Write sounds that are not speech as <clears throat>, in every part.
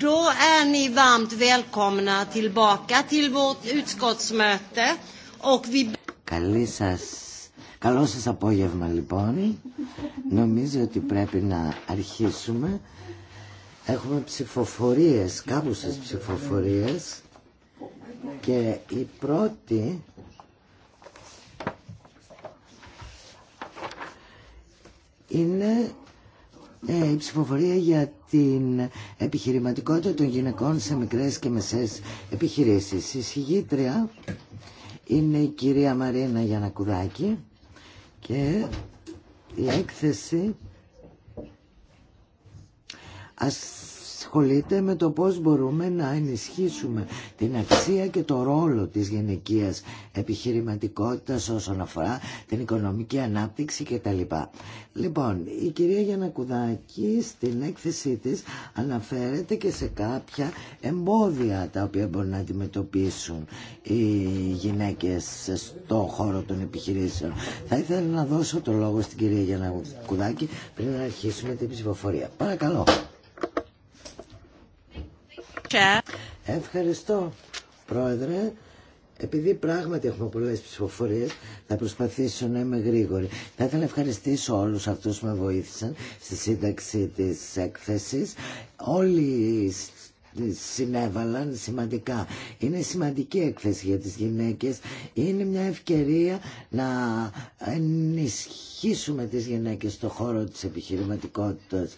Då är Καλή σας. Καλό σας απόγευμα λοιπόν. Νομίζω ότι πρέπει να αρχίσουμε. Έχουμε ψηφοφορίες, κάμουσες ψηφοφορίες. Και η πρώτη είναι ε, η ψηφοφορία για την επιχειρηματικότητα των γυναικών σε μικρές και μεσές επιχειρήσεις. Η συγγήτρια είναι η κυρία Μαρίνα Γιανακουδάκη και η έκθεση ας ασχολείται με το πώς μπορούμε να ενισχύσουμε την αξία και το ρόλο της γυναικείας επιχειρηματικότητας όσον αφορά την οικονομική ανάπτυξη κτλ. Λοιπόν, η κυρία Γιανακουδάκη στην έκθεσή της αναφέρεται και σε κάποια εμπόδια τα οποία μπορούν να αντιμετωπίσουν οι γυναίκες στον χώρο των επιχειρήσεων. Θα ήθελα να δώσω το λόγο στην κυρία Γιανακουδάκη πριν να αρχίσουμε την ψηφοφορία. Παρακαλώ. Ευχαριστώ, Πρόεδρε. Επειδή πράγματι έχουμε πολλές ψηφοφορίες, θα προσπαθήσω να είμαι γρήγορη. Θα ήθελα να ευχαριστήσω όλους αυτούς που με βοήθησαν στη σύνταξη της έκθεσης. Όλοι συνέβαλαν σημαντικά. Είναι σημαντική έκθεση για τις γυναίκες. Είναι μια ευκαιρία να ενισχύσουμε τις γυναίκες στο χώρο της επιχειρηματικότητας.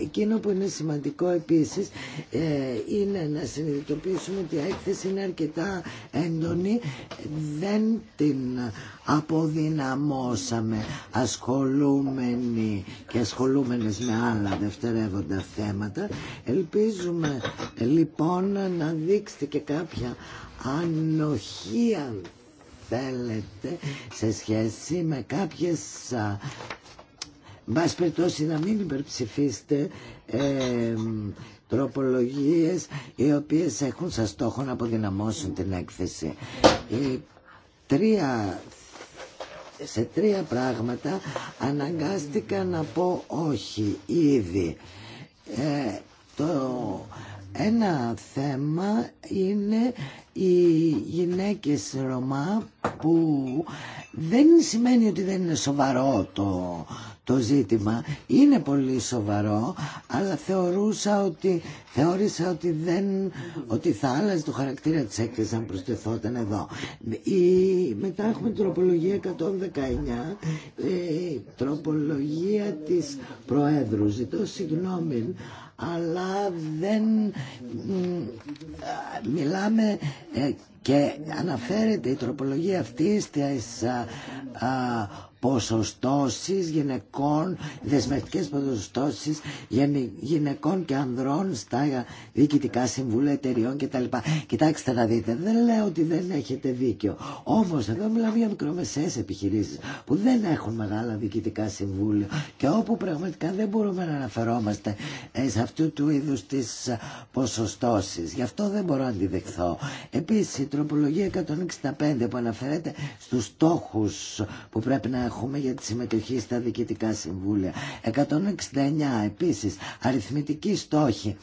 Εκείνο που είναι σημαντικό επίσης ε, είναι να συνειδητοποιήσουμε ότι η έκθεση είναι αρκετά έντονη. Δεν την αποδυναμώσαμε ασχολούμενοι και ασχολούμενες με άλλα δευτερεύοντα θέματα. Ελπίζουμε ε, λοιπόν να δείξετε και κάποια ανοχή θέλετε σε σχέση με κάποιες Μπας περιπτώσει να μην υπερψηφίσετε ε, τροπολογίες οι οποίες έχουν σαν στόχο να αποδυναμώσουν την έκθεση. τρία, σε τρία πράγματα αναγκάστηκα να πω όχι ήδη. Ε, το ένα θέμα είναι οι γυναίκες Ρωμά που δεν σημαίνει ότι δεν είναι σοβαρό το το ζήτημα είναι πολύ σοβαρό αλλά θεωρούσα ότι θεώρησα ότι δεν ότι θα άλλαζε το χαρακτήρα της έκθεσης αν προσθεθόταν εδώ Η, μετά έχουμε τροπολογία 119 η ε, τροπολογία της Προέδρου ζητώ συγγνώμη αλλά δεν ε, μιλάμε ε, και αναφέρεται η τροπολογία αυτή στις α, ποσοστώσεις γυναικών, δεσμευτικές ποσοστώσεις γυναικών και ανδρών στα διοικητικά συμβούλια εταιριών κτλ. Κοιτάξτε να δείτε, δεν λέω ότι δεν έχετε δίκιο. Όμως εδώ μιλάμε για μικρομεσαίες επιχειρήσεις που δεν έχουν μεγάλα διοικητικά συμβούλια και όπου πραγματικά δεν μπορούμε να αναφερόμαστε σε αυτού του είδους τι ποσοστώσεις. Γι' αυτό δεν μπορώ να αντιδεχθώ. Επίσης η τροπολογία 165 που αναφέρεται στους στόχους που πρέπει να έχουμε για τη συμμετοχή στα διοικητικά συμβούλια. 169 επίσης, αριθμητικοί στόχοι.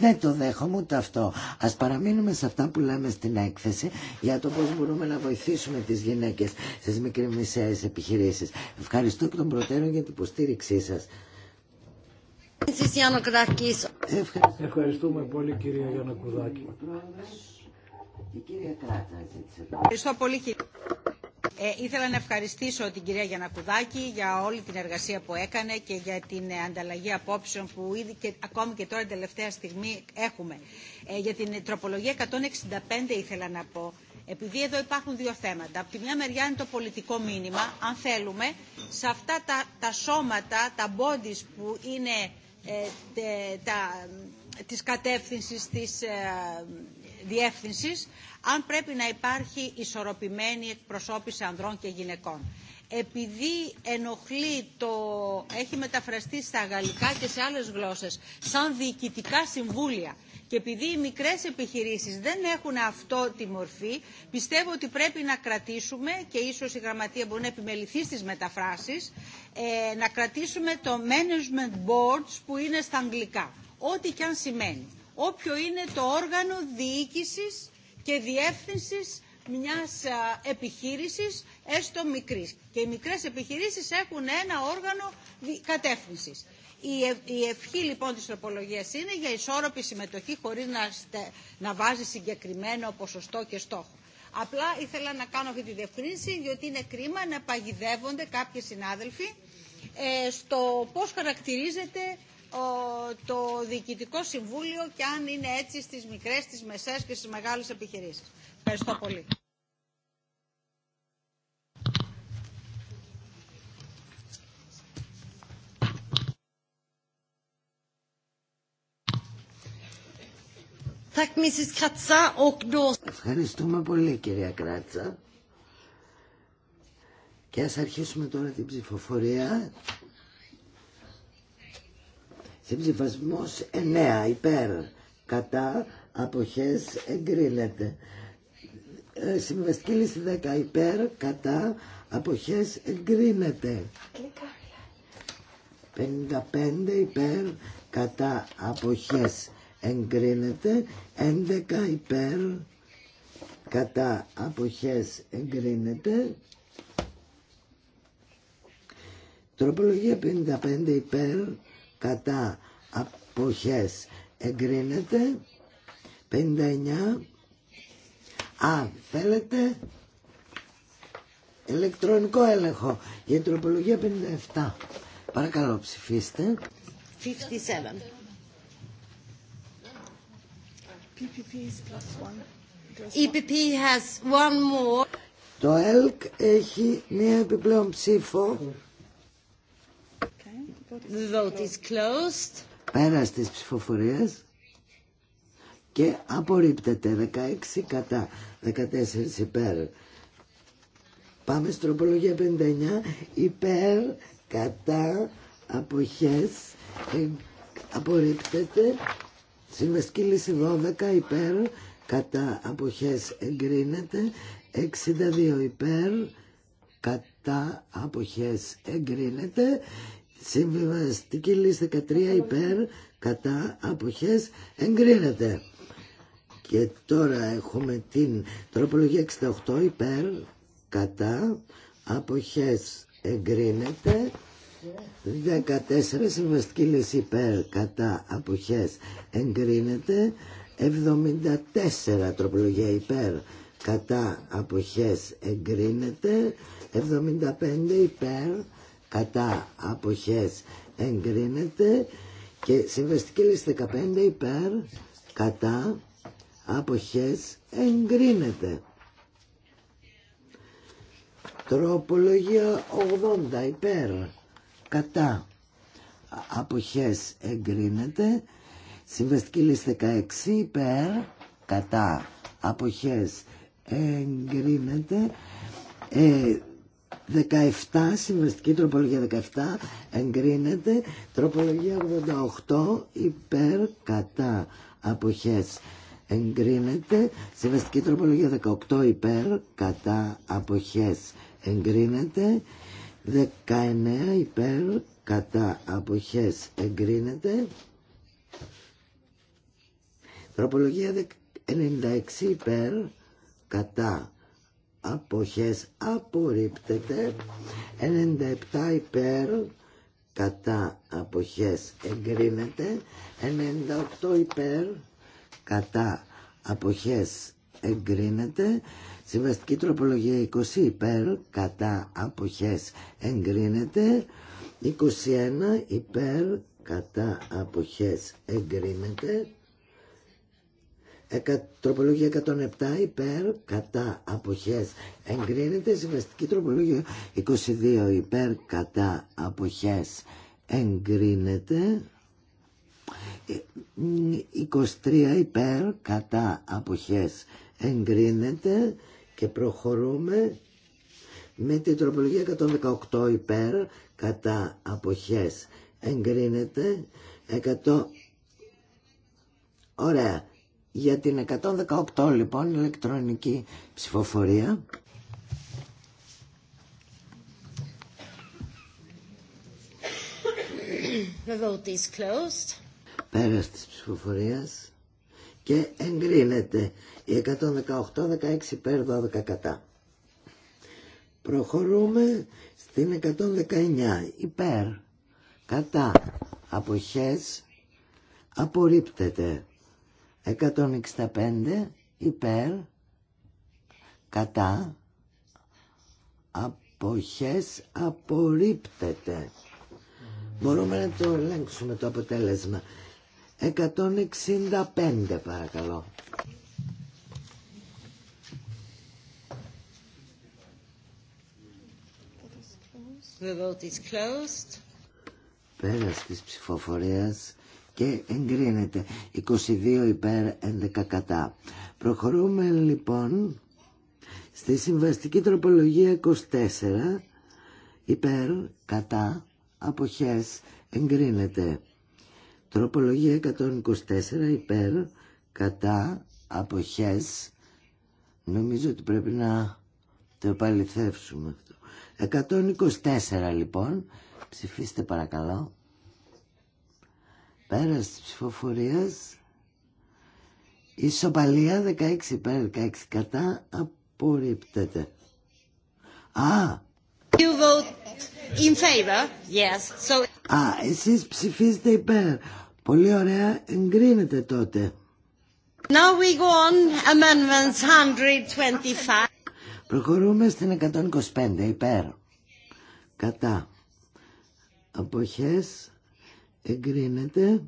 Δεν το δέχομαι ούτε αυτό. Ας παραμείνουμε σε αυτά που λέμε στην έκθεση για το πώς μπορούμε να βοηθήσουμε τις γυναίκες στις μικρομεσαίες επιχειρήσεις. Ευχαριστώ και τον προτέρων για την υποστήριξή σας. Ευχαριστούμε πολύ κυρία Γιάννα Κουδάκη. Η κυρία Κράτσα ζήτησε Ευχαριστώ πολύ Ε, ήθελα να ευχαριστήσω την κυρία Γιανακουδάκη για όλη την εργασία που έκανε και για την ανταλλαγή απόψεων που ήδη και ακόμη και τώρα τελευταία στιγμή έχουμε. Ε, για την τροπολογία 165 ήθελα να πω. Επειδή εδώ υπάρχουν δύο θέματα. Από τη μια μεριά είναι το πολιτικό μήνυμα, αν θέλουμε, σε αυτά τα, τα σώματα, τα bodies που είναι ε, τε, τα, της κατεύθυνσης της ε, αν πρέπει να υπάρχει ισορροπημένη εκπροσώπηση ανδρών και γυναικών. Επειδή ενοχλεί το... έχει μεταφραστεί στα γαλλικά και σε άλλες γλώσσες σαν διοικητικά συμβούλια και επειδή οι μικρές επιχειρήσεις δεν έχουν αυτό τη μορφή, πιστεύω ότι πρέπει να κρατήσουμε, και ίσως η γραμματεία μπορεί να επιμεληθεί στις μεταφράσεις, ε, να κρατήσουμε το Management Boards που είναι στα αγγλικά, ό,τι και αν σημαίνει όποιο είναι το όργανο διοίκησης και διεύθυνσης μιας επιχείρησης, έστω μικρής. Και οι μικρές επιχειρήσεις έχουν ένα όργανο κατεύθυνσης. Η ευχή λοιπόν της τροπολογίας είναι για ισόρροπη συμμετοχή χωρίς να, να βάζει συγκεκριμένο ποσοστό και στόχο. Απλά ήθελα να κάνω αυτή τη διευκρίνηση, διότι είναι κρίμα να παγιδεύονται κάποιοι συνάδελφοι ε, στο πώς χαρακτηρίζεται το Διοικητικό Συμβούλιο και αν είναι έτσι στις μικρές, στις μεσές και στις μεγάλες επιχειρήσεις. Ευχαριστώ πολύ. Ευχαριστούμε πολύ κυρία Κράτσα. Και ας αρχίσουμε τώρα την ψηφοφορία. Συμβιβασμός 9 υπέρ κατά αποχές εγκρίνεται. Ε, Συμβαστική λύση 10 υπέρ κατά αποχές εγκρίνεται. 55 υπέρ κατά αποχές εγκρίνεται. 11 υπέρ κατά αποχές εγκρίνεται. Τροπολογία 55 υπέρ κατά αποχές εγκρίνεται 59 Α, θέλετε ηλεκτρονικό έλεγχο για τροπολογία 57 Παρακαλώ ψηφίστε 57 EPP has one more. Το ΕΛΚ έχει μία επιπλέον ψήφο. The vote is Πέρας της ψηφοφορίας και απορρίπτεται 16 κατά 14 υπέρ. Πάμε στην τροπολογία 59 υπέρ κατά αποχές ε, απορρίπτεται συμβαστική λύση 12 υπέρ κατά αποχές εγκρίνεται 62 υπέρ κατά αποχές εγκρίνεται Συμβιβαστική λύση 13 υπέρ κατά αποχές εγκρίνεται. Και τώρα έχουμε την τροπολογία 68 υπέρ κατά αποχές εγκρίνεται. 14 συμβαστική λύση υπέρ κατά αποχές εγκρίνεται. 74 τροπολογία υπέρ κατά αποχές εγκρίνεται. 75 υπέρ κατά αποχές εγκρίνεται και συμβαστική λίστα 15 υπέρ κατά αποχές εγκρίνεται. Τροπολογία 80 υπέρ κατά αποχές εγκρίνεται. Συμβαστική λίστα 16 υπέρ κατά αποχές εγκρίνεται. Ε, 17, συμβαστική τροπολογία 17, εγκρίνεται, τροπολογία 88, υπέρ, κατά, αποχές, εγκρίνεται, συμβαστική τροπολογία 18, υπέρ, κατά, αποχές, εγκρίνεται, 19, υπέρ, κατά, αποχές, εγκρίνεται, τροπολογία 96, υπέρ, κατά, αποχές απορρίπτεται 97 υπέρ κατά αποχές εγκρίνεται 98 υπέρ κατά αποχές εγκρίνεται συμβαστική τροπολογία 20 υπέρ κατά αποχές εγκρίνεται 21 υπέρ κατά αποχές εγκρίνεται τροπολογία 107 υπέρ κατά αποχές εγκρίνεται. Συμβαστική τροπολογία 22 υπέρ κατά αποχές εγκρίνεται. 23 ε, υπέρ κατά αποχές εγκρίνεται και προχωρούμε με την τροπολογία 118 υπέρ κατά αποχές εγκρίνεται 100 Ωραία. Για την 118 λοιπόν ηλεκτρονική ψηφοφορία. The vote is closed. Πέρας της ψηφοφορίας και εγκρίνεται η 118, 16 υπέρ, 12 κατά. Προχωρούμε στην 119 υπέρ, κατά, αποχές, απορρίπτεται. 165 υπέρ κατά αποχές απορρίπτεται. Μπορούμε να το ελέγξουμε το αποτέλεσμα. 165 παρακαλώ. The vote is Πέρας της ψηφοφορίας και εγκρίνεται 22 υπέρ 11 κατά. Προχωρούμε λοιπόν στη συμβαστική τροπολογία 24 υπέρ κατά αποχές εγκρίνεται. Τροπολογία 124 υπέρ κατά αποχές νομίζω ότι πρέπει να το επαληθεύσουμε αυτό. 124 λοιπόν ψηφίστε παρακαλώ. Πέρας της ψηφοφορίας Ισοπαλία 16 υπέρ 16 κατά απορρίπτεται. Α! You vote in favor. Yes. So... Α, εσείς ψηφίζετε υπέρ. Πολύ ωραία, Εγκρίνετε τότε. Now we go on amendments 125. Προχωρούμε στην 125 υπέρ. Κατά. Αποχές εγκρίνεται.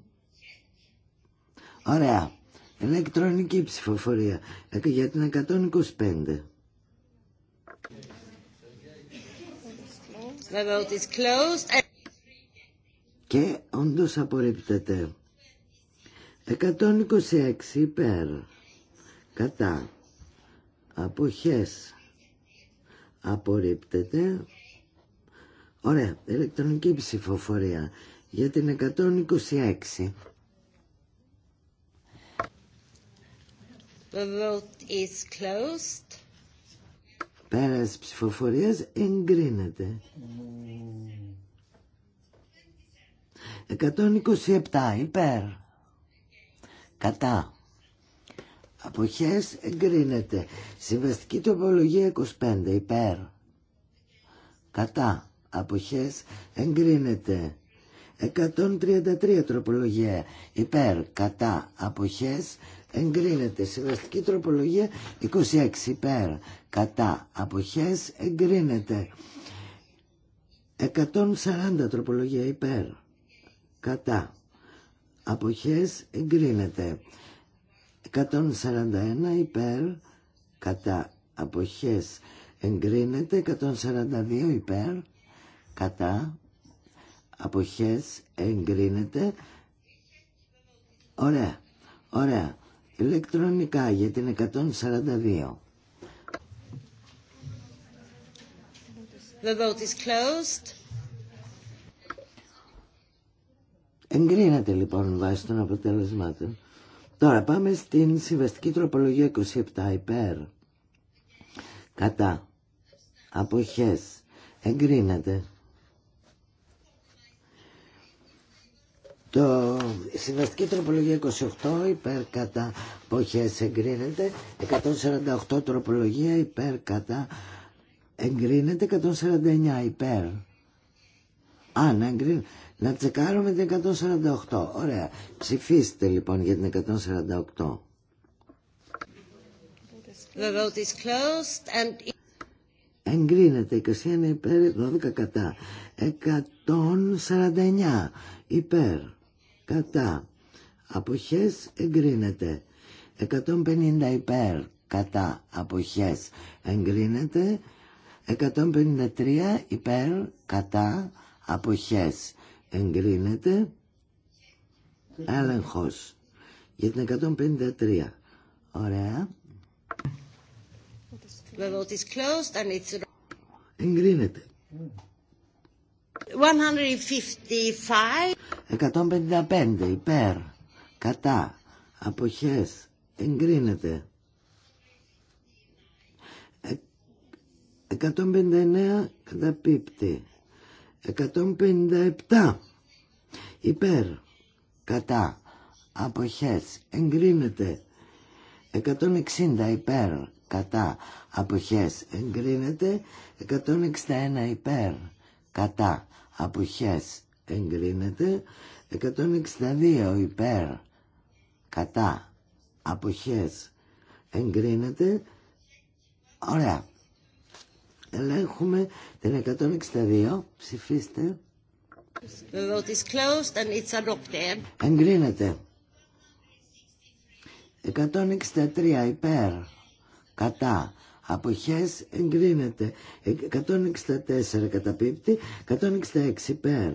Ωραία. Ηλεκτρονική ψηφοφορία για την 125. Και όντω απορρίπτεται. 126 υπέρ. Κατά. Αποχές. Απορρίπτεται. Ωραία. Ηλεκτρονική ψηφοφορία για την 126. The vote is closed. Πέρας ψηφοφορίας εγκρίνεται. 127 υπέρ. Κατά. Αποχές εγκρίνεται. Συμβαστική τοπολογία 25 υπέρ. Κατά. Αποχές εγκρίνεται. 133 τροπολογία υπέρ κατά αποχές εγκρίνεται. Συμβαστική τροπολογία 26 υπέρ κατά αποχές εγκρίνεται. 140 τροπολογία υπέρ κατά αποχές εγκρίνεται. 141 υπέρ κατά αποχές εγκρίνεται. 142 υπέρ κατά αποχές εγκρίνεται. Ωραία, ωραία. Ελεκτρονικά για την 142. The vote is closed. Εγκρίνεται λοιπόν βάσει των αποτελεσμάτων. Τώρα πάμε στην συμβαστική τροπολογία 27 υπέρ. Κατά. Αποχές. Εγκρίνεται. Το συμβαστική τροπολογία 28 υπέρ κατά πόχες εγκρίνεται, 148 τροπολογία υπέρ κατά εγκρίνεται, 149 υπέρ. Α, να εγκρίνεται. Να τσεκάρουμε την 148. Ωραία. Ψηφίστε λοιπόν για την 148. The vote is closed and... Εγκρίνεται 21 υπέρ, 12 κατά. 149 υπέρ κατά αποχές εγκρίνεται 150 υπέρ κατά αποχές εγκρίνεται 153 υπέρ κατά αποχές εγκρίνεται έλεγχος για την 153 ωραία εγκρίνεται mm. 155 υπέρ κατά αποχές εγκρίνεται 159 ε, καταπίπτει 157 υπέρ κατά αποχές εγκρίνεται 160 υπέρ κατά αποχές εγκρίνεται 161 υπέρ κατά αποχές εγκρίνεται 162 υπέρ κατά αποχές εγκρίνεται ωραία ελέγχουμε την 162 ψηφίστε closed Εγκρίνεται. 163 υπέρ. Κατά αποχές εγκρίνεται 164 καταπίπτει 166 υπέρ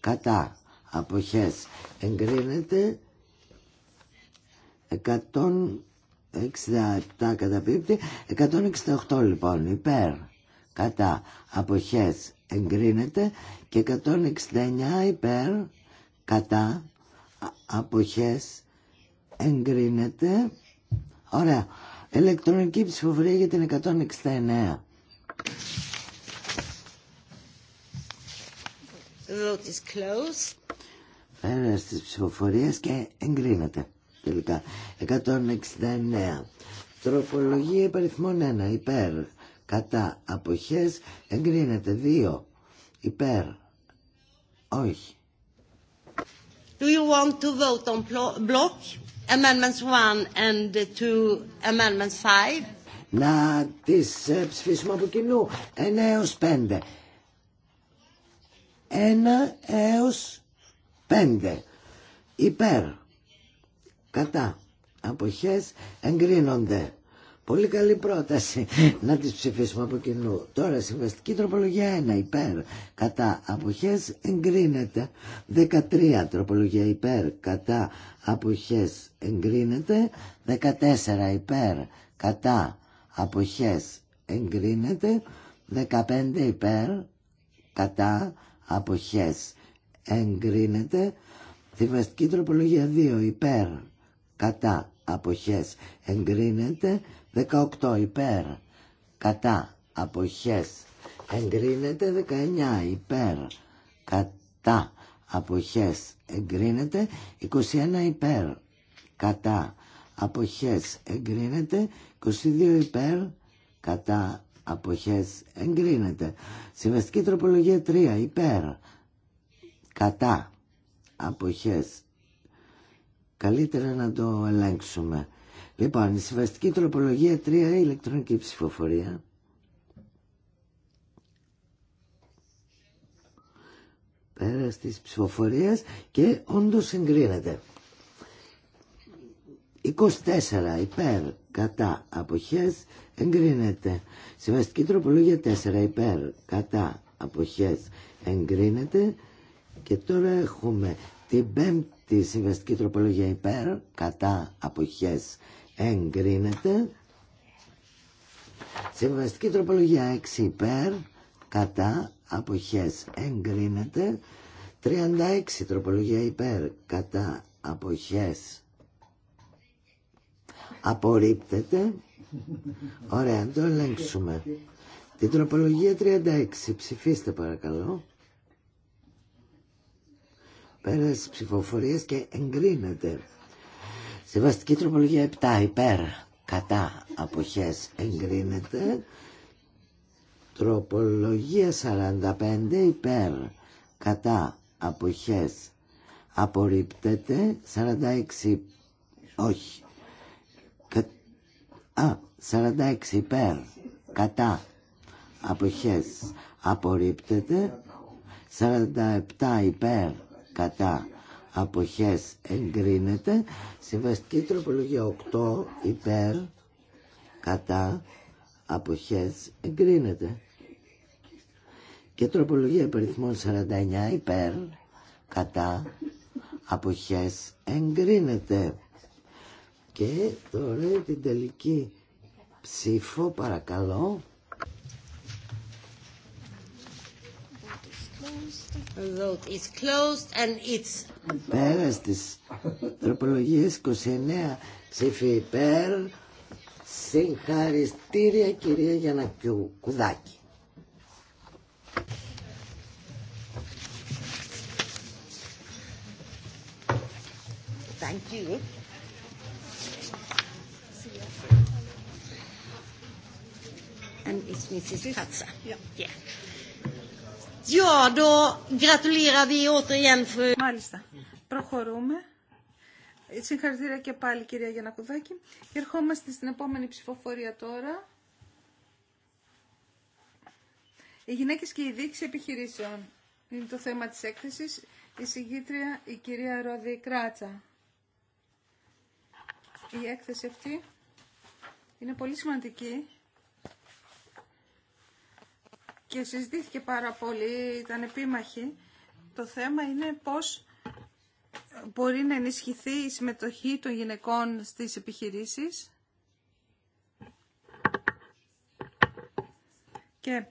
κατά αποχές εγκρίνεται 167 καταπίπτει 168 λοιπόν υπέρ κατά αποχές εγκρίνεται και 169 υπέρ κατά αποχές εγκρίνεται ωραία Ελεκτρονική ψηφοφορία για την 169. Vote is closed. ψηφοφορίες και εγκρίνεται τελικά. 169. Τροπολογία υπαριθμών 1. Υπέρ. Κατά. Αποχές. Εγκρίνεται. 2. Υπέρ. Όχι. Do you want to vote on block? Amendments 1 and 2, Amendments 5. Να τις ε, ψηφίσουμε από κοινού 1 έως 5. 1 έως 5. Υπέρ. Κατά. Αποχές εγκρίνονται. Πολύ καλή πρόταση να τις ψηφίσουμε από κοινού. Τώρα συμβαστική τροπολογία 1 υπέρ κατά αποχές εγκρίνεται. 13 τροπολογία υπέρ κατά αποχές εγκρίνεται. 14 υπέρ κατά αποχές εγκρίνεται. 15 υπέρ κατά αποχές εγκρίνεται. Συμβαστική τροπολογία 2 υπέρ κατά αποχές εγκρίνεται 18 υπέρ κατά αποχές εγκρίνεται 19 υπέρ κατά αποχές εγκρίνεται 21 υπέρ κατά αποχές εγκρίνεται 22 υπέρ κατά αποχές εγκρίνεται συμβαστική τροπολογία 3 υπέρ κατά αποχές καλύτερα να το ελέγξουμε Λοιπόν, η συμβαστική τροπολογία 3, ηλεκτρονική ψηφοφορία. Πέρα τη ψηφοφορία και όντω συγκρίνεται. 24 υπέρ κατά αποχές εγκρίνεται. Συμβαστική τροπολογία 4 υπέρ κατά αποχές εγκρίνεται. Και τώρα έχουμε την πέμπτη συμβαστική τροπολογία υπέρ κατά αποχές εγκρίνεται. Συμβαστική τροπολογία 6 υπέρ, κατά, αποχές εγκρίνεται. 36 τροπολογία υπέρ, κατά, αποχές απορρίπτεται. Ωραία, το ελέγξουμε. Την τροπολογία 36, ψηφίστε παρακαλώ. Πέρας ψηφοφορίες και εγκρίνεται. Συμβαστική τροπολογία 7 υπέρ κατά αποχές εγκρίνεται. Τροπολογία 45 υπέρ κατά αποχές απορρίπτεται. 46 όχι. α, 46 υπέρ κατά αποχές απορρίπτεται. 47 υπέρ κατά αποχές εγκρίνεται συμβαστική τροπολογία 8 υπέρ κατά αποχές εγκρίνεται και τροπολογία περιθμών 49 υπέρ κατά αποχές εγκρίνεται και τώρα την τελική ψήφο παρακαλώ vote is closed and it's... Πέρας της τροπολογίας 29 ψήφι υπέρ, συγχαριστήρια κυρία Γιανακιού Κουδάκη. Thank you. And it's Mrs. Katza. Yeah. yeah. Ja, då gratulerar vi återigen Μάλιστα. Προχωρούμε. Συγχαρητήρια και πάλι κυρία Γιανακουδάκη. Και ερχόμαστε στην επόμενη ψηφοφορία τώρα. Οι γυναίκες και η δίκηση επιχειρήσεων είναι το θέμα της έκθεσης. Η συγγήτρια η κυρία Ρόδη Κράτσα. Η έκθεση αυτή είναι πολύ σημαντική και συζητήθηκε πάρα πολύ, ήταν επίμαχη. Το θέμα είναι πώς μπορεί να ενισχυθεί η συμμετοχή των γυναικών στις επιχειρήσεις και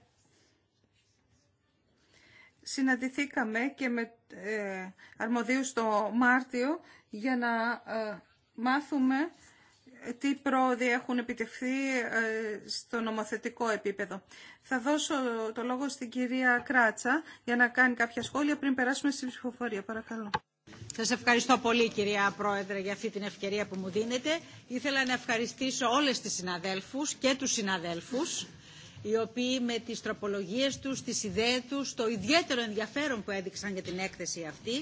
συναντηθήκαμε και με ε, αρμοδίους το Μάρτιο για να ε, μάθουμε τι πρόοδοι έχουν επιτευχθεί ε, στο νομοθετικό επίπεδο. Θα δώσω το λόγο στην κυρία Κράτσα για να κάνει κάποια σχόλια πριν περάσουμε στην ψηφοφορία. Παρακαλώ. Σας ευχαριστώ πολύ κυρία Πρόεδρε για αυτή την ευκαιρία που μου δίνετε. Ήθελα να ευχαριστήσω όλες τις συναδέλφους και τους συναδέλφους οι οποίοι με τις τροπολογίες τους, τις ιδέες τους, το ιδιαίτερο ενδιαφέρον που έδειξαν για την έκθεση αυτή,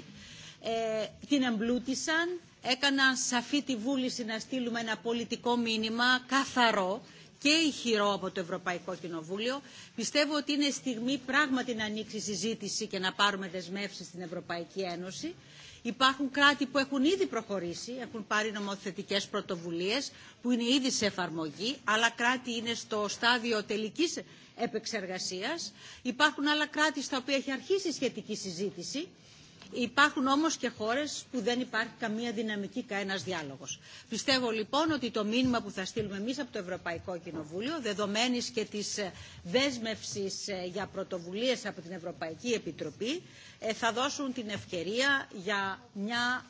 ε, την εμπλούτησαν, έκαναν σαφή τη βούληση να στείλουμε ένα πολιτικό μήνυμα καθαρό και ηχηρό από το Ευρωπαϊκό Κοινοβούλιο. Πιστεύω ότι είναι στιγμή πράγματι να ανοίξει συζήτηση και να πάρουμε δεσμεύσεις στην Ευρωπαϊκή Ένωση. Υπάρχουν κράτη που έχουν ήδη προχωρήσει, έχουν πάρει νομοθετικές πρωτοβουλίες που είναι ήδη σε εφαρμογή, αλλά κράτη είναι στο στάδιο τελικής επεξεργασίας. Υπάρχουν άλλα κράτη στα οποία έχει αρχίσει σχετική συζήτηση Υπάρχουν όμως και χώρες που δεν υπάρχει καμία δυναμική, κανένα διάλογος. Πιστεύω λοιπόν ότι το μήνυμα που θα στείλουμε εμείς από το Ευρωπαϊκό Κοινοβούλιο, δεδομένης και της ε, δέσμευσης ε, για πρωτοβουλίες από την Ευρωπαϊκή Επιτροπή, ε, θα δώσουν την ευκαιρία για μια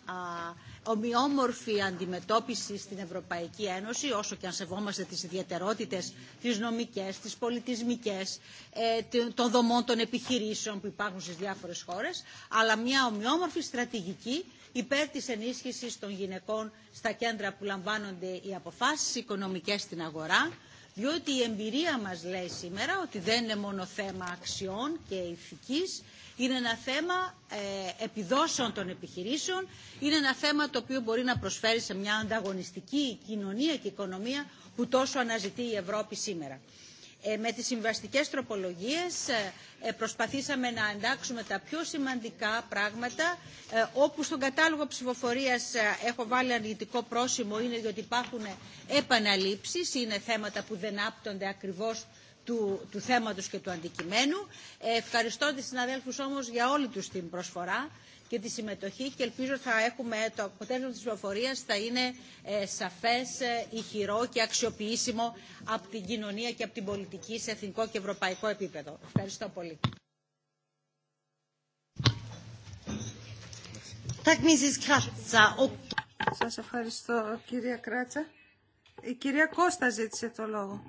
ομοιόμορφη αντιμετώπιση στην Ευρωπαϊκή Ένωση, όσο και αν σεβόμαστε τις ιδιαιτερότητες, τις νομικές, τις πολιτισμικές, ε, των δομών των επιχειρήσεων που υπάρχουν στις διάφορες χώρες, αλλά μια ομοιόμορφη στρατηγική υπέρ της ενίσχυσης των γυναικών στα κέντρα που λαμβάνονται οι αποφάσεις οικονομικές στην αγορά, διότι η εμπειρία μας λέει σήμερα ότι δεν είναι μόνο θέμα αξιών και ηθικής, είναι ένα θέμα ε, επιδόσεων των επιχειρήσεων, είναι ένα θέμα το οποίο μπορεί να προσφέρει σε μια ανταγωνιστική κοινωνία και οικονομία που τόσο αναζητεί η Ευρώπη σήμερα. Ε, με τις συμβαστικές τροπολογίες ε, ε, προσπαθήσαμε να αντάξουμε τα πιο σημαντικά πράγματα ε, όπου στον κατάλογο ψηφοφορίας έχω βάλει αρνητικό πρόσημο είναι διότι υπάρχουν επαναλήψεις, είναι θέματα που δεν άπτονται ακριβώς του, του θέματος και του αντικειμένου. Ε, ευχαριστώ τις συναδέλφους όμως για όλη τους την προσφορά και τη συμμετοχή και ελπίζω θα έχουμε το αποτέλεσμα της πληροφορίας θα είναι ε, σαφές, ε, ηχηρό και αξιοποιήσιμο από την κοινωνία και από την πολιτική σε εθνικό και ευρωπαϊκό επίπεδο. Ευχαριστώ πολύ. Σας ευχαριστώ κυρία Κράτσα. Η κυρία Κώστα ζήτησε το λόγο.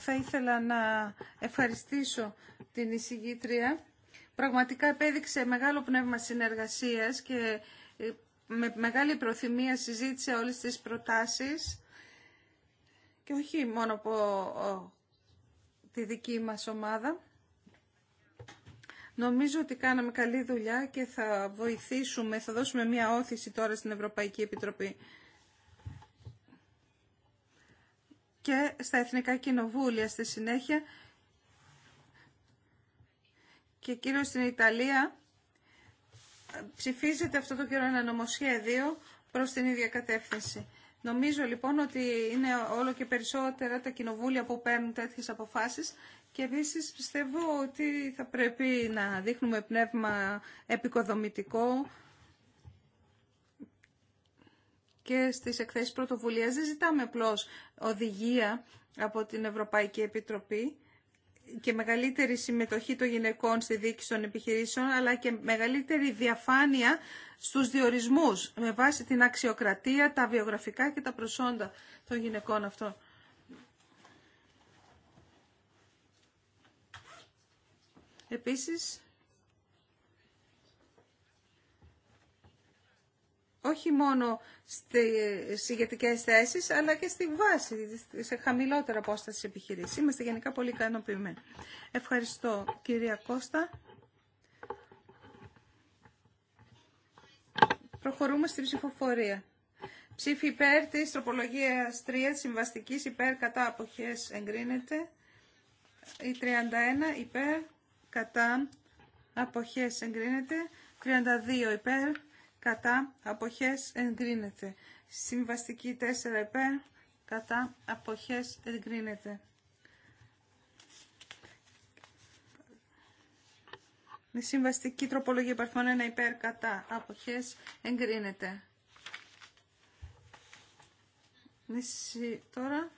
Θα ήθελα να ευχαριστήσω την εισηγήτρια. Πραγματικά επέδειξε μεγάλο πνεύμα συνεργασίας και ε, με μεγάλη προθυμία συζήτησε όλες τις προτάσεις και όχι μόνο από τη δική μας ομάδα. Νομίζω ότι κάναμε καλή δουλειά και θα βοηθήσουμε, θα δώσουμε μια όθηση τώρα στην Ευρωπαϊκή Επιτροπή. και στα Εθνικά Κοινοβούλια στη συνέχεια και κύριο στην Ιταλία ψηφίζεται αυτό το καιρό ένα νομοσχέδιο προς την ίδια κατεύθυνση. Νομίζω λοιπόν ότι είναι όλο και περισσότερα τα κοινοβούλια που παίρνουν τέτοιες αποφάσεις και επίση πιστεύω ότι θα πρέπει να δείχνουμε πνεύμα επικοδομητικό και στις εκθέσεις πρωτοβουλίας. Δεν ζητάμε απλώ οδηγία από την Ευρωπαϊκή Επιτροπή και μεγαλύτερη συμμετοχή των γυναικών στη δίκη των επιχειρήσεων, αλλά και μεγαλύτερη διαφάνεια στους διορισμούς με βάση την αξιοκρατία, τα βιογραφικά και τα προσόντα των γυναικών αυτών. Επίσης, όχι μόνο στις ηγετικέ θέσεις, αλλά και στη βάση, σε χαμηλότερα απόσταση επιχειρήση. Είμαστε γενικά πολύ ικανοποιημένοι. Ευχαριστώ, κυρία Κώστα. Προχωρούμε στην ψηφοφορία. Ψήφι υπέρ της τροπολογίας 3, συμβαστικής υπέρ κατά αποχές εγκρίνεται. Η 31 υπέρ κατά αποχές εγκρίνεται. 32 υπέρ κατά αποχές εγκρίνεται. Συμβαστική 4 υπέρ κατά αποχές εγκρίνεται. Με συμβαστική τροπολογία υπαρθών 1 υπέρ κατά αποχές εγκρίνεται. Μισή τώρα.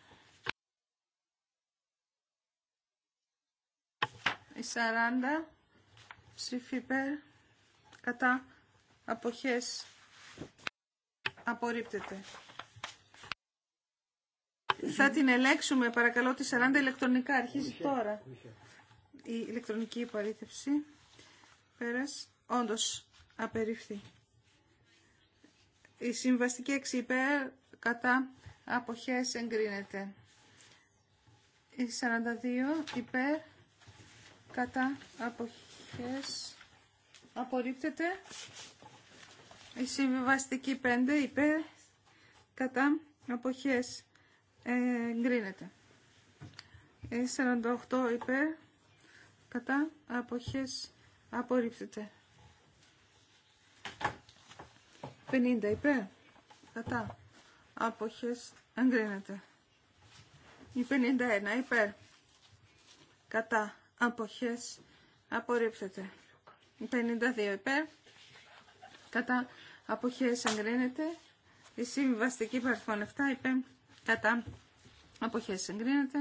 Η 40 ψήφι υπέρ κατά αποχές απορρίπτεται. Θα την ελέξουμε παρακαλώ τη 40 ηλεκτρονικά. Αρχίζει τώρα η ηλεκτρονική υπαρήθευση. Πέρας. Όντως απερίφθη. Η συμβαστική 6 κατά αποχές εγκρίνεται. Η 42 υπέρ κατά αποχές απορρίπτεται. Η συμβιβαστική 5 ε, υπέρ κατά αποχές εγκρίνεται. Η 48 υπέρ κατά αποχές απορρίπτεται. 50 υπέρ κατά αποχές εγκρίνεται. Η 51 υπέρ κατά αποχές απορρίπτεται. Η 52 υπέρ κατά αποχές εγκρίνεται. Η συμβιβαστική παρθόν 7 είπε. κατά αποχές εγκρίνεται.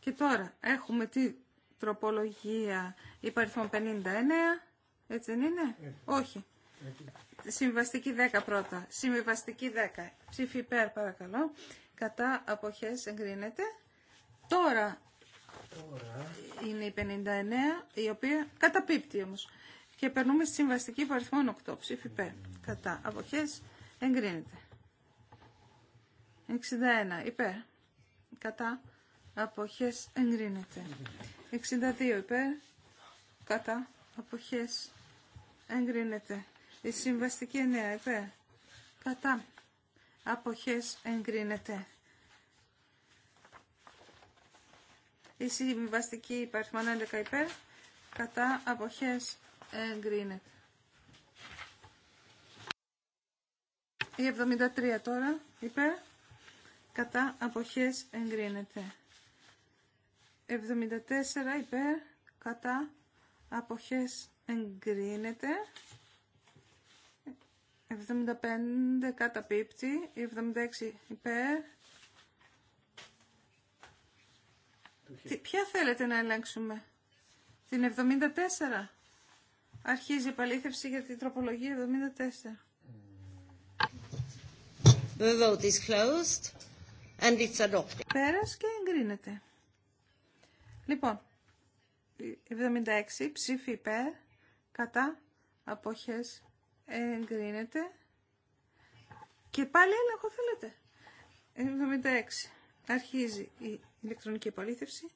Και τώρα έχουμε τη τροπολογία παρθόν 59. Έτσι δεν είναι. Ε, Όχι. Συμβαστική Συμβιβαστική 10 πρώτα. Συμβιβαστική 10. Ψήφι υπέρ παρακαλώ. Κατά αποχές εγκρίνεται. Τώρα, τώρα. είναι η 59 η οποία καταπίπτει όμως. Και περνούμε στη συμβαστική αριθμών 8. Ψήφι υπέρ. Κατά. Αποχές. Εγκρίνεται. 61. Υπέρ. Κατά. Αποχές. Εγκρίνεται. 62. Υπέρ. Κατά. Αποχές. Εγκρίνεται. Η συμβαστική 9. Υπέρ. Κατά. Αποχές. Εγκρίνεται. Η συμβαστική υπαριθμόν 11. Υπέρ. Κατά. Αποχές εγκρίνεται. Η 73 τώρα υπέρ κατά αποχές εγκρίνεται. 74 υπέρ κατά αποχές εγκρίνεται. 75 κατά πίπτη, 76 υπέρ. Τι, ποια θέλετε να ελέγξουμε, την 74. Αρχίζει η επαλήθευση για την τροπολογία 74. The vote is closed and it's adopted. Πέρας και εγκρίνεται. Λοιπόν, 76 ψήφι υπέρ, κατά, αποχές, εγκρίνεται. Και πάλι έλεγχο θέλετε. 76. Αρχίζει η ηλεκτρονική επαλήθευση.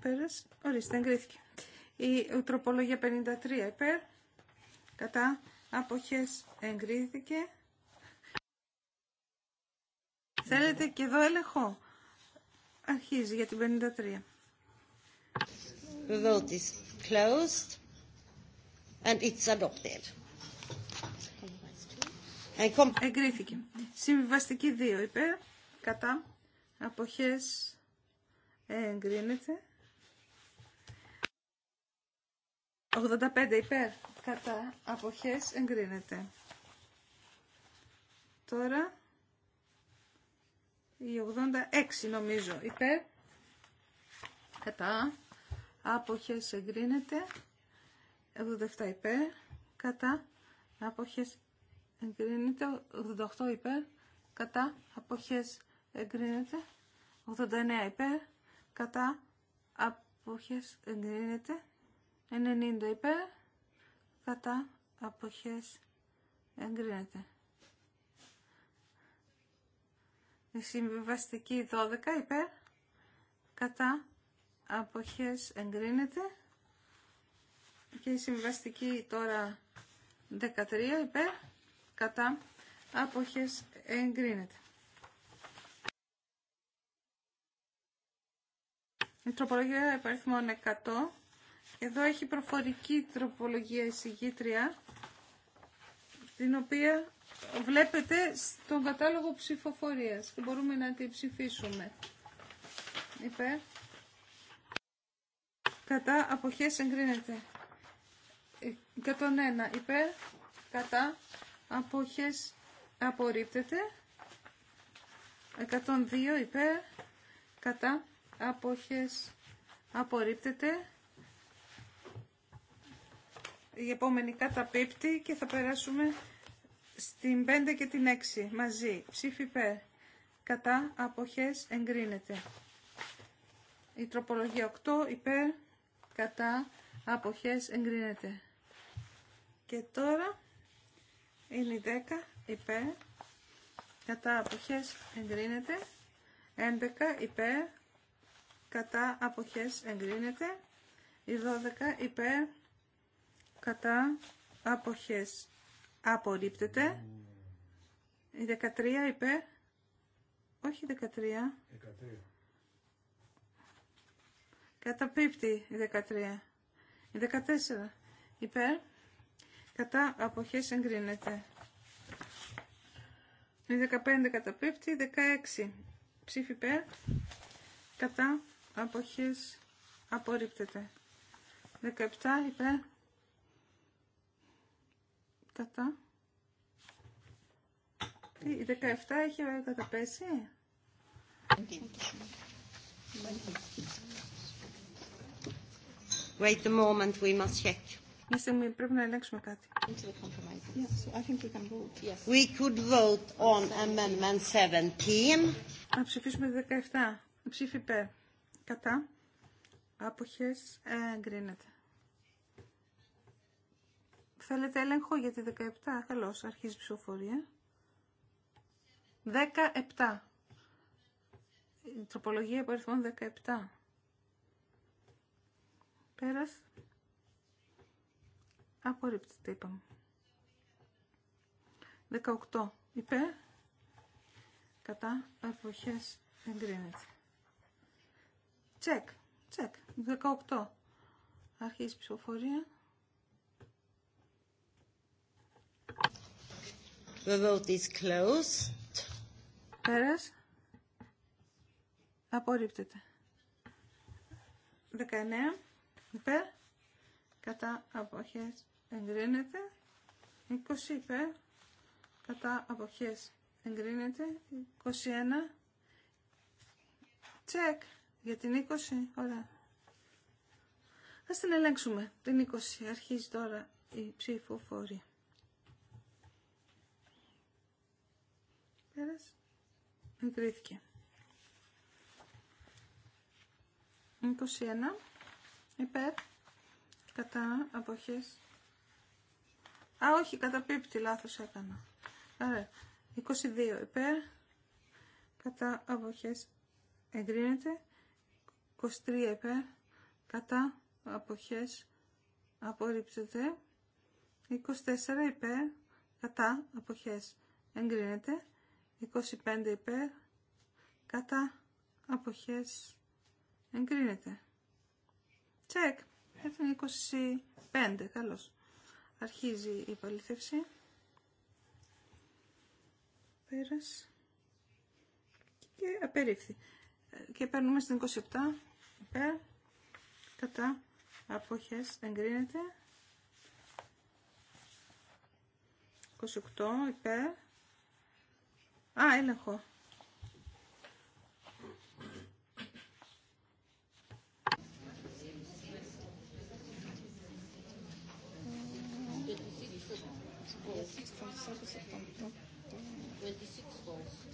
Πέρας, ορίστε, εγκρίθηκε. Η τροπολογία 53 υπέρ. Κατά αποχές εγκρίθηκε. Θέλετε και εδώ έλεγχο. Αρχίζει για την 53. The vote is closed and it's adopted. Εγκρίθηκε. Συμβιβαστική 2 υπέρ. Κατά αποχές εγκρίνεται. 85 υπέρ κατά αποχές εγκρίνεται. Τώρα η 86 νομίζω υπέρ κατά αποχές εγκρίνεται. 87 υπέρ κατά αποχές εγκρίνεται. 88 υπέρ κατά αποχές εγκρίνεται. 89 υπέρ κατά αποχές εγκρίνεται. 90 υπέρ, κατά αποχές εγκρίνεται. Η συμβιβαστική 12 υπέρ, κατά αποχές εγκρίνεται. Και η συμβιβαστική τώρα 13 υπέρ, κατά αποχές εγκρίνεται. Η τροπολογία υπαριθμών 100 εδώ έχει προφορική τροπολογία εισηγήτρια, την οποία βλέπετε στον κατάλογο ψηφοφορίας και μπορούμε να την ψηφίσουμε. Είπε, Κατά αποχές εγκρίνεται. 101 Είπε, Κατά αποχές απορρίπτεται. 102 υπέρ. Κατά αποχές απορρίπτεται η επόμενη καταπίπτει και θα περάσουμε στην 5 και την 6 μαζί. Ψήφι υπέρ. Κατά αποχές εγκρίνεται. Η τροπολογία 8 υπέρ. Κατά αποχές εγκρίνεται. Και τώρα είναι η 10 υπέρ. Κατά αποχές εγκρίνεται. 11 υπέρ. Κατά αποχές εγκρίνεται. Η 12 υπέρ κατά αποχές απορρίπτεται. Η 13 υπέρ. Όχι 13. 13. Καταπίπτει η 13. Η 14 υπέρ. Κατά αποχές εγκρίνεται. Η 15 καταπίπτει. Η 16 ψήφι υπέρ. Κατά αποχές απορρίπτεται. 17 υπέρ Αντίθετα, η 17 έχει καταπέσει. Wait a moment, we must check. Μια πρέπει να ελέγξουμε κάτι. We could vote on amendment 17. Να ψηφίσουμε τη 17. Ψήφι υπέρ. Κατά. Άποχες εγκρίνεται. Θέλετε έλεγχο για τη 17. Καλώ, αρχίζει η ψηφοφορία. 17. Η τροπολογία υπαριθμών 17. Πέρας. Απορρίπτεται, είπαμε. 18. υπε Κατά. Εποχέ. Εγκρίνεται. Τσεκ. Τσεκ. 18. Αρχίζει η ψηφοφορία. The vote is closed. Πέρας. Απορρίπτεται. 19. Υπέρ. Κατά αποχές εγκρίνεται. 20 υπέρ. Κατά αποχές εγκρίνεται. 21. Τσεκ. Για την 20. Ωραία. Ας την ελέγξουμε. Την 20. Αρχίζει τώρα η ψηφοφορία. Πέρας. Εγκρίθηκε. 21. Υπέρ. Κατά αποχές. Α, όχι, καταπίπτει, λάθος έκανα. Άρα, 22 υπέρ, κατά αποχές εγκρίνεται, 23 υπέρ, κατά αποχές απορρίπτεται, 24 υπέρ, κατά αποχές εγκρίνεται, 25 υπέρ κατά αποχές εγκρίνεται. Τσεκ. Έφυγε 25. Καλώς. Αρχίζει η παλήθευση. Πέρας. Και απερίφθη. Και παίρνουμε στην 27. Υπέρ. Κατά. Αποχές εγκρίνεται. 28 υπέρ Α, έλεγχο.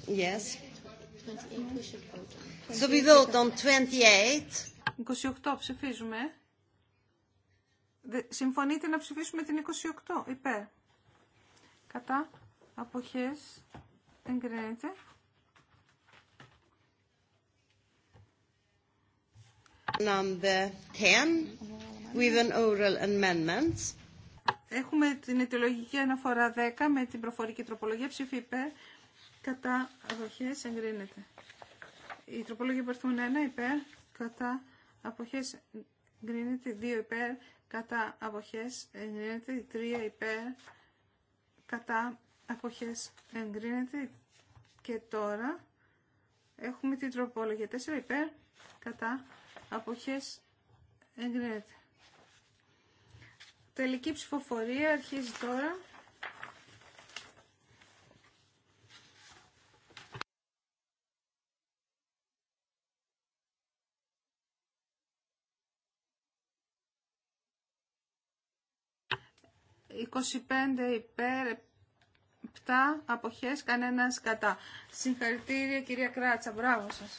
Yes. 28. So we vote on 28. 28 ψηφίζουμε. Συμφωνείτε να ψηφίσουμε την 28 υπέρ. Κατά αποχές Εγκρίνεται. Number 10 with an oral amendment. Έχουμε την αιτιολογική αναφορά 10 με την προφορική τροπολογία ψήφι υπέρ κατά αποχές εγκρίνεται. Η τροπολογία υπερθούν 1 υπέρ κατά αποχές εγκρίνεται, 2 υπέρ κατά αποχές εγκρίνεται, 3 υπέρ κατά αποχές εγκρίνεται και τώρα έχουμε την τροπολογία 4 υπέρ κατά αποχές εγκρίνεται. Τελική ψηφοφορία αρχίζει τώρα. «25 υπέρ, Κατά αποχές κανένας κατά. Συγχαρητήρια κυρία Κράτσα. Μπράβο σας.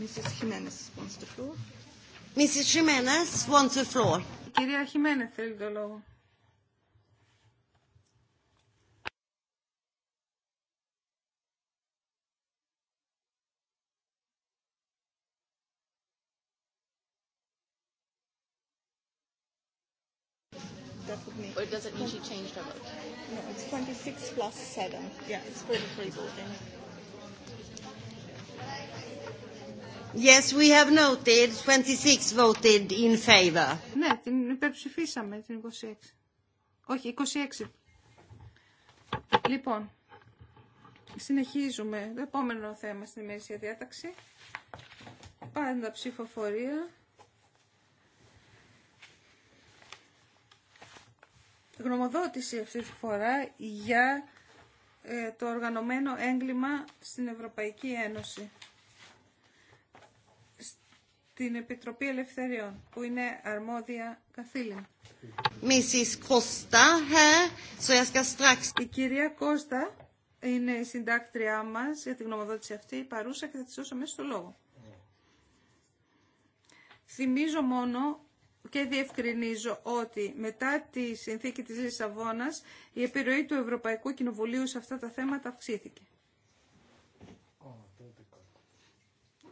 Mrs. Jimenez wants the floor. Mrs. Jimenez wants the floor. κυρία Χιμένες θέλει το λόγο. it doesn't mean she changed her vote. No, it's 26 plus 7. Yeah, it's for voting. Yes, we have noted 26 voted in favor. Ναι, την υπερψηφίσαμε την 26. Όχι, 26. Λοιπόν, συνεχίζουμε. Το επόμενο θέμα στην ημερήσια διάταξη. Πάντα ψηφοφορία γνωμοδότηση αυτή τη φορά για ε, το οργανωμένο έγκλημα στην Ευρωπαϊκή Ένωση στην Επιτροπή Ελευθεριών που είναι αρμόδια καθήλυν. Ε, η κυρία Κώστα είναι η συντάκτριά μας για την γνωμοδότηση αυτή παρούσα και θα τη δώσω μέσα στο λόγο. Ναι. Θυμίζω μόνο και διευκρινίζω ότι μετά τη συνθήκη της Λισαβόνας η επιρροή του Ευρωπαϊκού Κοινοβουλίου σε αυτά τα θέματα αυξήθηκε.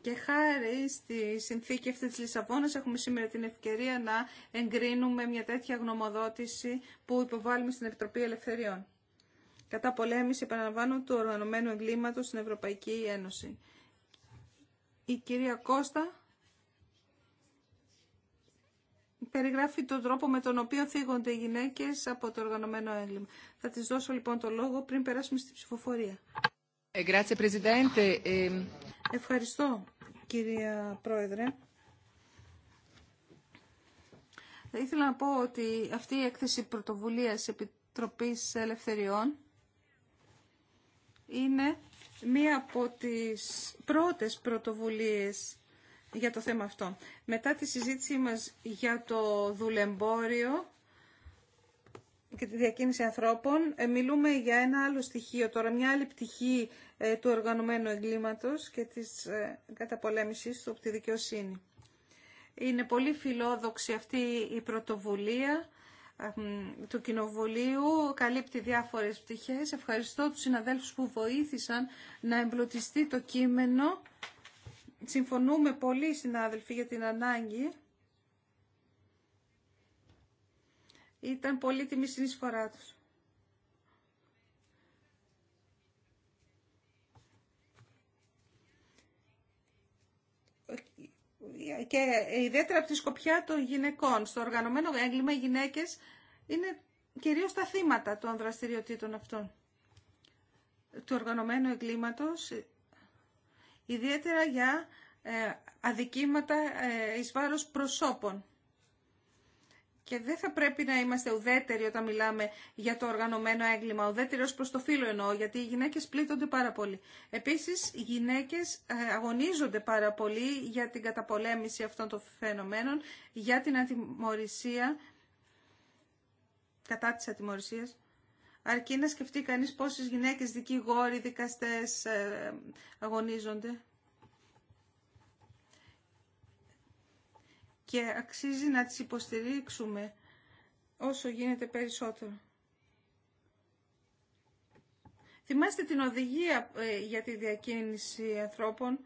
Και χάρη στη συνθήκη αυτή της Λισαβόνας έχουμε σήμερα την ευκαιρία να εγκρίνουμε μια τέτοια γνωμοδότηση που υποβάλλουμε στην Επιτροπή Ελευθεριών. Κατά πολέμηση, επαναλαμβάνω, του οργανωμένου εγκλήματος στην Ευρωπαϊκή Ένωση. Η κυρία Κώστα περιγράφει τον τρόπο με τον οποίο θίγονται οι γυναίκες από το οργανωμένο έγκλημα. Θα της δώσω λοιπόν το λόγο πριν περάσουμε στη ψηφοφορία. Ε, ε, Ευχαριστώ κυρία Πρόεδρε. Θα ήθελα να πω ότι αυτή η έκθεση πρωτοβουλίας Επιτροπής Ελευθεριών είναι μία από τις πρώτες πρωτοβουλίες για το θέμα αυτό. Μετά τη συζήτησή μας για το δουλεμπόριο και τη διακίνηση ανθρώπων, ε, μιλούμε για ένα άλλο στοιχείο τώρα, μια άλλη πτυχή ε, του οργανωμένου εγκλήματος και της ε, καταπολέμησης του από τη δικαιοσύνη. Είναι πολύ φιλόδοξη αυτή η πρωτοβουλία του Κοινοβουλίου, καλύπτει διάφορες πτυχές. Ευχαριστώ τους συναδέλφους που βοήθησαν να εμπλουτιστεί το κείμενο συμφωνούμε πολύ συνάδελφοι για την ανάγκη. Ήταν τιμή συνεισφορά τους. Και ιδιαίτερα από τη σκοπιά των γυναικών. Στο οργανωμένο έγκλημα οι γυναίκες είναι κυρίως τα θύματα των δραστηριοτήτων αυτών. Του οργανωμένου εγκλήματος ιδιαίτερα για ε, αδικήματα ε, εις βάρος προσώπων. Και δεν θα πρέπει να είμαστε ουδέτεροι όταν μιλάμε για το οργανωμένο έγκλημα. Ουδέτεροι ως προς το φύλλο εννοώ, γιατί οι γυναίκες πλήττονται πάρα πολύ. Επίσης, οι γυναίκες ε, αγωνίζονται πάρα πολύ για την καταπολέμηση αυτών των φαινομένων, για την ατιμορρησία, κατά της ατιμορρησίας αρκεί να σκεφτεί κανείς πόσες γυναίκες δικηγόροι, δικαστές ε, αγωνίζονται. Και αξίζει να τις υποστηρίξουμε όσο γίνεται περισσότερο. Θυμάστε την οδηγία ε, για τη διακίνηση ανθρώπων.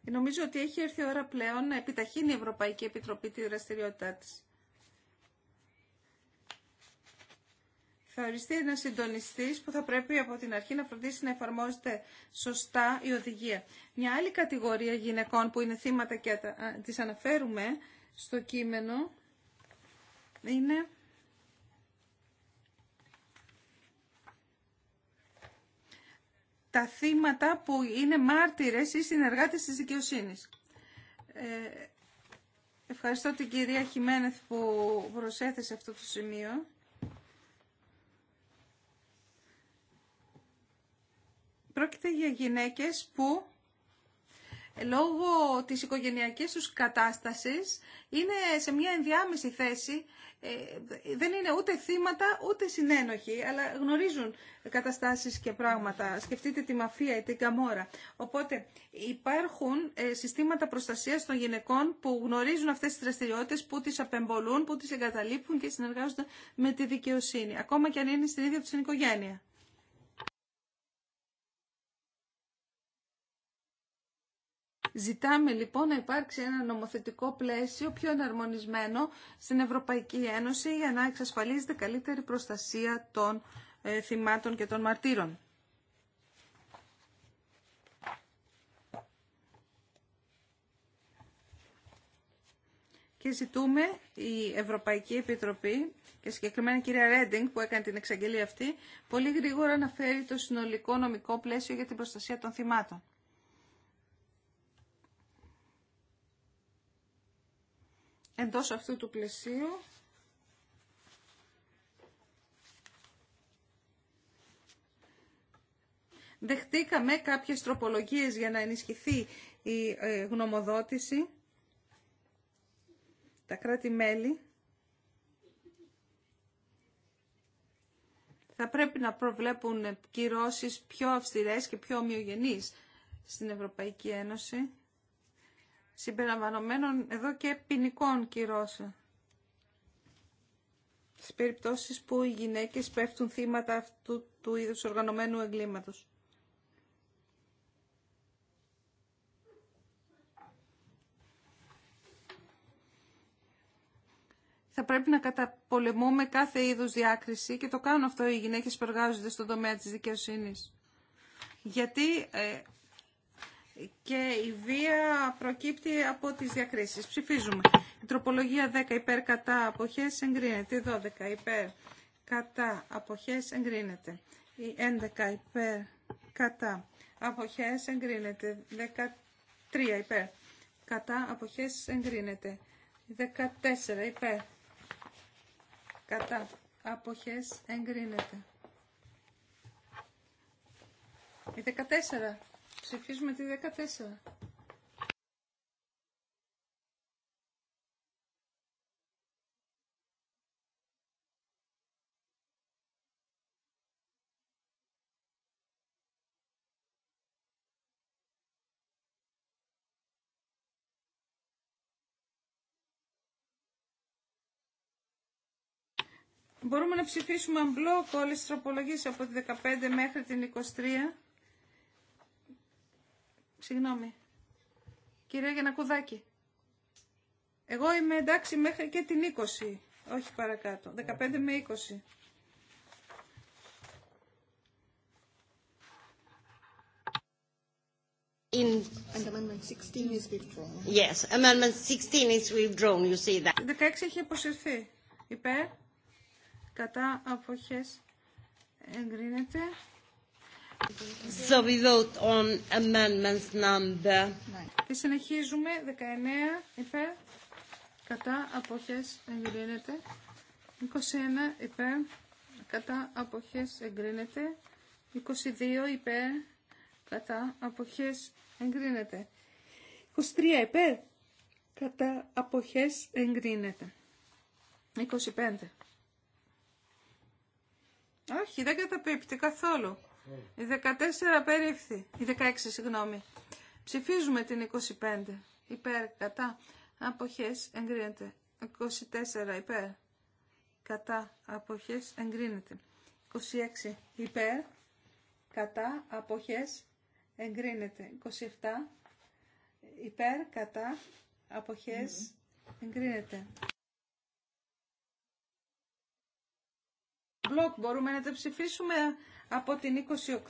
Νομίζω ότι έχει έρθει η ώρα πλέον να επιταχύνει η Ευρωπαϊκή Επιτροπή τη δραστηριότητά της. θα οριστεί ένα συντονιστή που θα πρέπει από την αρχή να φροντίσει να εφαρμόζεται σωστά η οδηγία. Μια άλλη κατηγορία γυναικών που είναι θύματα και τι αναφέρουμε στο κείμενο είναι τα θύματα που είναι μάρτυρες ή συνεργάτες της δικαιοσύνης. Ε, ευχαριστώ την κυρία Χιμένεθ που προσέθεσε αυτό το σημείο. Πρόκειται για γυναίκες που λόγω της οικογενειακής τους κατάστασης είναι σε μια ενδιάμεση θέση, ε, δεν είναι ούτε θύματα ούτε συνένοχοι, αλλά γνωρίζουν καταστάσεις και πράγματα. Σκεφτείτε τη μαφία ή την καμόρα. Οπότε υπάρχουν ε, συστήματα προστασίας των γυναικών που γνωρίζουν αυτές τις δραστηριότητες, που τις απεμπολούν, που τις εγκαταλείπουν και συνεργάζονται με τη δικαιοσύνη, ακόμα και αν είναι στην ίδια τους οικογένεια. Ζητάμε λοιπόν να υπάρξει ένα νομοθετικό πλαίσιο πιο εναρμονισμένο στην Ευρωπαϊκή Ένωση για να εξασφαλίζεται καλύτερη προστασία των ε, θυμάτων και των μαρτύρων. Και ζητούμε η Ευρωπαϊκή Επιτροπή και συγκεκριμένα η κυρία Ρέντινγκ που έκανε την εξαγγελία αυτή πολύ γρήγορα να φέρει το συνολικό νομικό πλαίσιο για την προστασία των θυμάτων. εντός αυτού του πλαισίου δεχτήκαμε κάποιες τροπολογίες για να ενισχυθεί η ε, γνωμοδότηση τα κράτη-μέλη θα πρέπει να προβλέπουν κυρώσεις πιο αυστηρές και πιο ομοιογενείς στην Ευρωπαϊκή Ένωση συμπεριλαμβανομένων εδώ και ποινικών κυρώσεων. Στις περιπτώσεις που οι γυναίκες πέφτουν θύματα αυτού του είδους οργανωμένου εγκλήματος. Θα πρέπει να καταπολεμούμε κάθε είδους διάκριση και το κάνουν αυτό οι γυναίκες που εργάζονται στον τομέα της δικαιοσύνης. Γιατί ε, και η βία προκύπτει από τις διακρίσεις. Ψηφίζουμε. Η τροπολογία 10 υπέρ κατά αποχές εγκρίνεται. 12 υπέρ κατά αποχές εγκρίνεται. Η 11 υπέρ κατά αποχές εγκρίνεται. 13 υπέρ κατά αποχές εγκρίνεται. 14 υπέρ κατά αποχές εγκρίνεται. Η 14 Ψηφίζουμε τη 14. Μπορούμε να ψηφίσουμε μπλοκ όλες τις τροπολογίες από τη 15 μέχρι την 23. Συγγνώμη. Κυρία Γιανακουδάκη. Εγώ είμαι εντάξει μέχρι και την 20. Όχι παρακάτω. 15 με 20. In... amendment 16 is withdrawn. Yes, amendment 16 is withdrawn, you see that. 16 έχει αποσυρθεί. Υπέρ, κατά, αποχές, εγκρίνεται. So on amendments Και συνεχίζουμε 19 υπέρ, κατά αποχές εγκρίνεται. 21 υπέρ, κατά αποχές εγκρίνεται. 22 υπέρ, κατά αποχές εγκρίνεται. 23 υπέρ, κατά αποχές εγκρίνεται. 25. Όχι, δεν καταπίπτει καθόλου. Η 14 16, συγγνώμη. Ψηφίζουμε την 25. Υπέρ, κατά, αποχές, εγκρίνεται. 24, υπέρ, κατά, αποχές, εγκρίνεται. 26, υπέρ, κατά, αποχές, εγκρίνεται. 27, υπέρ, κατά, αποχές, εγκρίνεται. Μπλοκ, μπορούμε να τα ψηφίσουμε από την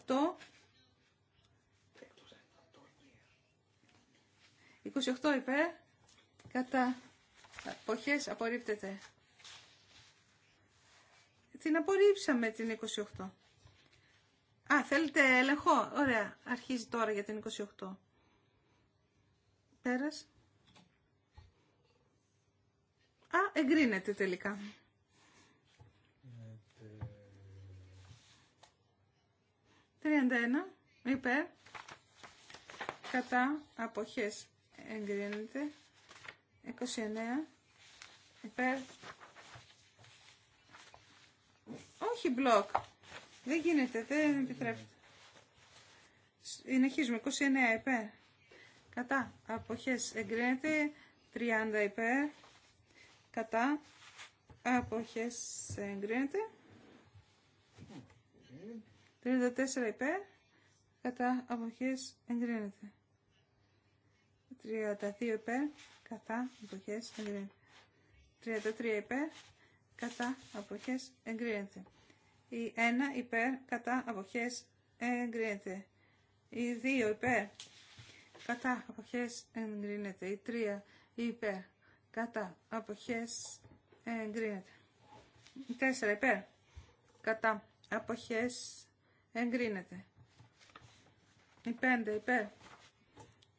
28 28 είπε, κατά εποχές απορρίπτεται. Την απορρίψαμε την 28. Α, θέλετε έλεγχο. Ωραία, αρχίζει τώρα για την 28. Πέρας. Α, εγκρίνεται τελικά. 31 υπέρ κατά αποχές εγκρίνεται 29 υπέρ όχι μπλοκ δεν γίνεται δεν επιτρέπεται συνεχίζουμε 29 υπέρ κατά αποχές εγκρίνεται 30 υπέρ κατά αποχές εγκρίνεται 34 υπέρ, κατά αποχές εγκρίνεται. 32 υπέρ, κατά αποχές εγκρίνεται. 33 υπέρ, κατά αποχές εγκρίνεται. Η 1 υπέρ, κατά αποχές εγκρίνεται. Η 2 υπέρ, κατά αποχές εγκρίνεται. Η 3 υπέρ, κατά αποχές εγκρίνεται. Η 4 υπέρ, κατά αποχές εγκρίνεται. Η 5 υπέρ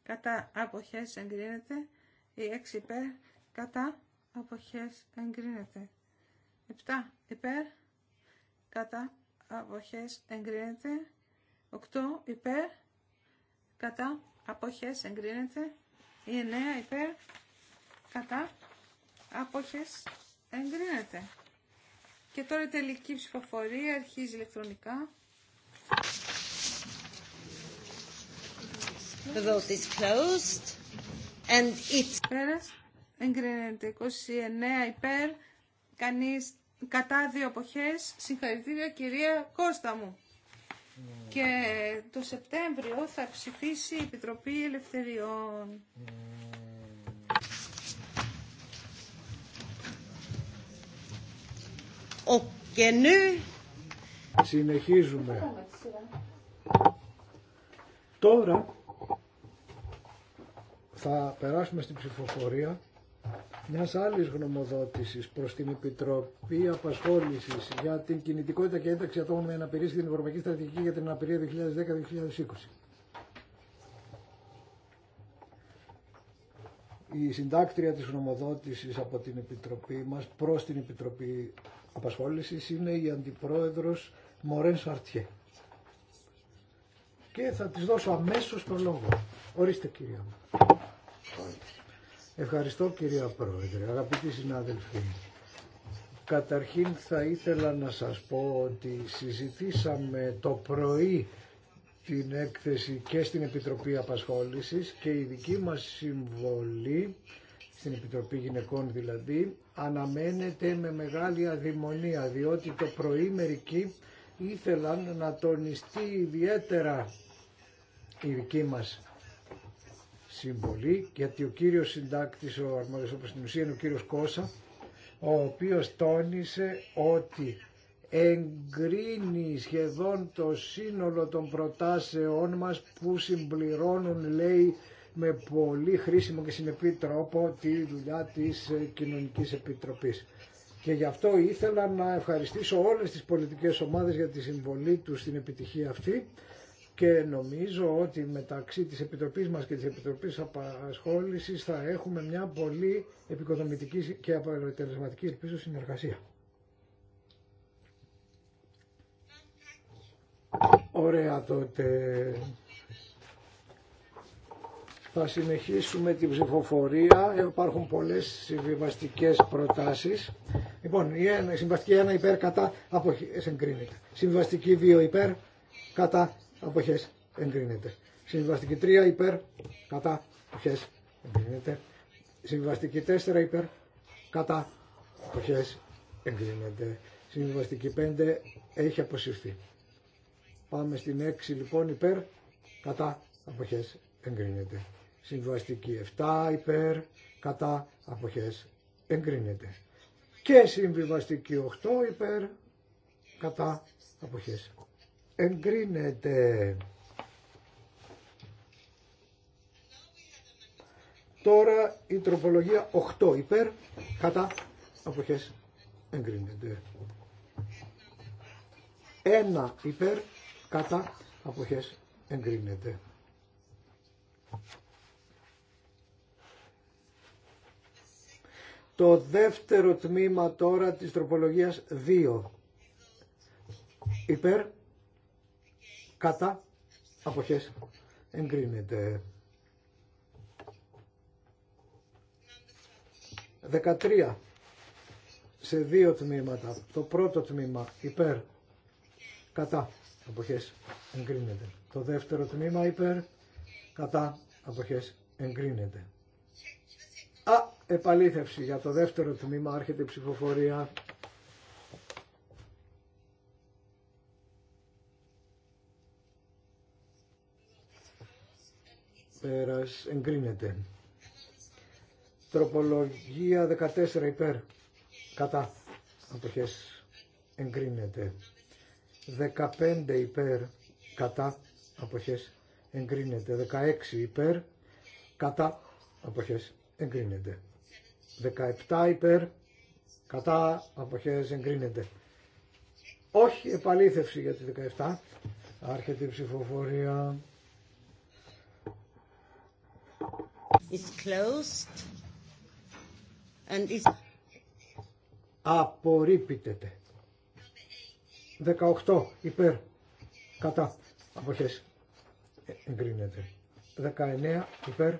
κατά αποχές εγκρίνεται. Η 6 υπέρ κατά αποχές εγκρίνεται. Η 7 υπέρ κατά αποχές εγκρίνεται. 8 υπέρ κατά αποχές εγκρίνεται. Η 9 υπέρ κατά αποχές εγκρίνεται. Και τώρα η τελική ψηφοφορία αρχίζει ηλεκτρονικά. The vote is closed. And it's... Πέρας, εγκρίνεται 29 υπέρ, κανείς κατά δύο εποχές, συγχαρητήρια κυρία Κώστα μου. Και το Σεπτέμβριο θα ψηφίσει η Επιτροπή Ελευθεριών. Mm. Och nu Συνεχίζουμε. Τώρα θα περάσουμε στην ψηφοφορία μια άλλη γνωμοδότηση προ την Επιτροπή Απασχόληση για την κινητικότητα και ένταξη ατόμων με αναπηρία στην Ευρωπαϊκή Στρατηγική για την Αναπηρία 2010-2020. Η συντάκτρια της γνωμοδότησης από την Επιτροπή μας προς την Επιτροπή Απασχόλησης είναι η Αντιπρόεδρος Μωρέν Σαρτιέ. Και θα τις δώσω αμέσως το λόγο. Ορίστε κυρία μου. Ευχαριστώ κυρία Πρόεδρε, αγαπητοί συνάδελφοι. Καταρχήν θα ήθελα να σας πω ότι συζητήσαμε το πρωί την έκθεση και στην Επιτροπή Απασχόλησης και η δική μας συμβολή, στην Επιτροπή Γυναικών δηλαδή, αναμένεται με μεγάλη αδειμονία, διότι το πρωί μερικοί ήθελαν να τονιστεί ιδιαίτερα η δική μας συμβολή γιατί ο κύριος συντάκτης, ο αρμόδιος όπως στην ουσία είναι ο κύριος Κώσα ο οποίος τόνισε ότι εγκρίνει σχεδόν το σύνολο των προτάσεών μας που συμπληρώνουν λέει με πολύ χρήσιμο και συνεπή τρόπο τη δουλειά της Κοινωνικής Επιτροπής. Και γι' αυτό ήθελα να ευχαριστήσω όλες τις πολιτικές ομάδες για τη συμβολή τους στην επιτυχία αυτή και νομίζω ότι μεταξύ της Επιτροπής μας και της Επιτροπής Απασχόλησης θα έχουμε μια πολύ επικοδομητική και αποτελεσματική ελπίζω συνεργασία. Ωραία τότε. Θα συνεχίσουμε την ψηφοφορία. Υπάρχουν πολλέ συμβιβαστικέ προτάσει. Λοιπόν, η συμβαστική 1 υπέρ κατά αποχές εγκρίνεται. Συμβαστική 2 υπέρ κατά αποχές εγκρίνεται. Συμβαστική 3 υπέρ κατά αποχές εγκρίνεται. Συμβαστική 4 υπέρ κατά αποχές εγκρίνεται. Συμβαστική 5 έχει αποσυρθεί. Πάμε στην 6 λοιπόν υπέρ κατά αποχές εγκρίνεται. Συμβαστική 7 υπέρ κατά αποχές εγκρίνεται. Και συμβιβαστική 8 υπέρ κατά αποχές εγκρίνεται. Τώρα η τροπολογία 8 υπέρ κατά αποχές εγκρίνεται. 1 υπέρ κατά αποχές εγκρίνεται. το δεύτερο τμήμα τώρα της τροπολογίας 2. Υπέρ, κατά, αποχές, εγκρίνεται. 13. Σε δύο τμήματα. Το πρώτο τμήμα υπέρ, κατά, αποχές, εγκρίνεται. Το δεύτερο τμήμα υπέρ, κατά, αποχές, εγκρίνεται. Α, Επαλήθευση για το δεύτερο τμήμα άρχεται η ψηφοφορία. Πέρας εγκρίνεται. Τροπολογία 14 υπέρ. Κατά. Αποχές εγκρίνεται. 15 υπέρ. Κατά. Αποχές εγκρίνεται. 16 υπέρ. Κατά. Αποχές εγκρίνεται. 17 υπέρ, κατά αποχές εγκρίνεται. Όχι επαλήθευση για τη 17, άρχεται η ψηφοφορία. It's closed and it's... Απορρίπτεται. 18 ε, υπέρ, κατά αποχές εγκρίνεται. 19 υπέρ,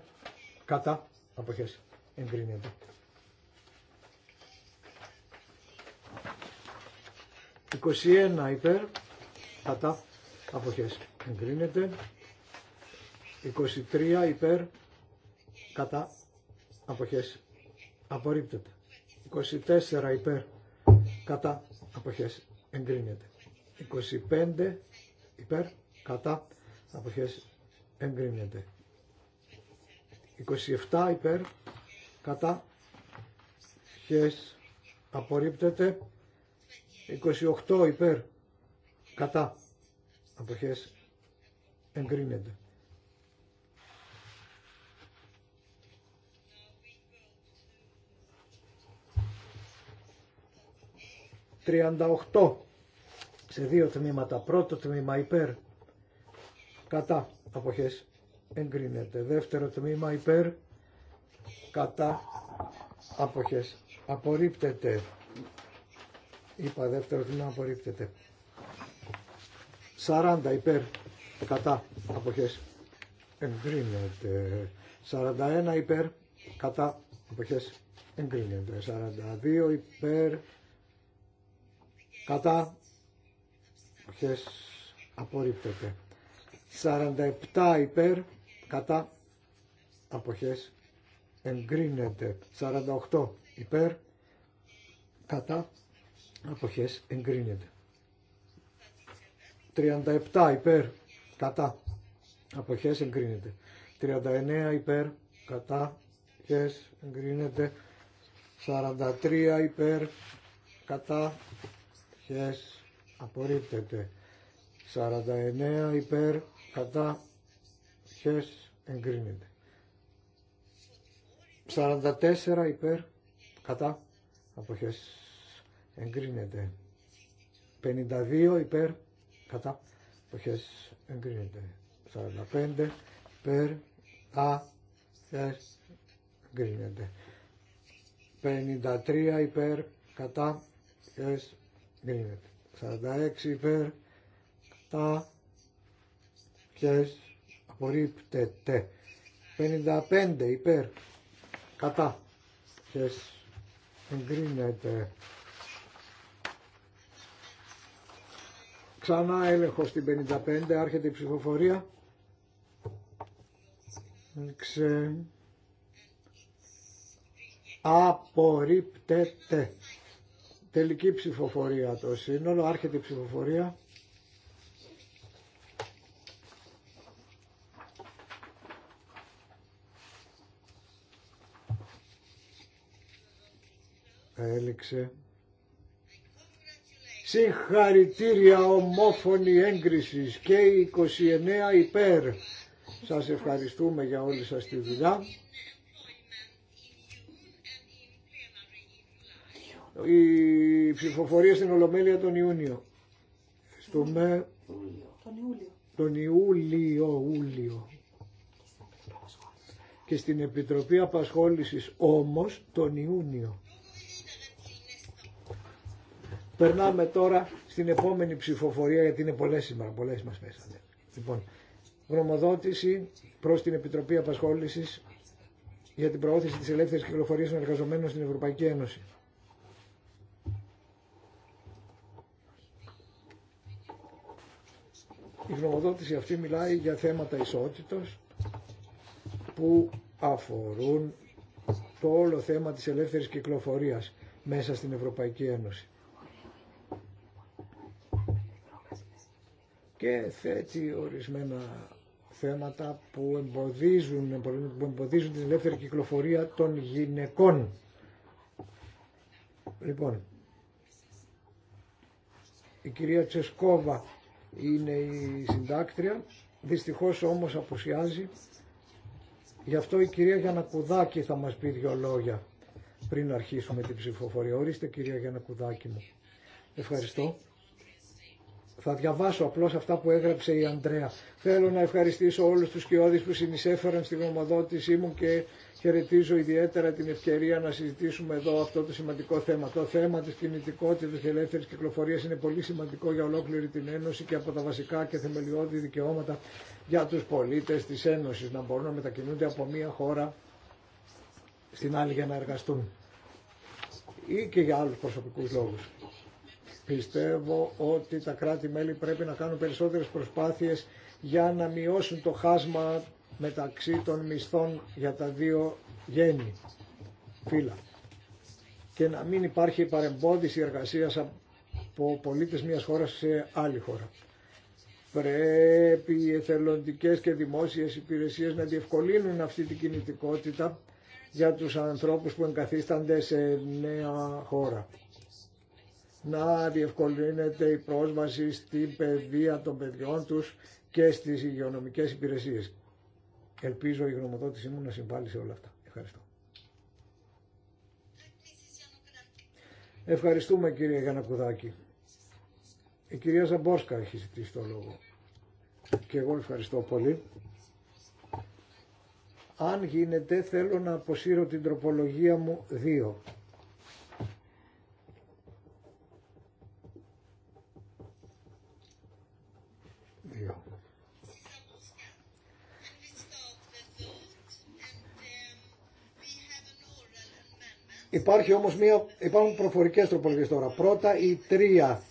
κατά αποχές εγκρίνεται. 21 υπέρ, κατά, αποχές εγκρίνεται. 23 υπέρ, κατά, αποχές απορρίπτεται. 24 υπέρ, κατά, αποχές εγκρίνεται. 25 υπέρ, κατά, αποχές εγκρίνεται. 27 υπέρ, κατά, αποχές απορρίπτεται. 28 υπέρ κατά αποχές εγκρίνεται. 38 σε δύο τμήματα. Πρώτο τμήμα υπέρ κατά αποχές εγκρίνεται. Δεύτερο τμήμα υπέρ κατά αποχές απορρίπτεται είπα δεύτερο να απορρίπτεται. 40 υπέρ κατά αποχές εγκρίνεται. 41 υπέρ κατά αποχές εγκρίνεται. 42 υπέρ κατά αποχές απορρίπτεται. 47 υπέρ κατά αποχές εγκρίνεται. 48 υπέρ κατά αποχές εγκρίνεται. 37 υπέρ κατά αποχές εγκρίνεται. 39 υπέρ κατά αποχές εγκρίνεται. 43 υπέρ κατά αποχές απορρίπτεται. 49 υπέρ κατά αποχές εγκρίνεται. 44 υπέρ κατά αποχές εγκρίνεται. 52 υπέρ, κατά, Όχι. εγκρίνεται. 45 υπέρ, α, θες, εγκρίνεται. 53 υπέρ, κατά, θες, εγκρίνεται. 46 υπέρ, κατά, θες, απορρίπτεται. 55 υπέρ, κατά, θες, εγκρίνεται. Ξανά έλεγχο στην 55, άρχεται η ψηφοφορία. Ξε... Απορρίπτεται. Τελική ψηφοφορία το σύνολο, άρχεται η ψηφοφορία. Έληξε. Συγχαρητήρια ομόφωνη έγκριση και 29 υπέρ. Σας ευχαριστούμε για όλη σας τη δουλειά. Η ψηφοφορία στην Ολομέλεια τον Ιούνιο. Στο με... Τον Ιούλιο. Τον Ιούλιο, Ιούλιο. Και στην Επιτροπή Απασχόλησης όμως τον Ιούνιο. Περνάμε τώρα στην επόμενη ψηφοφορία γιατί είναι πολλές σήμερα, πολλές μας πέσανε. Λοιπόν, γνωμοδότηση προς την Επιτροπή Απασχόλησης για την προώθηση της ελεύθερης κυκλοφορίας των εργαζομένων στην Ευρωπαϊκή Ένωση. Η γνωμοδότηση αυτή μιλάει για θέματα ισότητος που αφορούν το όλο θέμα της ελεύθερης κυκλοφορίας μέσα στην Ευρωπαϊκή Ένωση. και θέτει ορισμένα θέματα που εμποδίζουν, που την ελεύθερη κυκλοφορία των γυναικών. Λοιπόν, η κυρία Τσεσκόβα είναι η συντάκτρια, δυστυχώς όμως απουσιάζει. Γι' αυτό η κυρία Γιανακουδάκη θα μας πει δυο λόγια πριν αρχίσουμε την ψηφοφορία. Ορίστε κυρία Γιανακουδάκη μου. Ευχαριστώ. Θα διαβάσω απλώς αυτά που έγραψε η Αντρέα. Θέλω να ευχαριστήσω όλους τους κοιόδης που συνεισέφεραν στη γνωμοδότησή μου και χαιρετίζω ιδιαίτερα την ευκαιρία να συζητήσουμε εδώ αυτό το σημαντικό θέμα. Το θέμα της κινητικότητας και ελεύθερης κυκλοφορίας είναι πολύ σημαντικό για ολόκληρη την Ένωση και από τα βασικά και θεμελιώδη δικαιώματα για τους πολίτες της Ένωσης να μπορούν να μετακινούνται από μία χώρα στην άλλη για να εργαστούν ή και για άλλου προσωπικού λόγου. Πιστεύω ότι τα κράτη-μέλη πρέπει να κάνουν περισσότερες προσπάθειες για να μειώσουν το χάσμα μεταξύ των μισθών για τα δύο γέννη φύλλα και να μην υπάρχει παρεμπόδιση εργασίας από πολίτες μιας χώρας σε άλλη χώρα. Πρέπει οι εθελοντικές και δημόσιες υπηρεσίες να διευκολύνουν αυτή την κινητικότητα για τους ανθρώπους που εγκαθίστανται σε νέα χώρα να διευκολύνεται η πρόσβαση στην παιδεία των παιδιών τους και στις υγειονομικές υπηρεσίες. Ελπίζω η γνωμοδότησή μου να συμβάλλει σε όλα αυτά. Ευχαριστώ. Ευχαριστούμε κύριε Γανακουδάκη. Η κυρία Ζαμπόσκα έχει ζητήσει το λόγο. Και εγώ ευχαριστώ πολύ. Αν γίνεται θέλω να αποσύρω την τροπολογία μου 2 Υπάρχει όμως μία, υπάρχουν προφορικές τροπολογίες τώρα. Πρώτα οι τρία.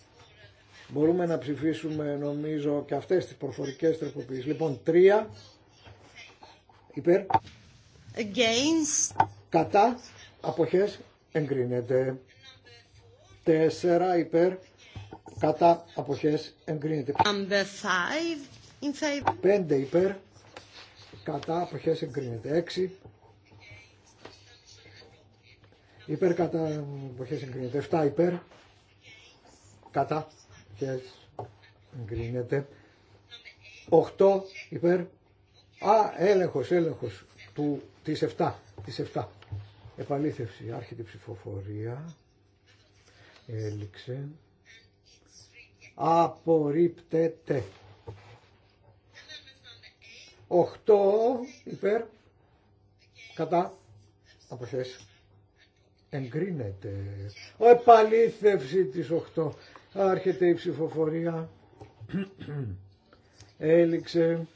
Μπορούμε να ψηφίσουμε νομίζω και αυτές τις προφορικές τροποποιήσεις. Λοιπόν, τρία. Υπέρ. Against. Κατά. Αποχές. Εγκρίνεται. Τέσσερα. Υπέρ. Κατά. Αποχές. Εγκρίνεται. Number five. In Πέντε. Υπέρ. Κατά. Αποχές. Εγκρίνεται. Έξι. Υπέρ κατά εποχές εγκρίνεται. 7 υπέρ κατά και εγκρίνεται. 8 υπέρ. Α, έλεγχο έλεγχο του, της 7. Της 7. Επαλήθευση, άρχεται ψηφοφορία. Έληξε. Απορρίπτεται. 8 υπέρ. Κατά. Αποχές Εγκρίνεται. Ο επαλήθευση της 8. Άρχεται η ψηφοφορία. <clears throat> Έληξε.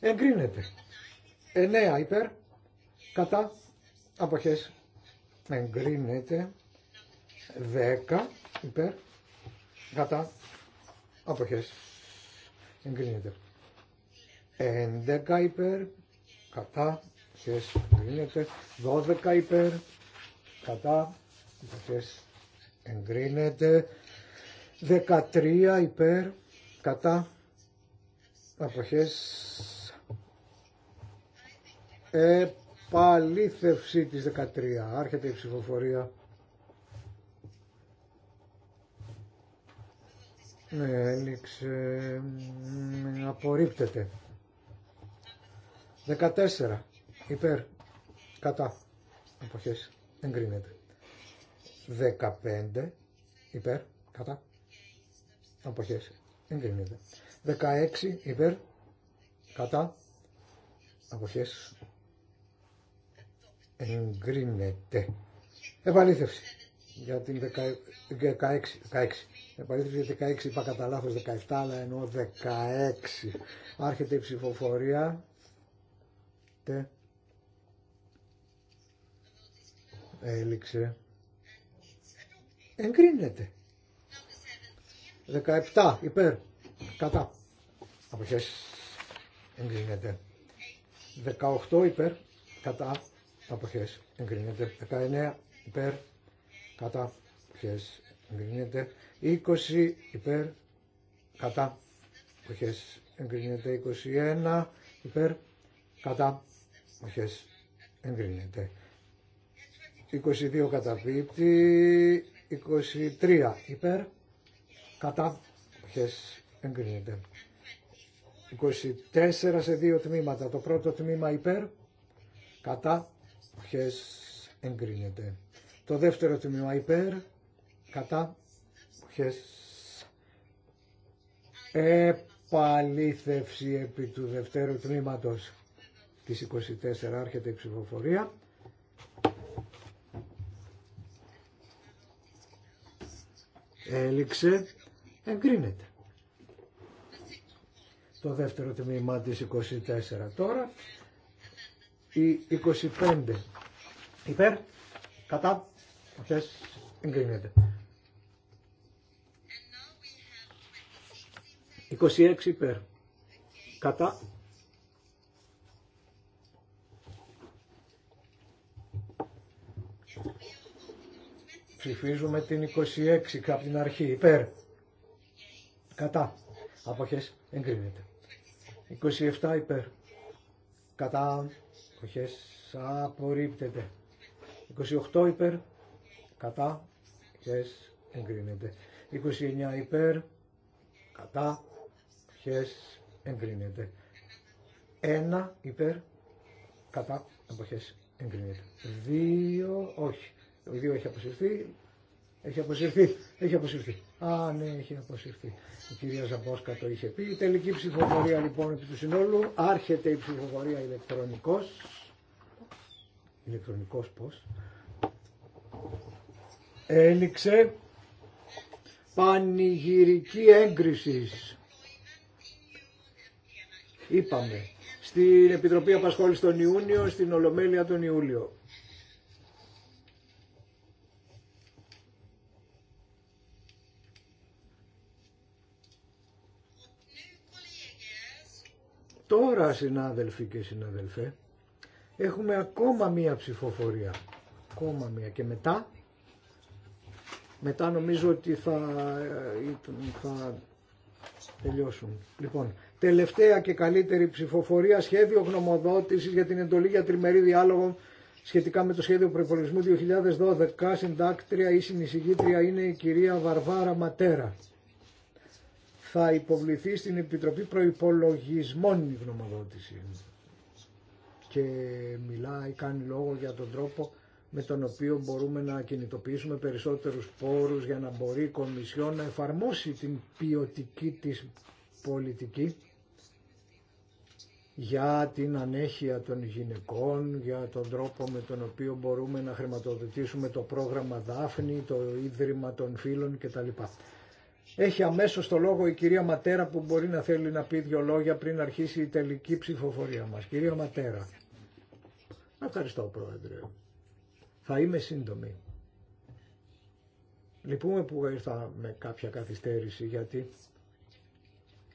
Εγκρίνεται. 9 υπέρ. Κατά. Αποχές. Εγκρίνεται. 10 υπέρ. Κατά. Αποχές. Εγκρίνεται. 11 υπέρ. Κατά. 12 υπέρ κατά εγκρίνεται 13 υπέρ κατά αποχές επαλήθευση της 13 άρχεται η ψηφοφορία Ναι, έληξε, απορρίπτεται. 14 υπέρ κατά εποχές εγκρίνεται 15 υπέρ κατά εποχές εγκρίνεται 16 υπέρ κατά εποχές εγκρίνεται επαλήθευση για την 16, 16. Επαλήθευση για 16 είπα κατά λάθος 17 αλλά εννοώ 16 άρχεται η ψηφοφορία τε έληξε. Εγκρίνεται. 17 υπέρ. Κατά. Αποχές. Εγκρίνεται. 18 υπέρ. Κατά. Αποχές. Εγκρίνεται. 19 υπέρ. Κατά. Αποχές. Εγκρίνεται. 20 υπέρ. Κατά. Αποχές. Εγκρίνεται. 21 υπέρ. Κατά. Αποχές. Εγκρίνεται. 22 καταπίπτει, 23 υπέρ, κατά ποιες εγκρίνεται. 24 σε δύο τμήματα. Το πρώτο τμήμα υπέρ, κατά ποιες εγκρίνεται. Το δεύτερο τμήμα υπέρ, κατά ποιες επαλήθευση επί του δευτέρου τμήματος της 24 άρχεται η ψηφοφορία. έληξε, εγκρίνεται. Το δεύτερο τμήμα της 24 τώρα, η 25 υπέρ, κατά, αυτές εγκρίνεται. 26 υπέρ, κατά, Ψηφίζουμε την 26 από την αρχή. Υπέρ. Κατά. Αποχές εγκρίνεται. 27 υπέρ. Κατά. Αποχές απορρίπτεται. 28 υπέρ. Κατά. Αποχές εγκρίνεται. 29 υπέρ. Κατά. Αποχές εγκρίνεται. 1 υπέρ. Κατά. Αποχές εγκρίνεται. 2 όχι. Το δύο έχει αποσυρθεί. Έχει αποσυρθεί. Έχει αποσυρθεί. Α, ναι, έχει αποσυρθεί. Η κυρία Ζαμπόσκα το είχε πει. Η τελική ψηφοφορία λοιπόν του συνόλου. Άρχεται η ψηφοφορία ηλεκτρονικός. Ηλεκτρονικός πώς. Έληξε πανηγυρική έγκριση. Είπαμε. Στην Επιτροπή Απασχόληση τον Ιούνιο, στην Ολομέλεια τον Ιούλιο. σήμερα συνάδελφοι και συναδελφέ έχουμε ακόμα μία ψηφοφορία. Ακόμα μία και μετά. Μετά νομίζω ότι θα, ε, θα τελειώσουν. Λοιπόν, τελευταία και καλύτερη ψηφοφορία σχέδιο γνωμοδότησης για την εντολή για τριμερή διάλογο σχετικά με το σχέδιο προπολογισμού 2012. Συντάκτρια ή συνεισηγήτρια είναι η κυρία Βαρβάρα Ματέρα θα υποβληθεί στην Επιτροπή Προϋπολογισμών η γνωμοδότηση. Και μιλάει, κάνει λόγο για τον τρόπο με τον οποίο μπορούμε να κινητοποιήσουμε περισσότερους πόρους για να μπορεί η Κομισιόν να εφαρμόσει την ποιοτική της πολιτική για την ανέχεια των γυναικών, για τον τρόπο με τον οποίο μπορούμε να χρηματοδοτήσουμε το πρόγραμμα Δάφνη, το Ίδρυμα των Φίλων κτλ. Έχει αμέσως το λόγο η κυρία Ματέρα που μπορεί να θέλει να πει δυο λόγια πριν αρχίσει η τελική ψηφοφορία μας. Κυρία Ματέρα. Ευχαριστώ πρόεδρε. Θα είμαι σύντομη. Λυπούμε που ήρθα με κάποια καθυστέρηση γιατί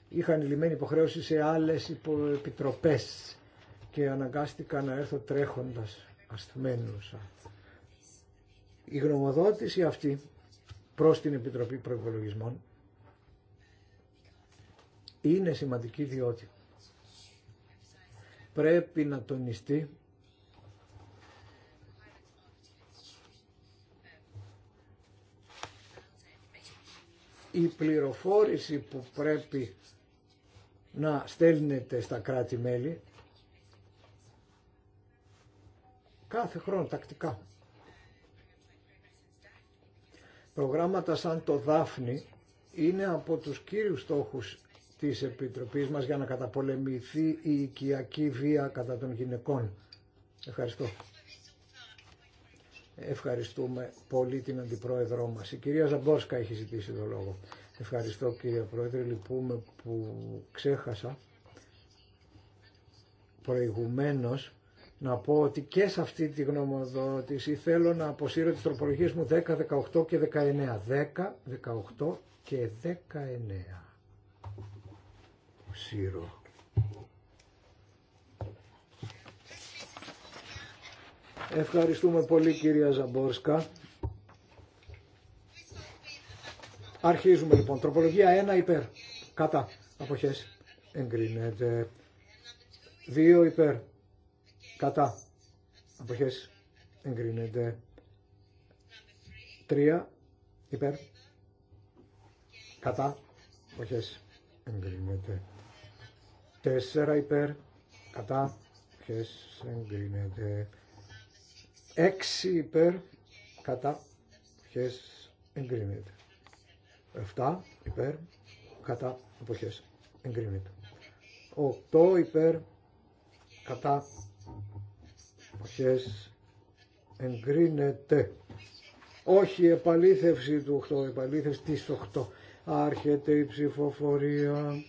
είχαν λυμμένη υποχρέωση σε άλλες επιτροπές και αναγκάστηκα να έρθω τρέχοντας ασθμένουσα. Η γνωμοδότηση αυτή προς την Επιτροπή προπολογισμών είναι σημαντική διότι πρέπει να τονιστεί η πληροφόρηση που πρέπει να στέλνεται στα κράτη-μέλη κάθε χρόνο τακτικά. Προγράμματα σαν το Δάφνη είναι από τους κύριους στόχους της Επιτροπής μας για να καταπολεμηθεί η οικιακή βία κατά των γυναικών. Ευχαριστώ. Ευχαριστούμε πολύ την Αντιπρόεδρό μας. Η κυρία Ζαμπόσκα έχει ζητήσει το λόγο. Ευχαριστώ κύριε Πρόεδρε, λυπούμε που ξέχασα προηγουμένως να πω ότι και σε αυτή τη γνωμοδότηση θέλω να αποσύρω τις τροπολογίες μου 10, 18 και 19. 10, 18 και 19. Ευχαριστούμε πολύ κυρία Ζαμπόρσκα. Αρχίζουμε λοιπόν. Τροπολογία 1 υπέρ. Κατά. Αποχές. Εγκρίνεται. 2 υπέρ. Κατά. Αποχές. Εγκρίνεται. 3 υπέρ. Κατά. Αποχές. Εγκρίνεται. 4 υπέρ κατά ποιες εγκρίνεται 6 υπέρ κατά ποιες εγκρίνεται 7 υπέρ κατά εποχέ. εγκρίνεται 8 υπέρ κατά εποχές εγκρίνεται όχι επαλήθευση του 8 επαλήθευση της 8 άρχεται η ψηφοφορία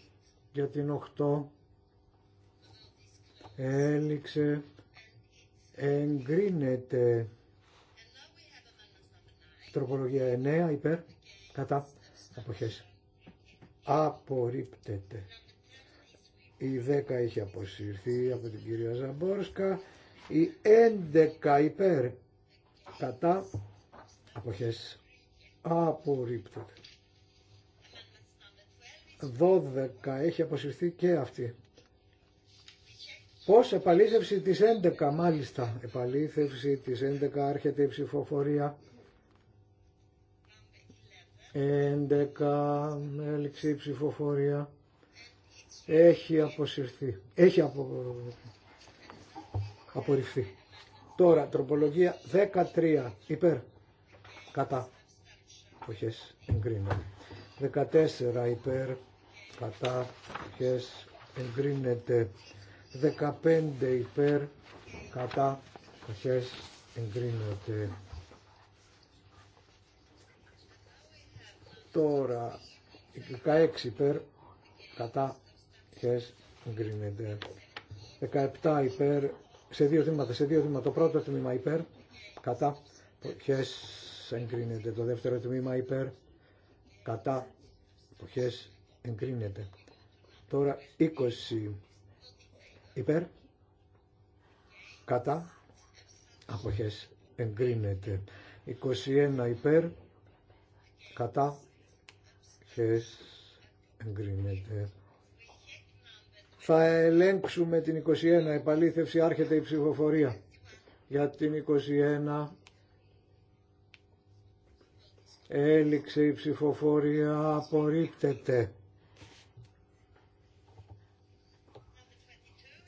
για την 8 έληξε, εγκρίνεται τροπολογία 9 υπέρ, κατά, αποχές, απορρίπτεται. Η 10 έχει αποσυρθεί από την κυρία Ζαμπόρσκα, η 11 υπέρ, κατά, αποχές, απορρίπτεται. 12 έχει αποσυρθεί και αυτή. Πώς επαλήθευση της 11 μάλιστα. Επαλήθευση της 11 άρχεται η ψηφοφορία. 11 έληξε η ψηφοφορία. Έχει αποσυρθεί. Έχει απο... απορριφθεί. Τώρα τροπολογία 13 υπέρ. Κατά. εποχές εγκρίνεται. 14 υπέρ. Κατά. εποχές εγκρίνεται. 15 υπέρ κατά αποχές εγκρίνεται. Τώρα 16 υπέρ κατά αποχές εγκρίνεται. 17 υπέρ σε δύο τμήματα, σε δύο τμήματα. Το πρώτο τμήμα υπέρ κατά αποχές εγκρίνεται. Το δεύτερο τμήμα υπέρ κατά αποχές εγκρίνεται. Τώρα 20 Υπέρ. Κατά. Αποχές εγκρίνεται. 21 υπέρ. Κατά. ΧΕΣ εγκρίνεται. Θα ελέγξουμε την 21. Επαλήθευση άρχεται η ψηφοφορία. Για την 21 έληξε η ψηφοφορία. Απορρίπτεται.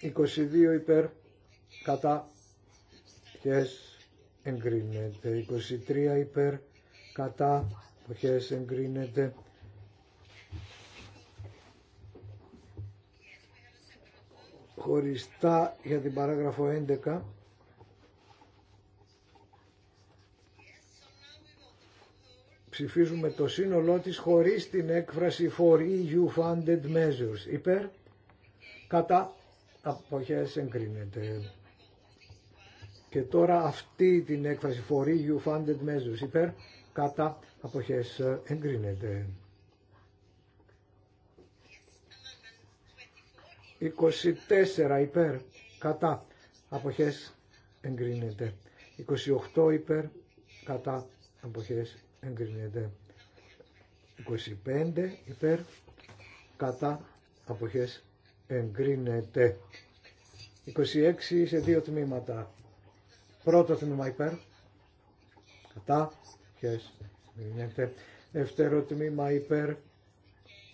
22 υπέρ κατά ποιες εγκρίνεται 23 υπέρ κατά ποιες εγκρίνεται χωριστά για την παράγραφο 11 ψηφίζουμε το σύνολό της χωρίς την έκφραση for EU funded measures υπέρ κατά αποχές εγκρίνεται. Και τώρα αυτή την έκφραση for EU funded measures υπέρ κατά αποχές εγκρίνεται. 24 υπέρ κατά αποχές εγκρίνεται. 28 υπέρ κατά αποχές εγκρίνεται. 25 υπέρ κατά αποχές εγκρίνεται 26 σε δύο τμήματα. Πρώτο τμήμα υπέρ, κατά, και εγκρίνεται. Δεύτερο τμήμα υπέρ,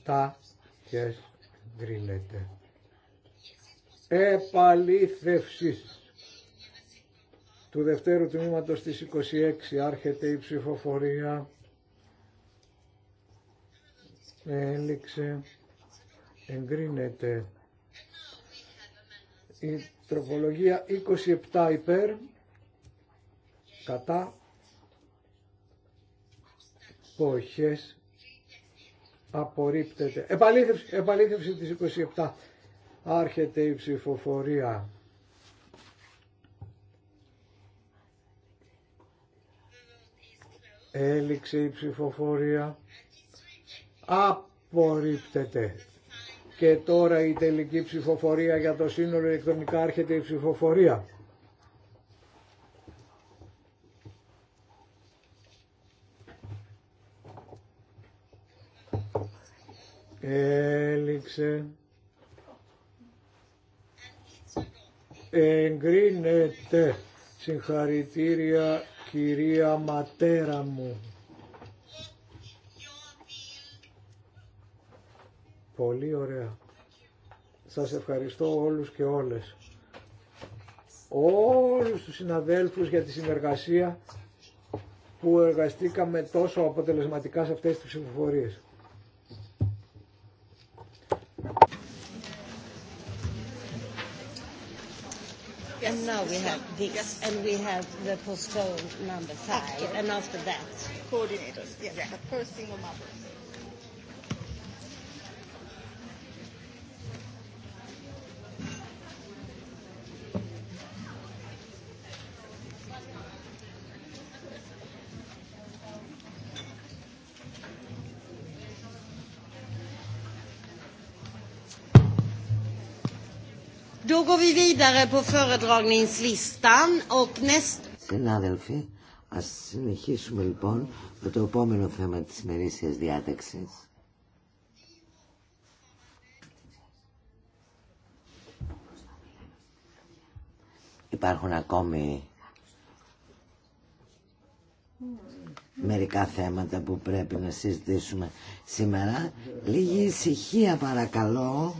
τα, χες, εγκρίνεται. Επαλήθευσης του δευτέρου τμήματος της 26 άρχεται η ψηφοφορία. Έληξε, εγκρίνεται. Η τροπολογία 27 υπέρ, κατά, ποχές, απορρίπτεται. Επαλήθευση, επαλήθευση της 27. Άρχεται η ψηφοφορία. Έληξε η ψηφοφορία. Απορρίπτεται και τώρα η τελική ψηφοφορία για το σύνολο ηλεκτρονικά έρχεται η ψηφοφορία. Έληξε. Εγκρίνεται. Συγχαρητήρια κυρία Ματέρα μου. Πολύ ωραία. Σας ευχαριστώ όλους και όλες. Όλους τους συναδέλφους για τη συνεργασία που εργαστήκαμε τόσο αποτελεσματικά σε αυτές τις ψηφοφορίες. And now we have this, and we have the postponed number five, and after that, coordinators. Yes, the first single mothers. Συνάδελφοι, ας συνεχίσουμε λοιπόν με το επόμενο θέμα τη ημερήσια διάταξης. Υπάρχουν ακόμη μερικά θέματα που πρέπει να συζητήσουμε σήμερα. Λίγη ησυχία παρακαλώ.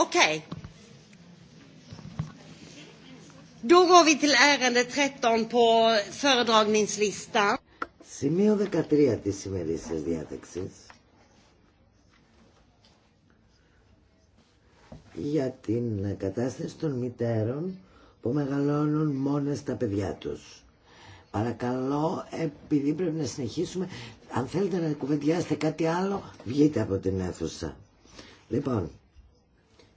Okej. Då går vi till ärende 13 på föredragningslistan. Σημείο 13 της σημερινής διάταξης. για την κατάσταση των μητέρων που μεγαλώνουν μόνες τα παιδιά τους. Παρακαλώ, επειδή πρέπει να συνεχίσουμε, αν θέλετε να κουβεντιάσετε κάτι άλλο, βγείτε από την αίθουσα. Λοιπόν,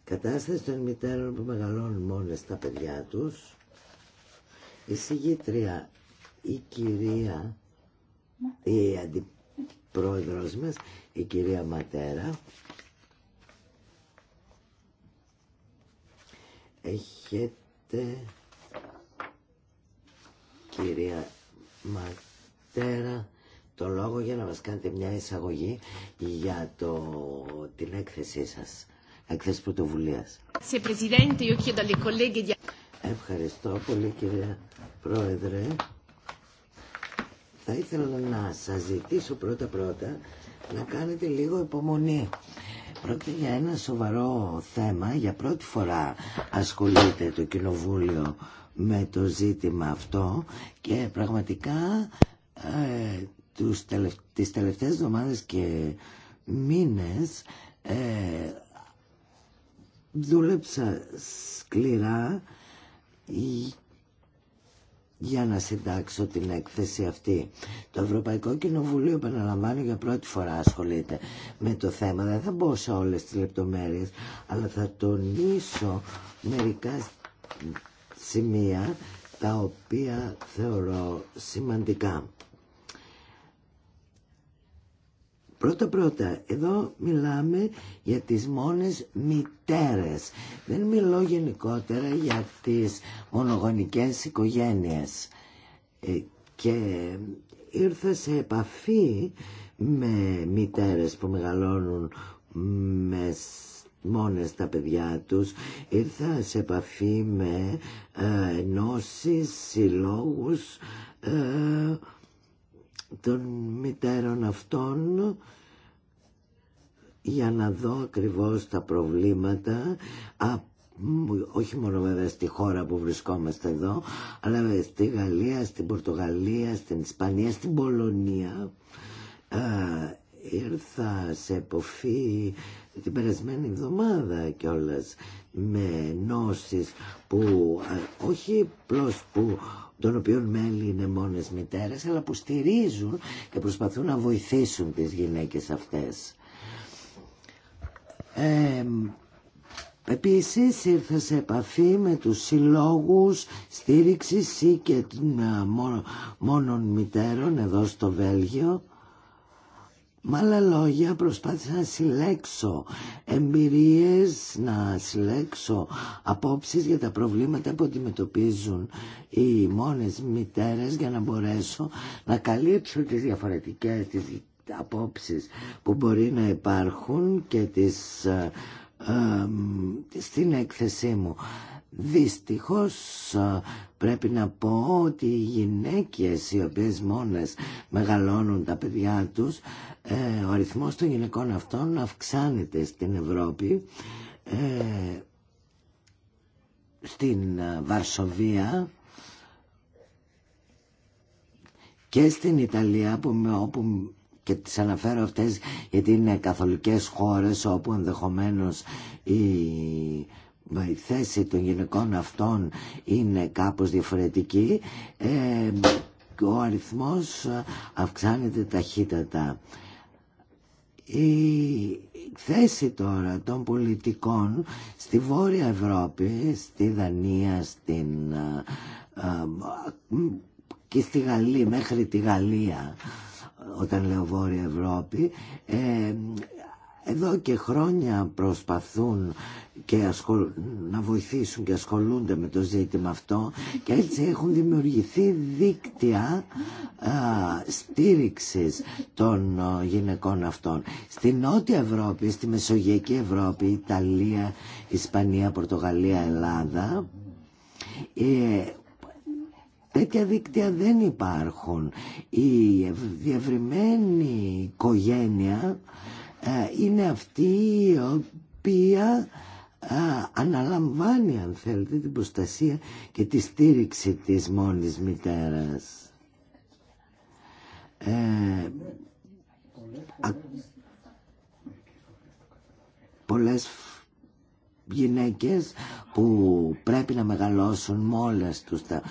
κατάσταση των μητέρων που μεγαλώνουν μόνες τα παιδιά τους η συγγήτρια η κυρία η αντιπρόεδρος μας η κυρία Ματέρα έχετε κυρία Ματέρα το λόγο για να μας κάνετε μια εισαγωγή για το, την έκθεσή σας πρωτοβουλία. Ευχαριστώ πολύ κυρία Πρόεδρε. Θα ήθελα να σα ζητήσω πρώτα πρώτα να κάνετε λίγο υπομονή. Πρόκειται για ένα σοβαρό θέμα. Για πρώτη φορά ασχολείται το Κοινοβούλιο με το ζήτημα αυτό και πραγματικά ε, τους τελευ τις τελευταίες εβδομάδες και μήνες ε, δούλεψα σκληρά για να συντάξω την έκθεση αυτή. Το Ευρωπαϊκό Κοινοβουλίο, επαναλαμβάνω, για πρώτη φορά ασχολείται με το θέμα. Δεν θα μπω σε όλες τις λεπτομέρειες, αλλά θα τονίσω μερικά σημεία τα οποία θεωρώ σημαντικά. Πρώτα-πρώτα, εδώ μιλάμε για τις μόνες μητέρες. Δεν μιλώ γενικότερα για τις μονογονικές οικογένειες. Ε, και ήρθα σε επαφή με μητέρες που μεγαλώνουν με μόνες τα παιδιά τους ήρθα σε επαφή με ε, συλλόγους ε, των μητέρων αυτών για να δω ακριβώς τα προβλήματα όχι μόνο βέβαια στη χώρα που βρισκόμαστε εδώ αλλά στη Γαλλία, στην Πορτογαλία, στην Ισπανία, στην Πολωνία ήρθα σε εποφή την περασμένη εβδομάδα κιόλας με νόσεις που όχι πλώς που των οποίων μέλη είναι μόνες μητέρες, αλλά που στηρίζουν και προσπαθούν να βοηθήσουν τις γυναίκες αυτές. Ε, Επίσης ήρθα σε επαφή με τους συλλόγους στήριξης ή και ε, μόνον μητέρων εδώ στο Βέλγιο με άλλα λόγια προσπάθησα να συλλέξω εμπειρίες, να συλλέξω απόψεις για τα προβλήματα που αντιμετωπίζουν οι μόνες μητέρες για να μπορέσω να καλύψω τις διαφορετικές τις απόψεις που μπορεί να υπάρχουν και τις, ε, ε, στην έκθεσή μου. Δυστυχώς πρέπει να πω ότι οι γυναίκες οι οποίες μόνες μεγαλώνουν τα παιδιά τους, ε, ο αριθμός των γυναικών αυτών αυξάνεται στην Ευρώπη. Ε, στην ε, Βαρσοβία και στην Ιταλία που, όπου και τις αναφέρω αυτές γιατί είναι καθολικές χώρες όπου ενδεχομένως οι η θέση των γυναικών αυτών είναι κάπως διαφορετική ε, ο αριθμός αυξάνεται ταχύτατα η θέση τώρα των πολιτικών στη Βόρεια Ευρώπη, στη Δανία, στην, ε, και στη Γαλλία, μέχρι τη Γαλλία, όταν λέω Βόρεια Ευρώπη, ε, εδώ και χρόνια προσπαθούν και να βοηθήσουν και ασχολούνται με το ζήτημα αυτό και έτσι έχουν δημιουργηθεί δίκτυα α, στήριξης των γυναικών αυτών. Στη Νότια Ευρώπη, στη Μεσογειακή Ευρώπη, Ιταλία, Ισπανία, Πορτογαλία, Ελλάδα ε, Τέτοια δίκτυα δεν υπάρχουν. Η διαυρημένη διευρυμένη οικογένεια ε, είναι αυτή η οποία ε, αναλαμβάνει αν θέλετε την προστασία και τη στήριξη της μόνης μητέρας. Ε, α, πολλές γυναίκες που πρέπει να μεγαλώσουν μόλες τους τα,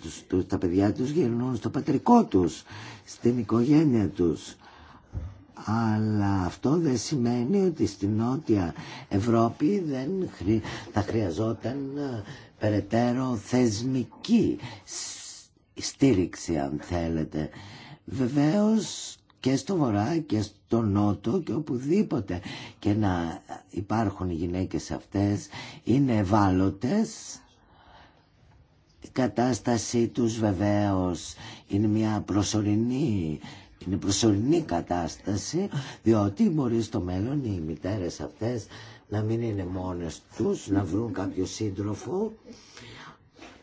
τους, τους, τα παιδιά τους γυρνούν στο πατρικό τους, στην οικογένεια τους αλλά αυτό δεν σημαίνει ότι στην Νότια Ευρώπη δεν θα χρειαζόταν ε, περαιτέρω θεσμική στήριξη αν θέλετε. Βεβαίως και στο βορρά και στο νότο και οπουδήποτε και να υπάρχουν οι γυναίκες αυτές είναι ευάλωτες η κατάστασή τους βεβαίως είναι μια προσωρινή είναι προσωρινή κατάσταση, διότι μπορεί στο μέλλον οι μητέρε αυτές να μην είναι μόνες τους, να βρουν κάποιο σύντροφο.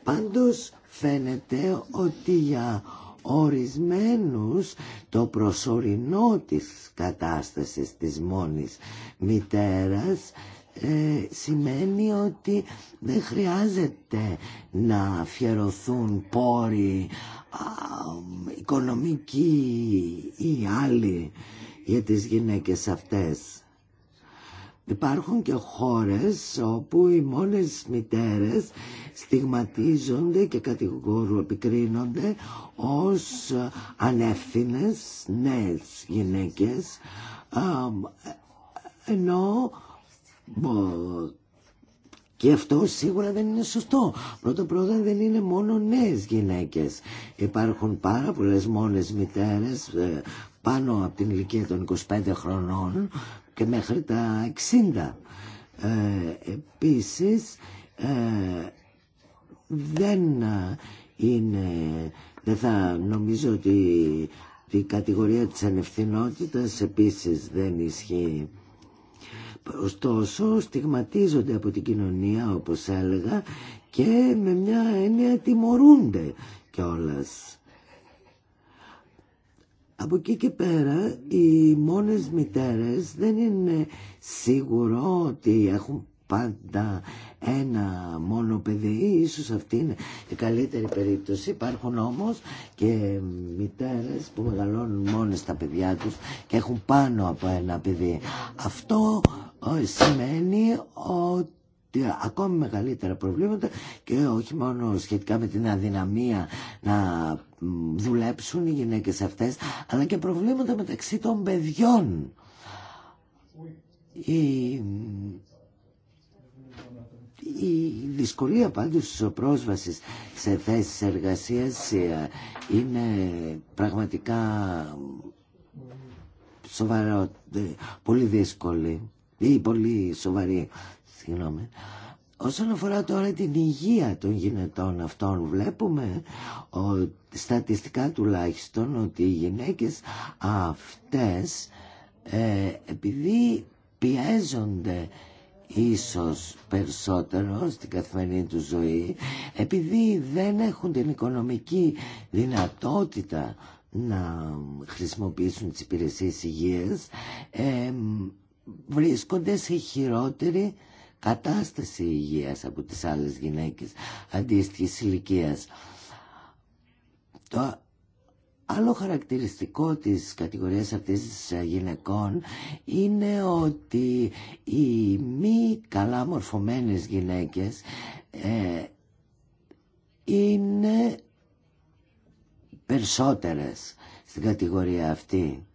Πάντως φαίνεται ότι για ορισμένους το προσωρινό της κατάστασης της μόνης μητέρας ε, σημαίνει ότι δεν χρειάζεται να αφιερωθούν πόροι α, οικονομικοί ή άλλοι για τις γυναίκες αυτές. Υπάρχουν και χώρες όπου οι μόνες μητέρες στιγματίζονται και κατηγορού επικρίνονται ως ανεύθυνες νέες γυναίκες ε, ενώ και αυτό σίγουρα δεν είναι σωστό. Πρώτα πρώτα δεν είναι μόνο νέες γυναίκες. Υπάρχουν πάρα πολλές μόνες μητέρες ε, πάνω από την ηλικία των 25 χρονών και μέχρι τα 60. Ε, επίσης ε, δεν ε, είναι δεν θα νομίζω ότι η κατηγορία της ανευθυνότητας επίσης δεν ισχύει Ωστόσο στιγματίζονται από την κοινωνία όπως έλεγα και με μια έννοια τιμωρούνται κιόλας. Από εκεί και πέρα οι μόνες μητέρες δεν είναι σίγουρο ότι έχουν πάντα ένα μόνο παιδί, ίσως αυτή είναι η καλύτερη περίπτωση. Υπάρχουν όμως και μητέρες που μεγαλώνουν μόνες τα παιδιά τους και έχουν πάνω από ένα παιδί. Αυτό σημαίνει ότι ακόμη μεγαλύτερα προβλήματα και όχι μόνο σχετικά με την αδυναμία να δουλέψουν οι γυναίκες αυτές αλλά και προβλήματα μεταξύ των παιδιών η, η δυσκολία πάντως της πρόσβασης σε θέσεις εργασίας ε, είναι πραγματικά σοβαρό ε, πολύ δύσκολη ή πολύ σοβαρή. Συγγνώμη. Όσον αφορά τώρα την υγεία των γυναικών αυτών, βλέπουμε ο, στατιστικά τουλάχιστον ότι οι γυναίκες αυτές ε, επειδή πιέζονται ίσως περισσότερο στην καθημερινή του ζωή επειδή δεν έχουν την οικονομική δυνατότητα να χρησιμοποιήσουν τις υπηρεσίες υγείας ε, βρίσκονται σε χειρότερη κατάσταση υγείας από τις άλλες γυναίκες αντίστοιχη ηλικία. Το άλλο χαρακτηριστικό της κατηγορίας αυτής της ε, γυναικών είναι ότι οι μη καλά μορφωμένες γυναίκες ε, είναι περισσότερες στην κατηγορία αυτή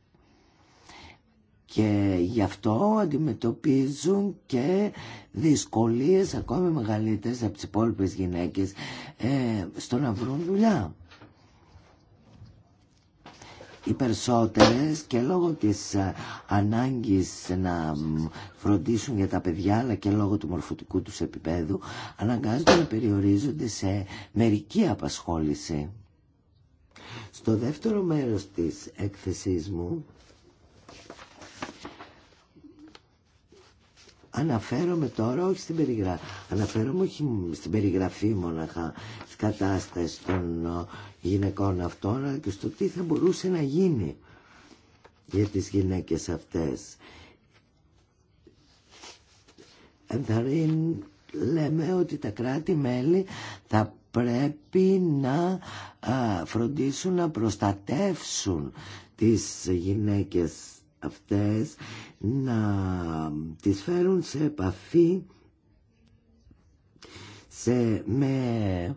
και γι' αυτό αντιμετωπίζουν και δυσκολίες ακόμη μεγαλύτερες από τις υπόλοιπε γυναίκες ε, στο να βρουν δουλειά. Οι περισσότερες και λόγω της ε, ανάγκης να φροντίσουν για τα παιδιά αλλά και λόγω του μορφωτικού τους επίπεδου αναγκάζονται να περιορίζονται σε μερική απασχόληση. Στο δεύτερο μέρος της έκθεσής μου Αναφέρομαι τώρα όχι στην περιγραφή, αναφέρομαι όχι στην περιγραφή μοναχά των ε, γυναικών αυτών, αλλά και στο τι θα μπορούσε να γίνει για τις γυναίκες αυτές. Ενθαρρύν, λέμε ότι τα κράτη-μέλη θα πρέπει να ε, φροντίσουν να προστατεύσουν τις γυναίκες αυτές να τις φέρουν σε επαφή σε, με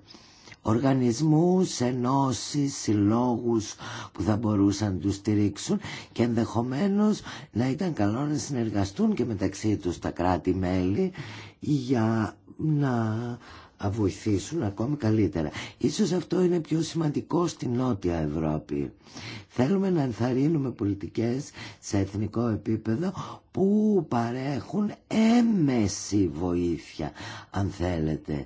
οργανισμούς, ενώσεις, συλλόγους που θα μπορούσαν να τους στηρίξουν και ενδεχομένως να ήταν καλό να συνεργαστούν και μεταξύ τους τα κράτη-μέλη για να βοηθήσουν ακόμη καλύτερα. Ίσως αυτό είναι πιο σημαντικό στην Νότια Ευρώπη. Θέλουμε να ενθαρρύνουμε πολιτικές σε εθνικό επίπεδο που παρέχουν έμεση βοήθεια, αν θέλετε.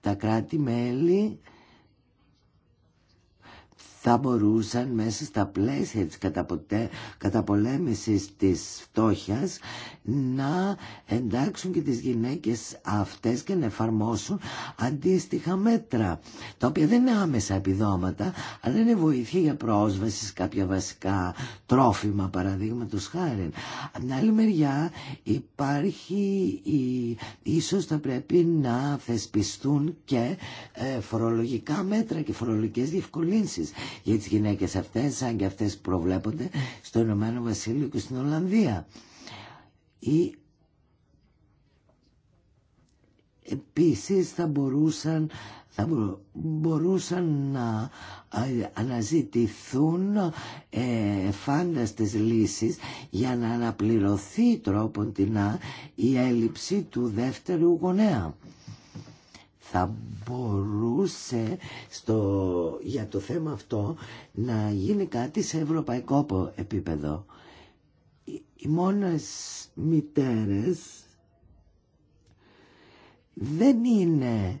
τα κράτη-μέλη θα μπορούσαν μέσα στα πλαίσια της καταποτε... καταπολέμησης της φτώχειας να εντάξουν και τις γυναίκες αυτές και να εφαρμόσουν αντίστοιχα μέτρα τα οποία δεν είναι άμεσα επιδόματα αλλά είναι βοήθεια για πρόσβαση σε κάποια βασικά τρόφιμα παραδείγματο χάρη. Από την άλλη μεριά υπάρχει η... ίσως θα πρέπει να θεσπιστούν και ε, φορολογικά μέτρα και φορολογικές διευκολύνσεις για τις γυναίκες αυτές, σαν και αυτές που προβλέπονται στο Ηνωμένο Βασίλειο και στην Ολλανδία. Ή επίσης θα μπορούσαν, θα μπορούσαν να αναζητηθούν ε, φάνταστες λύσεις για να αναπληρωθεί τρόπον την η έλλειψη του δεύτερου γονέα θα μπορούσε στο, για το θέμα αυτό να γίνει κάτι σε ευρωπαϊκό επίπεδο. Οι, οι μόνες μητέρες δεν είναι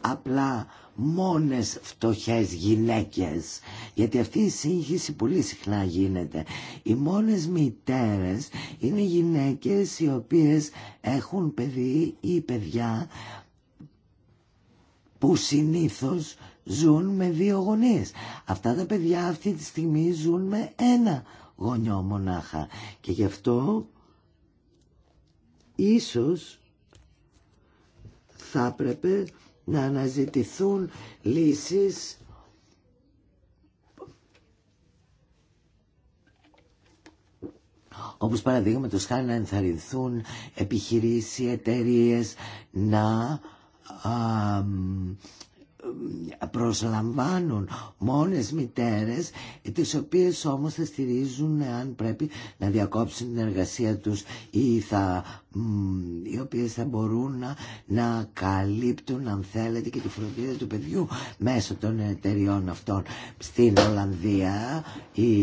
απλά μόνες φτωχές γυναίκες γιατί αυτή η σύγχυση πολύ συχνά γίνεται οι μόνες μητέρες είναι γυναίκες οι οποίες έχουν παιδί ή παιδιά που συνήθως ζουν με δύο γονείς αυτά τα παιδιά αυτή τη στιγμή ζουν με ένα γονιό μονάχα και γι' αυτό ίσως θα έπρεπε να αναζητηθούν λύσεις όπως παραδείγματο χάρη να ενθαρρυνθούν επιχειρήσεις, εταιρείε να ε, προσλαμβάνουν μόνες μητέρες τις οποίες όμως θα στηρίζουν αν πρέπει να διακόψουν την εργασία τους ή θα, οι οποίες θα μπορούν να, να καλύπτουν αν θέλετε και τη φροντίδα του παιδιού μέσω των εταιριών αυτών στην Ολλανδία η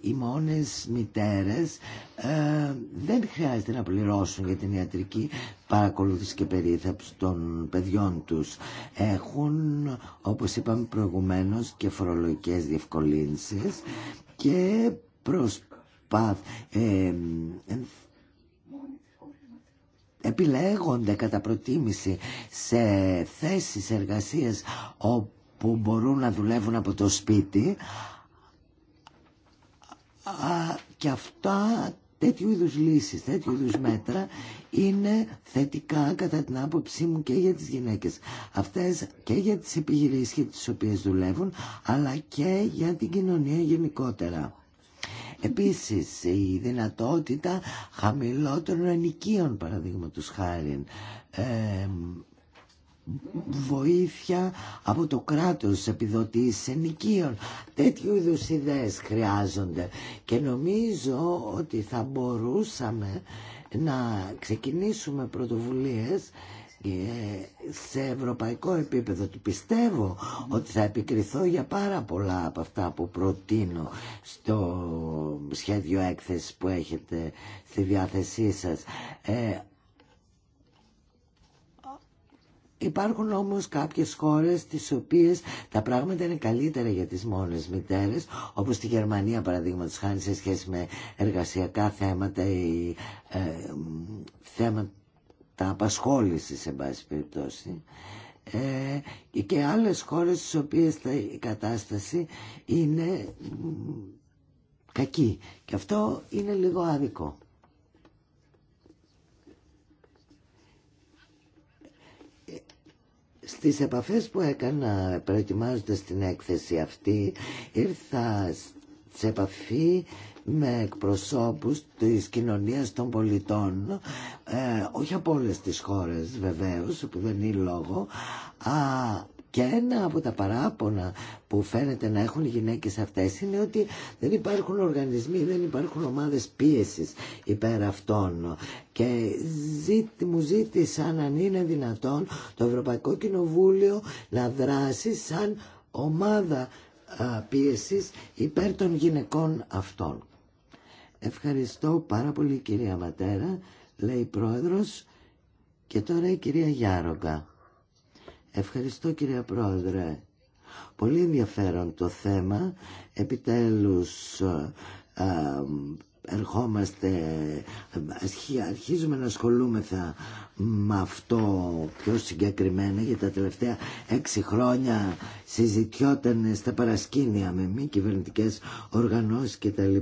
οι μόνες μητέρες ε, δεν χρειάζεται να πληρώσουν για την ιατρική παρακολούθηση και περίθαψη των παιδιών τους. Έχουν, όπως είπαμε προηγουμένως, και φορολογικές διευκολύνσεις και προσπαθούν ε, επιλέγονται κατά προτίμηση σε θέσεις εργασία όπου μπορούν να δουλεύουν από το σπίτι Α, και αυτά τέτοιου είδους λύσεις, τέτοιου είδους μέτρα είναι θετικά κατά την άποψή μου και για τις γυναίκες. Αυτές και για τις επιχειρήσεις και τις οποίες δουλεύουν, αλλά και για την κοινωνία γενικότερα. Επίσης η δυνατότητα χαμηλότερων ενοικίων παραδείγματος χάρη ε, βοήθεια από το κράτος, επιδοτήσεις ενοικίων. Τέτοιου είδου ιδέες χρειάζονται και νομίζω ότι θα μπορούσαμε να ξεκινήσουμε πρωτοβουλίες σε ευρωπαϊκό επίπεδο του πιστεύω ότι θα επικριθώ για πάρα πολλά από αυτά που προτείνω στο σχέδιο έκθεση που έχετε στη διάθεσή σας ε, Υπάρχουν όμως κάποιες χώρες τις οποίες τα πράγματα είναι καλύτερα για τις μόνες μητέρες, όπως τη Γερμανία παραδείγματος χάνει σε σχέση με εργασιακά θέματα ή ε, θέματα απασχόλησης σε μπαση περιπτώσει. Ε, και άλλες χώρες στις οποίες η κατάσταση είναι κακή. Και αυτό είναι λίγο άδικο. στις επαφές που έκανα προετοιμάζοντας την έκθεση αυτή ήρθα σε επαφή με εκπροσώπους της κοινωνίας των πολιτών ε, όχι από όλες τις χώρες βεβαίως που δεν είναι λόγο α, και ένα από τα παράπονα που φαίνεται να έχουν οι γυναίκες αυτές είναι ότι δεν υπάρχουν οργανισμοί, δεν υπάρχουν ομάδες πίεσης υπέρ αυτών. Και ζήτη, μου ζήτησαν αν είναι δυνατόν το Ευρωπαϊκό Κοινοβούλιο να δράσει σαν ομάδα πίεση πίεσης υπέρ των γυναικών αυτών. Ευχαριστώ πάρα πολύ κυρία Ματέρα, λέει η Πρόεδρος και τώρα η κυρία Γιάρογκα. Ευχαριστώ κύριε Πρόεδρε. Πολύ ενδιαφέρον το θέμα. Επιτέλους ε, ε, ερχόμαστε, αρχίζουμε να ασχολούμεθα με αυτό πιο συγκεκριμένα για τα τελευταία έξι χρόνια συζητιόταν στα παρασκήνια με μη κυβερνητικέ οργανώσεις κτλ.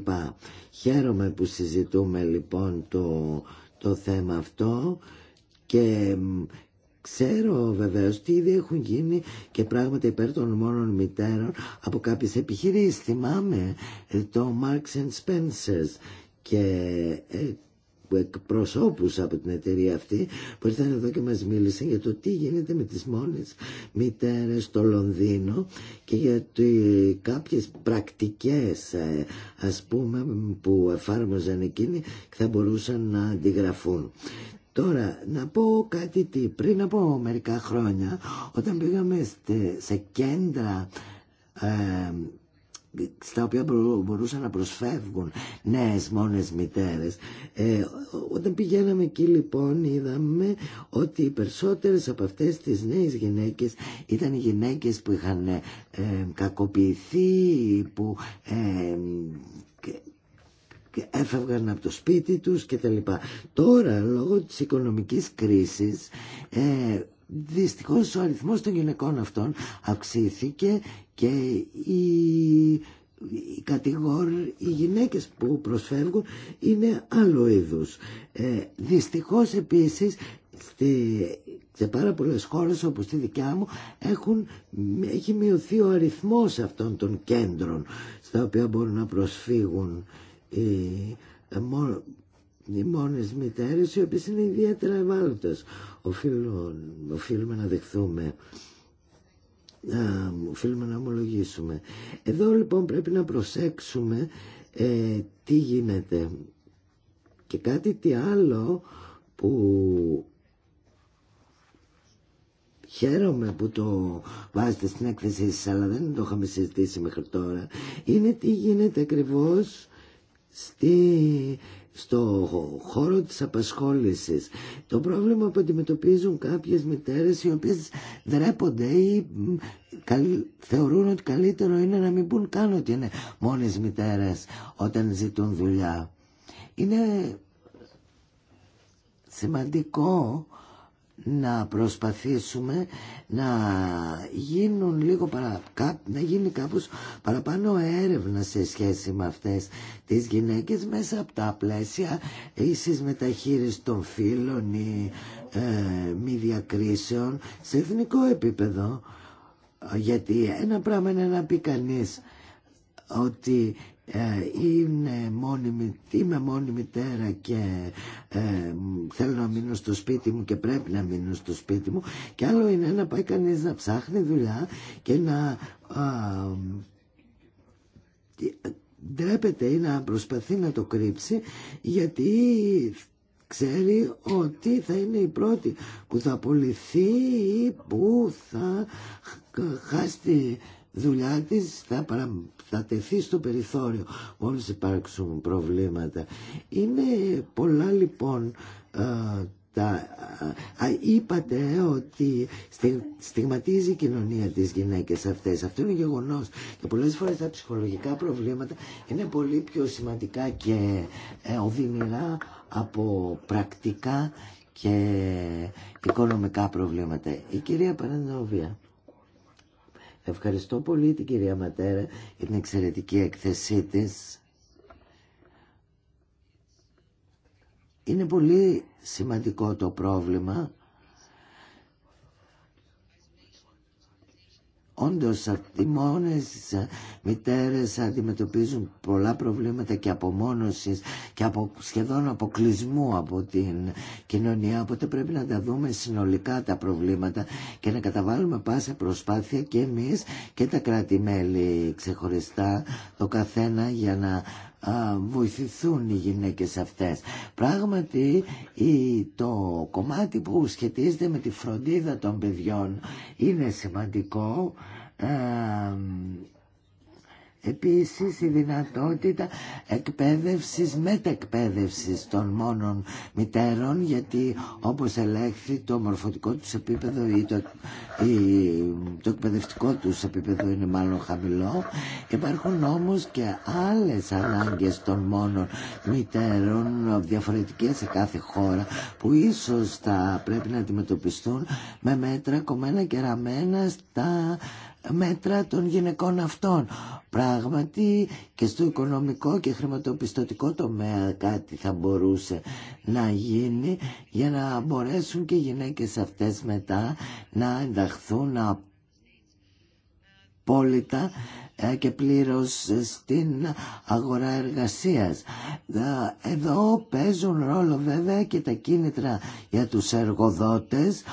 Χαίρομαι που συζητούμε λοιπόν το, το θέμα αυτό και Ξέρω βεβαίως τι ήδη έχουν γίνει και πράγματα υπέρ των μόνων μητέρων από κάποιες επιχειρήσεις. Θυμάμαι ε, το Marks and Spencers και ε, εκπροσώπους από την εταιρεία αυτή που ήρθαν εδώ και μας μίλησαν για το τι γίνεται με τις μόνες μητέρες στο Λονδίνο και για το, ε, κάποιες πρακτικές ας πούμε που εφάρμοζαν εκείνοι και θα μπορούσαν να αντιγραφούν. Τώρα, να πω κάτι τι πριν από μερικά χρόνια, όταν πήγαμε σε κέντρα στα οποία μπορούσαν να προσφεύγουν νέες μόνες μητέρες. Ε, όταν πηγαίναμε εκεί λοιπόν είδαμε ότι οι περισσότερες από αυτές τις νέες γυναίκες ήταν οι γυναίκες που είχαν ε, κακοποιηθεί, που ε, έφευγαν από το σπίτι τους λοιπά Τώρα λόγω της οικονομικής κρίσης ε, δυστυχώς ο αριθμός των γυναικών αυτών αυξήθηκε και οι, κατηγόροι, οι γυναίκες που προσφεύγουν είναι άλλο είδους. Ε, δυστυχώς επίσης σε πάρα πολλές χώρες όπως τη δικιά μου έχουν, έχει μειωθεί ο αριθμός αυτών των κέντρων στα οποία μπορούν να προσφύγουν ε, οι μόνες μητέρες οι οποίες είναι ιδιαίτερα ευάλωτες. Οφείλουμε να δεχθούμε να οφείλουμε να ομολογήσουμε. Εδώ λοιπόν πρέπει να προσέξουμε ε, τι γίνεται. Και κάτι τι άλλο που χαίρομαι που το βάζετε στην έκθεσή σας αλλά δεν το είχαμε συζητήσει μέχρι τώρα είναι τι γίνεται ακριβώς στη, στο χώρο της απασχόλησης. Το πρόβλημα που αντιμετωπίζουν κάποιες μητέρες οι οποίες δρέπονται ή θεωρούν ότι καλύτερο είναι να μην πούν καν ότι είναι μόνες μητέρες όταν ζητούν δουλειά. Είναι σημαντικό να προσπαθήσουμε να γίνουν λίγο παρα, να γίνει κάπως παραπάνω έρευνα σε σχέση με αυτές τις γυναίκες μέσα από τα πλαίσια ίσης μεταχείριση των φίλων ή ε, μη διακρίσεων σε εθνικό επίπεδο γιατί ένα πράγμα είναι να πει κανείς ότι ε, είναι μόνη, είμαι μόνη μητέρα και ε, θέλω να μείνω στο σπίτι μου και πρέπει να μείνω στο σπίτι μου και άλλο είναι να πάει κανείς να ψάχνει δουλειά και να ε, ντρέπεται ή να προσπαθεί να το κρύψει γιατί ξέρει ότι θα είναι η πρώτη που θα απολυθεί ή που θα χάσει δουλειά τη θα, παρα... τεθεί στο περιθώριο μόλις υπάρξουν προβλήματα. Είναι πολλά λοιπόν ε, τα, είπατε ότι στιγματίζει η κοινωνία τις γυναίκες αυτές. Αυτό είναι γεγονός και πολλές φορές τα ψυχολογικά προβλήματα είναι πολύ πιο σημαντικά και ε, οδυνηρά από πρακτικά και οικονομικά προβλήματα. Η κυρία Παρανόβια. Ευχαριστώ πολύ την κυρία Ματέρα για την εξαιρετική έκθεσή της. Είναι πολύ σημαντικό το πρόβλημα Όντως οι μόνες ε, μητέρες αντιμετωπίζουν πολλά προβλήματα και απομόνωσης και από, σχεδόν αποκλεισμού από την κοινωνία οπότε πρέπει να τα δούμε συνολικά τα προβλήματα και να καταβάλουμε πάσα προσπάθεια και εμείς και τα κράτη-μέλη ξεχωριστά το καθένα για να βοηθηθούν οι γυναίκες αυτές. Πράγματι το κομμάτι που σχετίζεται με τη φροντίδα των παιδιών είναι σημαντικό ε, Επίσης η δυνατότητα εκπαίδευσης μετεκπαίδευσης των μόνων μητέρων γιατί όπως ελέγχθη το μορφωτικό τους επίπεδο ή το, ή το εκπαιδευτικό τους επίπεδο είναι μάλλον χαμηλό υπάρχουν όμως και άλλες ανάγκες των μόνων μητέρων διαφορετικές σε κάθε χώρα που ίσως θα πρέπει να αντιμετωπιστούν με μέτρα κομμένα και ραμμένα στα μέτρα των γυναικών αυτών. Πράγματι και στο οικονομικό και χρηματοπιστωτικό τομέα κάτι θα μπορούσε να γίνει για να μπορέσουν και οι γυναίκες αυτές μετά να ενταχθούν απόλυτα ε, και πλήρως στην αγορά εργασίας. Ε, εδώ παίζουν ρόλο βέβαια και τα κίνητρα για τους εργοδότες, ε,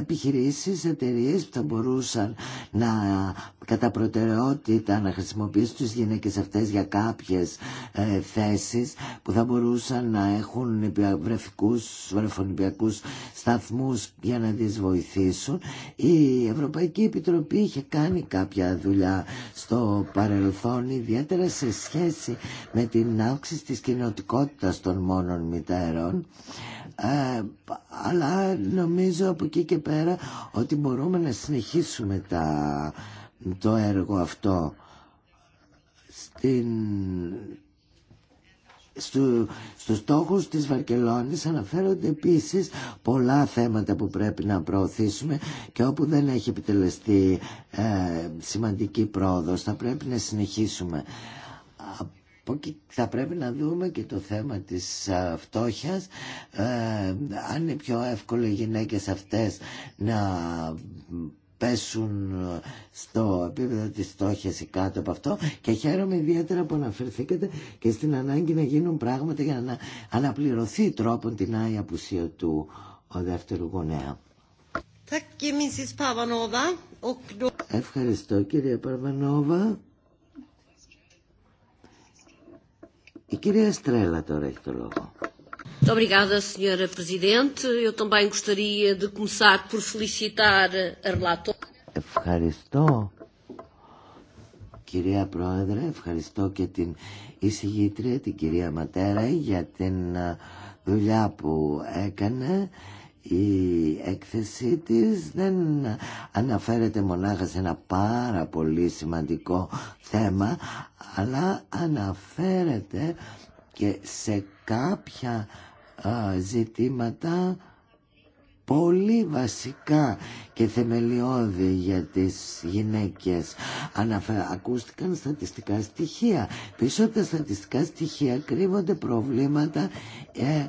επιχειρήσεις, εταιρείες που θα μπορούσαν να κατά προτεραιότητα να χρησιμοποιήσουν τις γυναίκες αυτές για κάποιες θέσεις που θα μπορούσαν να έχουν βρεφικούς, βρεφονιπιακούς σταθμούς για να τις βοηθήσουν. Η Ευρωπαϊκή Επιτροπή είχε κάνει κάποια δουλειά στο παρελθόν ιδιαίτερα σε σχέση με την αύξηση της κοινοτικότητα των μόνων μητέρων ε, αλλά νομίζω από εκεί και πέρα ότι μπορούμε να συνεχίσουμε τα, το έργο αυτό στην Στου, στους στόχους της Βαρκελόνης αναφέρονται επίσης πολλά θέματα που πρέπει να προωθήσουμε και όπου δεν έχει επιτελεστεί ε, σημαντική πρόοδος θα πρέπει να συνεχίσουμε. Θα πρέπει να δούμε και το θέμα της ε, φτώχειας, ε, αν είναι πιο εύκολο οι γυναίκες αυτές να πέσουν ε, στο επίπεδο της στόχης ή κάτω από αυτό και χαίρομαι ιδιαίτερα που αναφερθήκατε και στην ανάγκη να γίνουν πράγματα για να αναπληρωθεί τρόπον την άγια απουσία του ο δεύτερου γονέα. Ευχαριστώ κυρία Παρβανόβα. Η κυρία Στρέλα τώρα έχει το λόγο. Muito obrigada, Presidente. Eu também gostaria de começar por Ευχαριστώ, κυρία Πρόεδρε, ευχαριστώ και την εισηγήτρια, την κυρία Ματέρα, για την δουλειά που έκανε. Η έκθεσή της δεν αναφέρεται μονάχα σε ένα πάρα πολύ σημαντικό θέμα, αλλά αναφέρεται και σε κάποια ζητήματα πολύ βασικά και θεμελιώδη για τις γυναίκες. Αναφε... Ακούστηκαν στατιστικά στοιχεία. Πίσω από τα στατιστικά στοιχεία κρύβονται προβλήματα ε,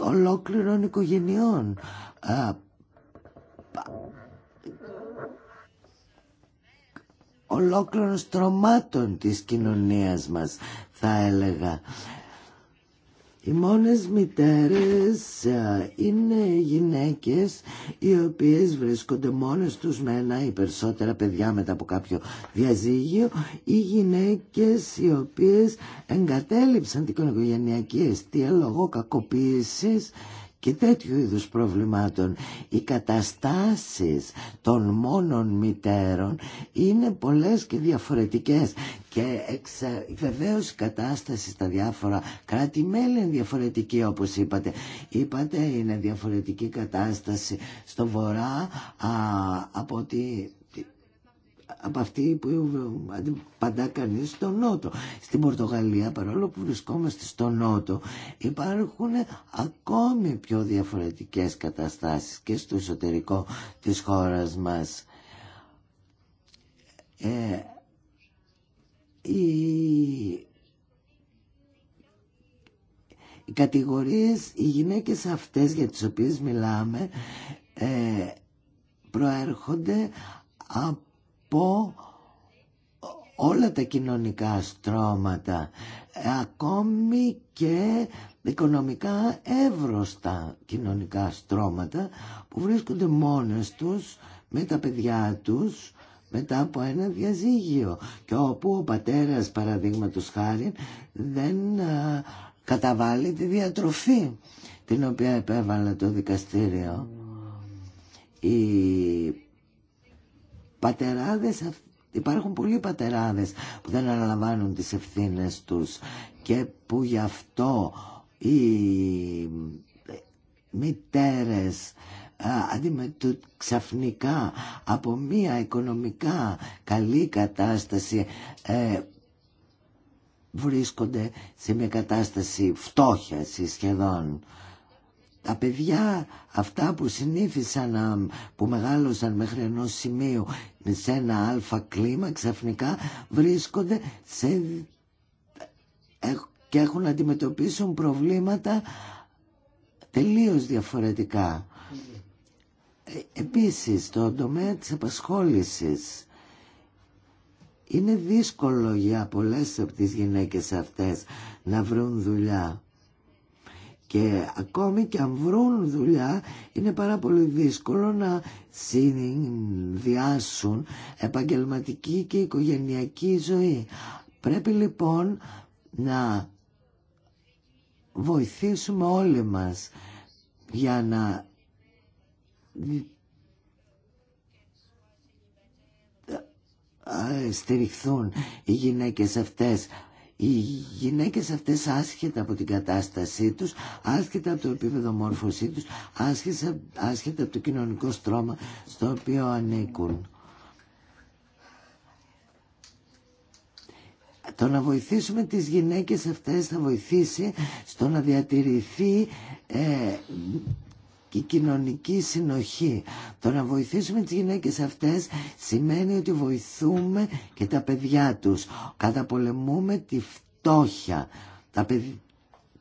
ολόκληρων οικογενειών. Α, ολόκληρων στρωμάτων της κοινωνίας μας θα έλεγα οι μόνες μητέρες ε, είναι γυναίκες οι οποίες βρίσκονται μόνες τους με ένα ή περισσότερα παιδιά μετά από κάποιο διαζύγιο ή γυναίκες οι οποίες εγκατέλειψαν την οικογενειακή αιστεία λόγω κακοποίησης και τέτοιου είδους προβλημάτων. Οι καταστάσεις των μόνων μητέρων είναι πολλές και διαφορετικές και εξα... βεβαίως η κατάσταση στα διάφορα κράτη-μέλη είναι διαφορετική όπως είπατε. Είπατε είναι διαφορετική κατάσταση στο βορρά α, από ότι από αυτή που παντά κανείς στο Νότο. Στην Πορτογαλία, παρόλο που βρισκόμαστε στο Νότο, υπάρχουν ακόμη πιο διαφορετικές καταστάσεις και στο εσωτερικό της χώρας μας. Ε, οι κατηγορίες, οι γυναίκες αυτές για τις οποίες μιλάμε ε, προέρχονται από από όλα τα κοινωνικά στρώματα, ε, ακόμη και οικονομικά εύρωστα κοινωνικά στρώματα που βρίσκονται μόνες τους με τα παιδιά τους μετά από ένα διαζύγιο και όπου ο πατέρας παραδείγματος χάρη δεν α, ε, καταβάλει τη διατροφή την οποία επέβαλε το δικαστήριο πατεράδες Υπάρχουν πολλοί πατεράδες που δεν αναλαμβάνουν τις ευθύνες τους και που γι' αυτό οι μητέρες ξαφνικά από μία οικονομικά καλή κατάσταση ε, βρίσκονται σε μία κατάσταση φτώχειας σχεδόν τα παιδιά αυτά που συνήθισαν που μεγάλωσαν μέχρι ενό σημείου σε ένα αλφα κλίμα ξαφνικά βρίσκονται σε... και έχουν να αντιμετωπίσουν προβλήματα τελείως διαφορετικά. Ε, επίσης, το τομέα της απασχόλησης είναι δύσκολο για πολλές από τις γυναίκες αυτές να βρουν δουλειά και ακόμη και αν βρουν δουλειά είναι πάρα πολύ δύσκολο να συνδυάσουν επαγγελματική και οικογενειακή ζωή. Πρέπει λοιπόν να βοηθήσουμε όλοι μας για να στηριχθούν οι γυναίκες αυτές οι γυναίκες αυτές άσχετα από την κατάστασή τους, άσχετα από το επίπεδο μόρφωσή τους, άσχετα, από το κοινωνικό στρώμα στο οποίο ανήκουν. Το να βοηθήσουμε τις γυναίκες αυτές θα βοηθήσει στο να διατηρηθεί ε, η κοινωνική συνοχή. Το να βοηθήσουμε τις γυναίκες αυτές σημαίνει ότι βοηθούμε και τα παιδιά τους. Καταπολεμούμε τη φτώχεια. Τα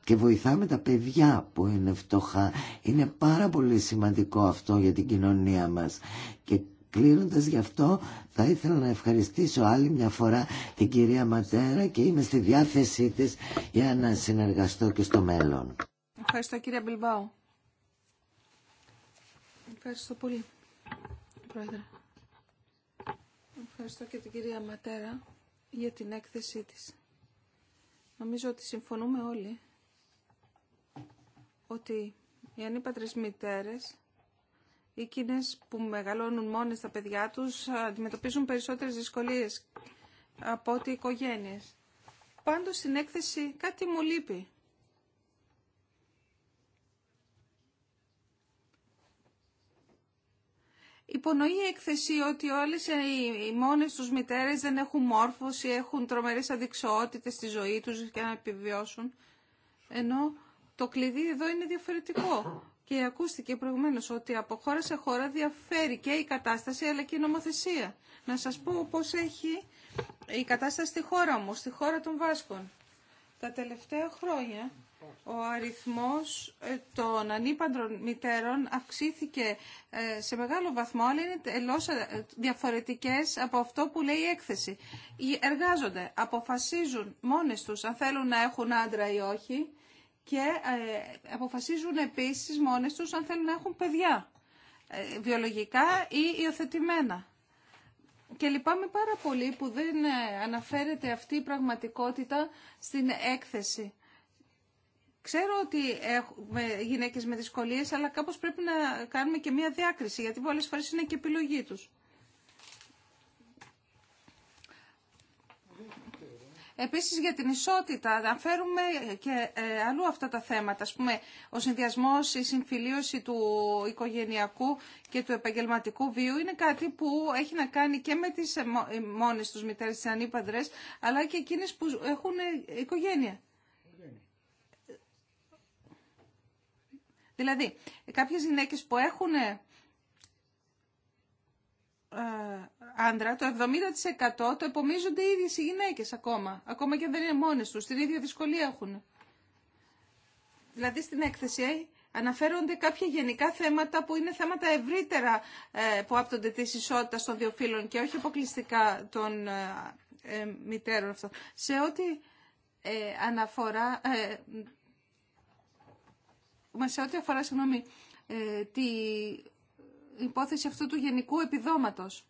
και βοηθάμε τα παιδιά που είναι φτωχά. Είναι πάρα πολύ σημαντικό αυτό για την κοινωνία μας. Και κλείνοντας γι' αυτό θα ήθελα να ευχαριστήσω άλλη μια φορά την κυρία Ματέρα και είμαι στη διάθεσή της για να συνεργαστώ και στο μέλλον. Ευχαριστώ κυρία Μπιλμπάου. Ευχαριστώ πολύ, Πρόεδρε. Ευχαριστώ και την κυρία Ματέρα για την έκθεσή της. Νομίζω ότι συμφωνούμε όλοι ότι οι ανήπατρες μητέρες, εκείνες που μεγαλώνουν μόνες τα παιδιά τους, αντιμετωπίζουν περισσότερες δυσκολίες από ό,τι οι οικογένειες. Πάντως στην έκθεση κάτι μου λείπει. Υπονοεί η έκθεση ότι όλες οι μόνες του μητέρε δεν έχουν μόρφωση, έχουν τρομερές αδειξότητες στη ζωή τους για να επιβιώσουν. Ενώ το κλειδί εδώ είναι διαφορετικό. Και ακούστηκε προηγουμένω ότι από χώρα σε χώρα διαφέρει και η κατάσταση αλλά και η νομοθεσία. Να σας πω πώς έχει η κατάσταση στη χώρα μου, στη χώρα των Βάσκων. Τα τελευταία χρόνια ο αριθμός ε, των ανήπαντρων μητέρων αυξήθηκε ε, σε μεγάλο βαθμό, αλλά είναι τελώς ε, διαφορετικές από αυτό που λέει η έκθεση. Οι εργάζονται, αποφασίζουν μόνες τους αν θέλουν να έχουν άντρα ή όχι και αποφασίζουν επίσης μόνες τους αν θέλουν να έχουν παιδιά, βιολογικά ή υιοθετημένα. Και λυπάμαι πάρα πολύ που δεν αναφέρεται αυτή η πραγματικότητα στην έκθεση Ξέρω ότι έχουμε γυναίκες με δυσκολίες, αλλά κάπως πρέπει να κάνουμε και μία διάκριση, γιατί πολλέ φορέ είναι και επιλογή του. Επίσης για την ισότητα, αναφέρουμε και ε, αλλού αυτά τα θέματα, ας πούμε, ο συνδυασμός, η συμφιλίωση του οικογενειακού και του επαγγελματικού βίου είναι κάτι που έχει να κάνει και με τις ε, μόνες τους μητέρες, τις ανήπαντρες, αλλά και εκείνες που έχουν ε, οικογένεια. Δηλαδή, κάποιες γυναίκες που έχουν ε, ε άντρα, το 70% το επομίζονται οι ίδιες οι γυναίκες ακόμα. Ακόμα και αν δεν είναι μόνες τους. Την ίδια δυσκολία έχουν. Δηλαδή, στην έκθεση ε, αναφέρονται κάποια γενικά θέματα που είναι θέματα ευρύτερα ε, που άπτονται της ισότητας των δύο φύλων και όχι αποκλειστικά των μητέρων αυτών. Σε ό,τι αναφορά σε ό,τι αφορά, συγγνώμη, ε, τη υπόθεση αυτού του γενικού επιδόματος.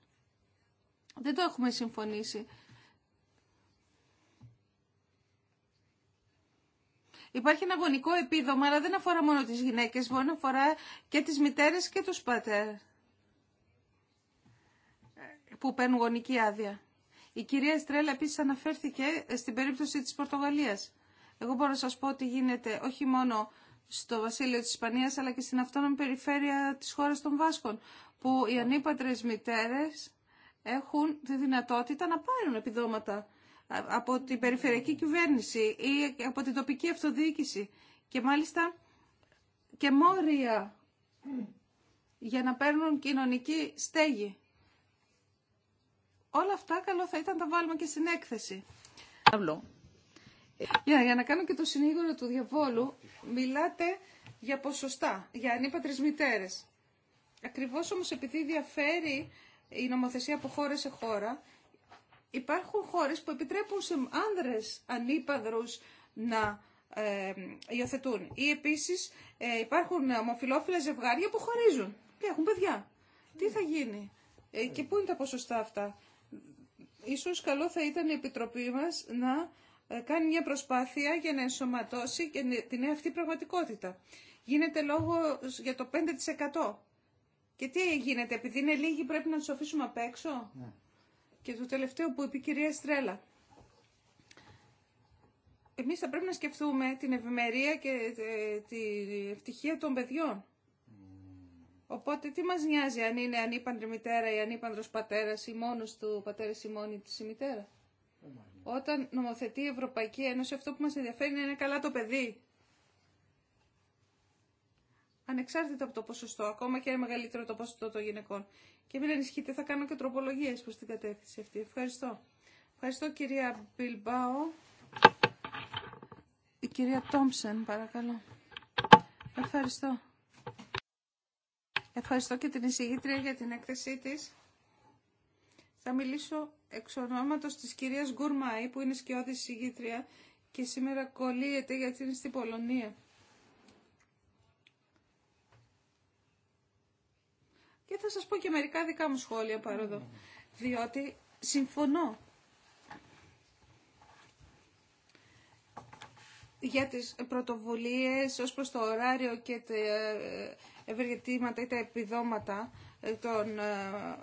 Δεν το έχουμε συμφωνήσει. Υπάρχει ένα γονικό επίδομα, αλλά δεν αφορά μόνο τις γυναίκες, μπορεί να αφορά και τις μητέρες και τους πατέρ που παίρνουν γονική άδεια. Η κυρία Στρέλα επίσης αναφέρθηκε στην περίπτωση της Πορτογαλίας. Εγώ μπορώ να σας πω ότι γίνεται όχι μόνο στο βασίλειο της Ισπανίας αλλά και στην αυτόνομη περιφέρεια της χώρας των Βάσκων που οι ανήπατρες μητέρες έχουν τη δυνατότητα να πάρουν επιδόματα από την περιφερειακή κυβέρνηση ή από την τοπική αυτοδιοίκηση και μάλιστα και μόρια για να παίρνουν κοινωνική στέγη. Όλα αυτά καλό θα ήταν να τα βάλουμε και στην έκθεση. Για, για να κάνω και το συνήγορο του διαβόλου, μιλάτε για ποσοστά, για ανήπατρες μητέρες. Ακριβώς όμως επειδή διαφέρει η νομοθεσία από χώρα σε χώρα, υπάρχουν χώρες που επιτρέπουν σε άνδρες ανήπαδρους να ε, υιοθετούν. Ή επίσης ε, υπάρχουν ομοφιλόφιλα ζευγάρια που χωρίζουν και έχουν παιδιά. Τι θα γίνει ε, και πού είναι τα ποσοστά αυτά. Ίσως καλό θα ήταν η Επιτροπή μας να ε, κάνει μια προσπάθεια για να ενσωματώσει και την αυτή πραγματικότητα. Γίνεται λόγο για το 5%. Και τι γίνεται, επειδή είναι λίγοι πρέπει να του αφήσουμε απ' έξω. Ναι. Και το τελευταίο που είπε η κυρία Στρέλα. Εμείς θα πρέπει να σκεφτούμε την ευημερία και ε, την ευτυχία των παιδιών. Mm. Οπότε τι μας νοιάζει αν είναι ανήπαντρη μητέρα ή ανήπαντρος πατέρας ή μόνος του πατέρας ή μόνη της η μητέρα. Όταν νομοθετεί η Ευρωπαϊκή Ένωση, αυτό που μας ενδιαφέρει είναι καλά το παιδί. Ανεξάρτητα από το ποσοστό, ακόμα και είναι μεγαλύτερο το ποσοστό των γυναικών. Και μην ανησυχείτε, θα κάνω και τροπολογίες προς την κατεύθυνση αυτή. Ευχαριστώ. Ευχαριστώ κυρία Μπιλμπάο. Η κυρία Τόμψεν, παρακαλώ. Ευχαριστώ. Ευχαριστώ και την εισηγήτρια για την έκθεσή της. Θα μιλήσω εξ ονόματος της κυρίας Γκουρμάη που είναι σκιώδης συγγήτρια και σήμερα κολλείεται γιατί είναι στην Πολωνία. Και θα σας πω και μερικά δικά μου σχόλια παρόδο, διότι συμφωνώ για τις πρωτοβουλίες ως προς το ωράριο και τα ε, ευεργετήματα ή τα επιδόματα ε, των ε,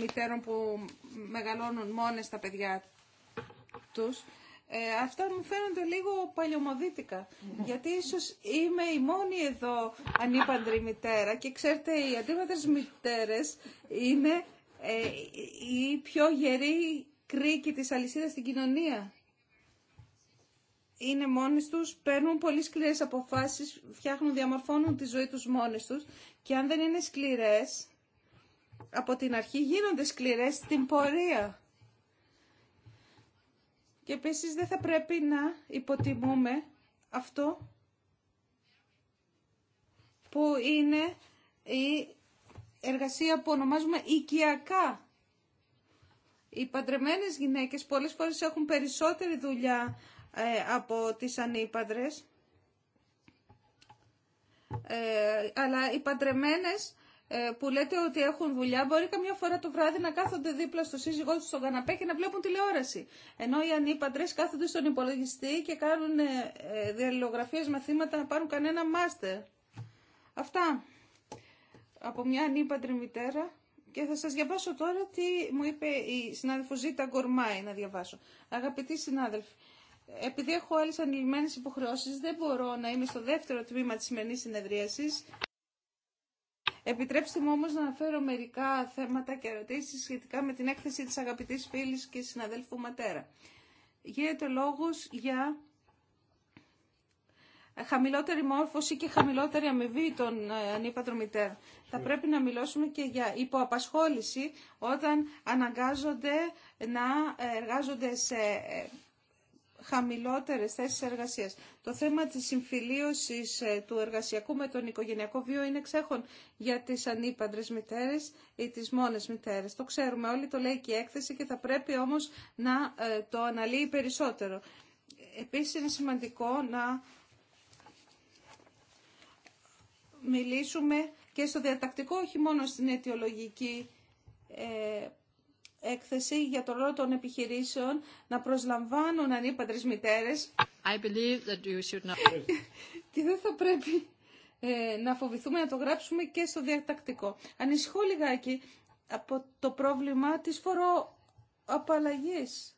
μητέρων που μεγαλώνουν μόνες τα παιδιά τους. Ε, αυτά μου φαίνονται λίγο παλιωμοδίτικα, γιατί ίσως είμαι η μόνη εδώ ανήπαντρη μητέρα και ξέρετε οι αντίπαντρες μητέρες είναι ε, η πιο γερή κρίκη της αλυσίδας στην κοινωνία. Είναι μόνες τους, παίρνουν πολύ σκληρές αποφάσεις, φτιάχνουν, διαμορφώνουν τη ζωή τους μόνες τους και αν δεν είναι σκληρές από την αρχή γίνονται σκληρές στην πορεία. Και επίση δεν θα πρέπει να υποτιμούμε αυτό που είναι η εργασία που ονομάζουμε οικιακά. Οι παντρεμένες γυναίκες πολλές φορές έχουν περισσότερη δουλειά ε, από τις ανήπαντρες. Ε, αλλά οι παντρεμένες ε, που λέτε ότι έχουν δουλειά μπορεί καμιά φορά το βράδυ να κάθονται δίπλα στο σύζυγό του στον καναπέ και να βλέπουν τηλεόραση. Ενώ οι ανήπαντρε κάθονται στον υπολογιστή και κάνουν ε, ε, διαλληλογραφίε μαθήματα να πάρουν κανένα μάστερ. Αυτά από μια ανήπαντρη μητέρα. Και θα σας διαβάσω τώρα τι μου είπε η συνάδελφο Ζήτα Γκορμάη να διαβάσω. Αγαπητοί συνάδελφοι, επειδή έχω άλλες ανηλυμένες υποχρεώσεις, δεν μπορώ να είμαι στο δεύτερο τμήμα της σημερινής συνεδρίασης. Επιτρέψτε μου όμως να αναφέρω μερικά θέματα και ερωτήσεις σχετικά με την έκθεση της αγαπητής φίλης και συναδέλφου Ματέρα. Γίνεται λόγος για χαμηλότερη μόρφωση και χαμηλότερη αμοιβή των ε, ανήπατρων Θα πρέπει να μιλώσουμε και για υποαπασχόληση όταν αναγκάζονται να εργάζονται σε ε, χαμηλότερες θέσεις εργασίας. Το θέμα της συμφιλίωσης ε, του εργασιακού με τον οικογενειακό βίο είναι ξέχον για τις ανήπαντρες μητέρες ή τις μόνες μητέρες. Το ξέρουμε όλοι, το λέει και η έκθεση και θα πρέπει όμως να ε, το αναλύει περισσότερο. Επίσης είναι σημαντικό να μιλήσουμε και στο διατακτικό, όχι μόνο στην αιτιολογική ε, έκθεση για το ρόλο των επιχειρήσεων να προσλαμβάνουν ανήπαντρε μητέρε. και δεν θα πρέπει ε, να φοβηθούμε να το γράψουμε και στο διατακτικό. Ανησυχώ λιγάκι από το πρόβλημα της φοροαπαλλαγής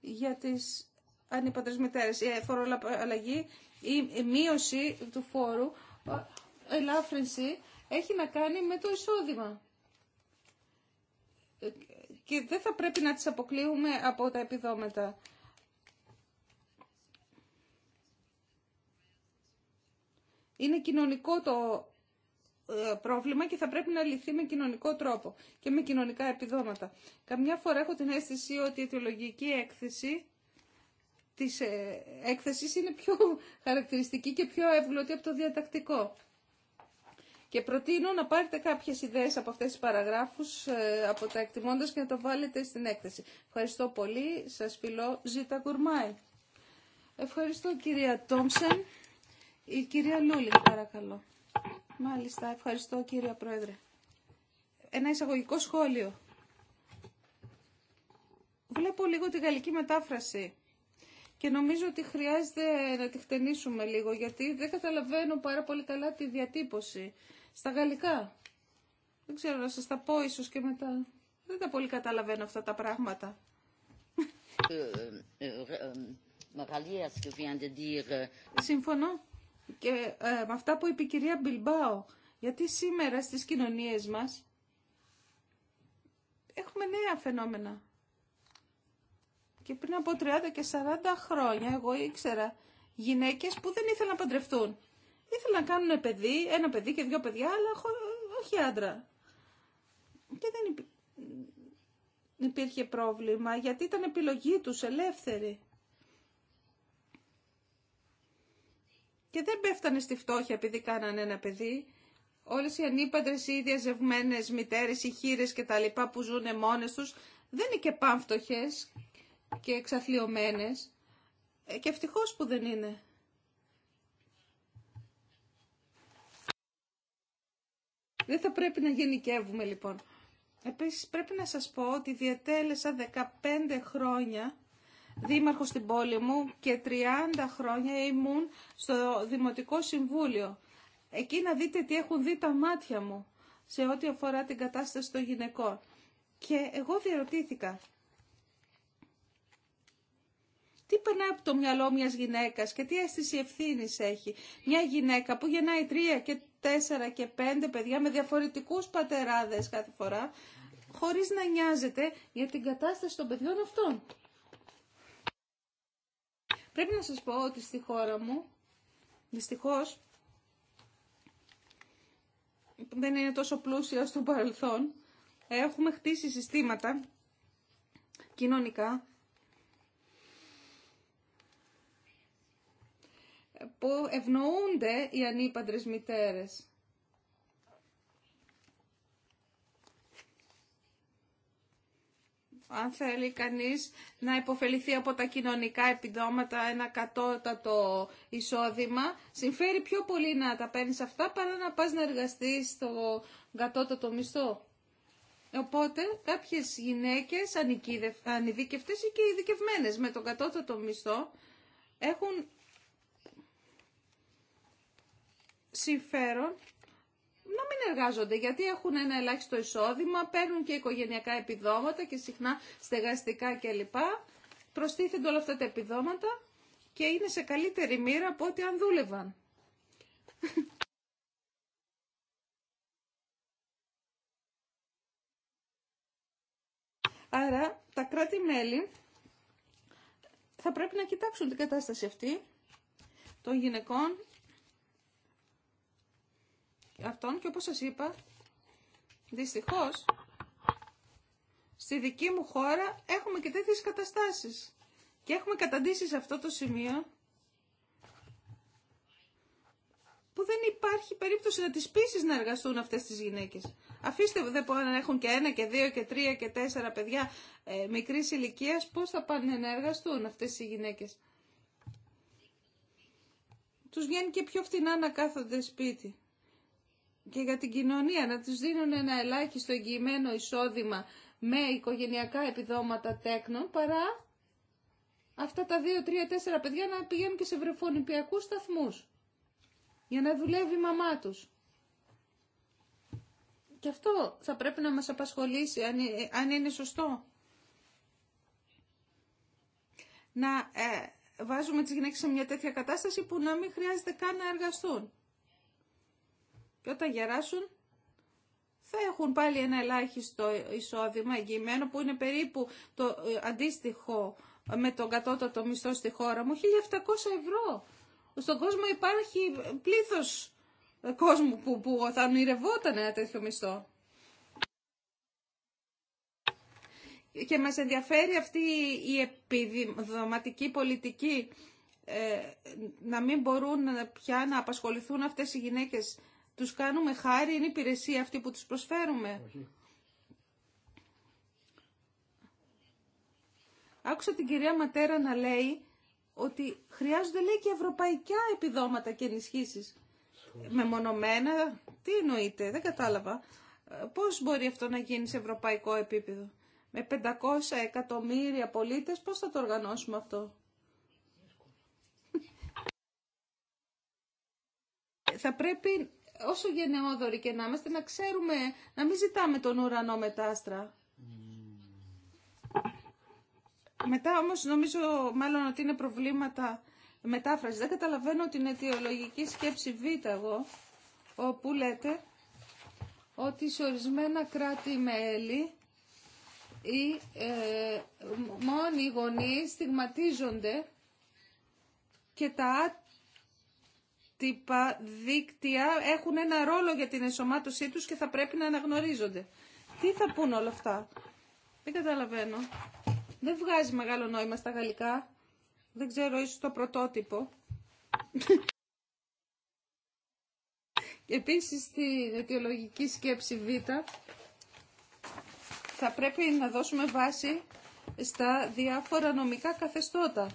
για τις ανήπαντρες μητέρες. Η φοροαπαλλαγή, η μείωση του φόρου, ε, ελάφρυνση, έχει να κάνει με το εισόδημα ε, και δεν θα πρέπει να τις αποκλείουμε από τα επιδόματα. Είναι κοινωνικό το ε, πρόβλημα και θα πρέπει να λυθεί με κοινωνικό τρόπο και με κοινωνικά επιδόματα. Καμιά φορά έχω την αίσθηση ότι η αιτιολογική έκθεση της ε, έκθεσης είναι πιο χαρακτηριστική και πιο εύγλωτη από το διατακτικό. Και προτείνω να πάρετε κάποιες ιδέες από αυτές τις παραγράφους, ε, από τα εκτιμώντα και να το βάλετε στην έκθεση. Ευχαριστώ πολύ. Σας φιλώ. Ζήτα Γκουρμάη. Ευχαριστώ κυρία Τόμσεν. Η κυρία Λούλη, παρακαλώ. Μάλιστα, ευχαριστώ κύριε Πρόεδρε. Ένα εισαγωγικό σχόλιο. Βλέπω λίγο τη γαλλική μετάφραση και νομίζω ότι χρειάζεται να τη χτενίσουμε λίγο γιατί δεν καταλαβαίνω πάρα πολύ καλά τη διατύπωση στα γαλλικά. Δεν ξέρω να σας τα πω ίσως και μετά. Δεν τα πολύ καταλαβαίνω αυτά τα πράγματα. Ε, ε, ε, Συμφωνώ και με αυτά που είπε η κυρία Μπιλμπάο. Γιατί σήμερα στις κοινωνίες μας έχουμε νέα φαινόμενα. Και πριν από 30 και 40 χρόνια εγώ ήξερα γυναίκες που δεν ήθελαν να παντρευτούν ήθελαν να κάνουν παιδί, ένα παιδί και δύο παιδιά, αλλά όχι άντρα. Και δεν υπήρχε πρόβλημα, γιατί ήταν επιλογή τους ελεύθερη. Και δεν πέφτανε στη φτώχεια επειδή κάνανε ένα παιδί. Όλες οι ανήπαντρες ή οι διαζευμένες μητέρες οι χείρες και τα λοιπά που ζουν μόνες τους δεν είναι και πανφτωχές και εξαθλειωμένες. Ε, και ευτυχώς που δεν είναι. Δεν θα πρέπει να γενικεύουμε λοιπόν. Επίσης πρέπει να σας πω ότι διατέλεσα 15 χρόνια δήμαρχος στην πόλη μου και 30 χρόνια ήμουν στο Δημοτικό Συμβούλιο. Εκεί να δείτε τι έχουν δει τα μάτια μου σε ό,τι αφορά την κατάσταση των γυναικών. Και εγώ διαρωτήθηκα, τι περνάει από το μυαλό μιας γυναίκας και τι αίσθηση ευθύνη έχει μια γυναίκα που γεννάει τρία και τέσσερα και πέντε παιδιά με διαφορετικούς πατεράδες κάθε φορά, χωρίς να νοιάζεται για την κατάσταση των παιδιών αυτών. Πρέπει να σας πω ότι στη χώρα μου, δυστυχώς, δεν είναι τόσο πλούσια στο παρελθόν, έχουμε χτίσει συστήματα κοινωνικά που ευνοούνται οι ανήπαντρες μητέρες. Αν θέλει κανείς να υποφεληθεί από τα κοινωνικά επιδόματα ένα κατώτατο εισόδημα, συμφέρει πιο πολύ να τα παίρνεις αυτά παρά να πας να εργαστείς στο κατώτατο μισθό. Οπότε κάποιες γυναίκες ανειδίκευτες ή και ειδικευμένε με τον κατώτατο μισθό έχουν συμφέρον να μην εργάζονται γιατί έχουν ένα ελάχιστο εισόδημα, παίρνουν και οικογενειακά επιδόματα και συχνά στεγαστικά κλπ. Προστίθενται όλα αυτά τα επιδόματα και είναι σε καλύτερη μοίρα από ό,τι αν δούλευαν. Άρα τα κράτη-μέλη θα πρέπει να κοιτάξουν την κατάσταση αυτή των γυναικών αυτών και όπως σας είπα, δυστυχώς, στη δική μου χώρα έχουμε και τέτοιες καταστάσεις. Και έχουμε καταντήσει σε αυτό το σημείο που δεν υπάρχει περίπτωση να τις πείσει να εργαστούν αυτές τις γυναίκες. Αφήστε δε που αν έχουν και ένα και δύο και τρία και τέσσερα παιδιά ε, μικρής ηλικίας, πώς θα πάνε να εργαστούν αυτές οι γυναίκες. Τους βγαίνει και πιο φτηνά να κάθονται σπίτι και για την κοινωνία, να τους δίνουν ένα ελάχιστο εγγυημένο εισόδημα με οικογενειακά επιδόματα τέκνων, παρά αυτά τα δύο, τρία, τέσσερα παιδιά να πηγαίνουν και σε βρεφονιπιακούς σταθμούς για να δουλεύει η μαμά τους. Και αυτό θα πρέπει να μας απασχολήσει, αν είναι σωστό. Να ε, βάζουμε τις γυναίκες σε μια τέτοια κατάσταση που να μην χρειάζεται καν να εργαστούν. Και όταν γεράσουν θα έχουν πάλι ένα ελάχιστο εισόδημα εγγυημένο που είναι περίπου το ε, αντίστοιχο με τον κατώτατο μισθό στη χώρα μου, 1.700 ευρώ. Στον κόσμο υπάρχει πλήθος ε, κόσμου που, που θα ονειρευόταν ένα τέτοιο μισθό. Και μας ενδιαφέρει αυτή η επιδοματική πολιτική ε, να μην μπορούν πια να απασχοληθούν αυτές οι γυναίκες τους κάνουμε χάρη, είναι υπηρεσία αυτή που τους προσφέρουμε. Άκουσα την κυρία Ματέρα να λέει ότι χρειάζονται λέει και ευρωπαϊκά επιδόματα και ενισχύσεις. Μεμονωμένα, τι εννοείται, δεν κατάλαβα. Ε, πώς μπορεί αυτό να γίνει σε ευρωπαϊκό επίπεδο. Με 500 εκατομμύρια πολίτες πώς θα το οργανώσουμε αυτό. θα πρέπει όσο γενναιόδοροι και να είμαστε, να ξέρουμε, να μην ζητάμε τον ουρανό με mm. Μετά όμως νομίζω μάλλον ότι είναι προβλήματα μετάφραση. Δεν καταλαβαίνω την αιτιολογική σκέψη Β εγώ, όπου λέτε ότι σε ορισμένα κράτη-μέλη οι ε, μόνοι γονείς στιγματίζονται και τα Τύπα, δίκτυα έχουν ένα ρόλο για την ενσωμάτωσή τους και θα πρέπει να αναγνωρίζονται. Τι θα πούν όλα αυτά. Δεν καταλαβαίνω. Δεν βγάζει μεγάλο νόημα στα γαλλικά. Δεν ξέρω, ίσως το πρωτότυπο. Επίσης, στην αιτιολογική σκέψη Β, θα πρέπει να δώσουμε βάση στα διάφορα νομικά καθεστώτα.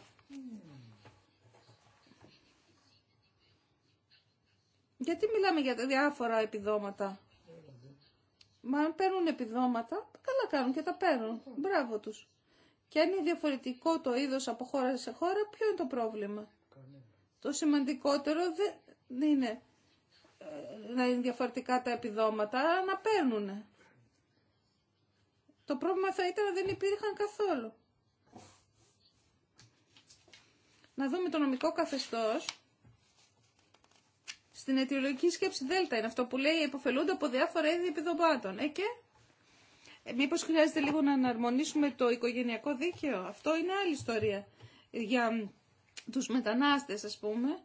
Γιατί μιλάμε για διάφορα επιδόματα. Μα αν παίρνουν επιδόματα, καλά κάνουν και τα παίρνουν. Μπράβο τους. Και αν είναι διαφορετικό το είδος από χώρα σε χώρα, ποιο είναι το πρόβλημα. Το σημαντικότερο δεν είναι ε, να είναι διαφορετικά τα επιδόματα, αλλά να παίρνουν. Το πρόβλημα θα ήταν να δεν υπήρχαν καθόλου. Να δούμε το νομικό καθεστώς στην αιτιολογική σκέψη Δέλτα. Είναι αυτό που λέει υποφελούνται από διάφορα είδη επιδομάτων. Ε, και ε, μήπως χρειάζεται λίγο να αναρμονίσουμε το οικογενειακό δίκαιο. Αυτό είναι άλλη ιστορία για τους μετανάστες ας πούμε.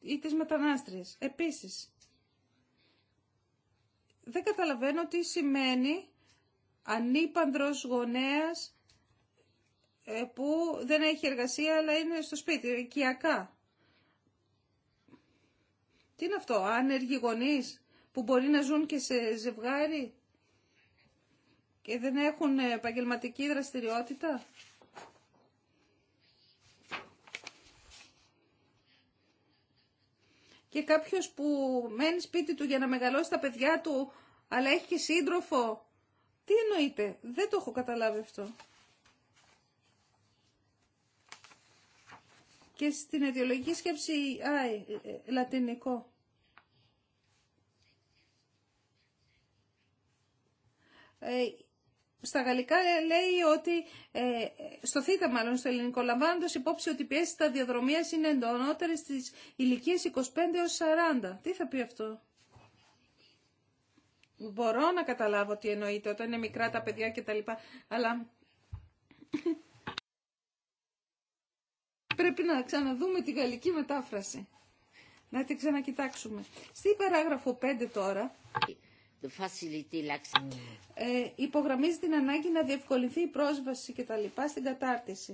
ή τις μετανάστριες. Επίσης, δεν καταλαβαίνω τι σημαίνει ανήπαντρος γονέας ε, που δεν έχει εργασία αλλά είναι στο σπίτι, οικιακά. Τι είναι αυτό, άνεργοι γονείς που μπορεί να ζουν και σε ζευγάρι και δεν έχουν ε, επαγγελματική δραστηριότητα. Και κάποιος που μένει σπίτι του για να μεγαλώσει τα παιδιά του, αλλά έχει και σύντροφο. Τι εννοείται, δεν το έχω καταλάβει αυτό. και στην αιτιολογική σκέψη α, ε, ε, λατινικό. Ε, στα γαλλικά λέει ότι, στο θήτα μάλλον στο ελληνικό, λαμβάνοντας υπόψη ότι οι πιέσεις διαδρομία είναι εντονότερες στις ηλικίες 25 έως 40. Τι θα πει αυτό. Μπορώ να καταλάβω τι εννοείται όταν είναι μικρά τα παιδιά κτλ. Αλλά πρέπει να ξαναδούμε τη γαλλική μετάφραση. Να την ξανακοιτάξουμε. Στη παράγραφο 5 τώρα ε, υπογραμμίζει την ανάγκη να διευκολυνθεί η πρόσβαση και τα λοιπά στην κατάρτιση.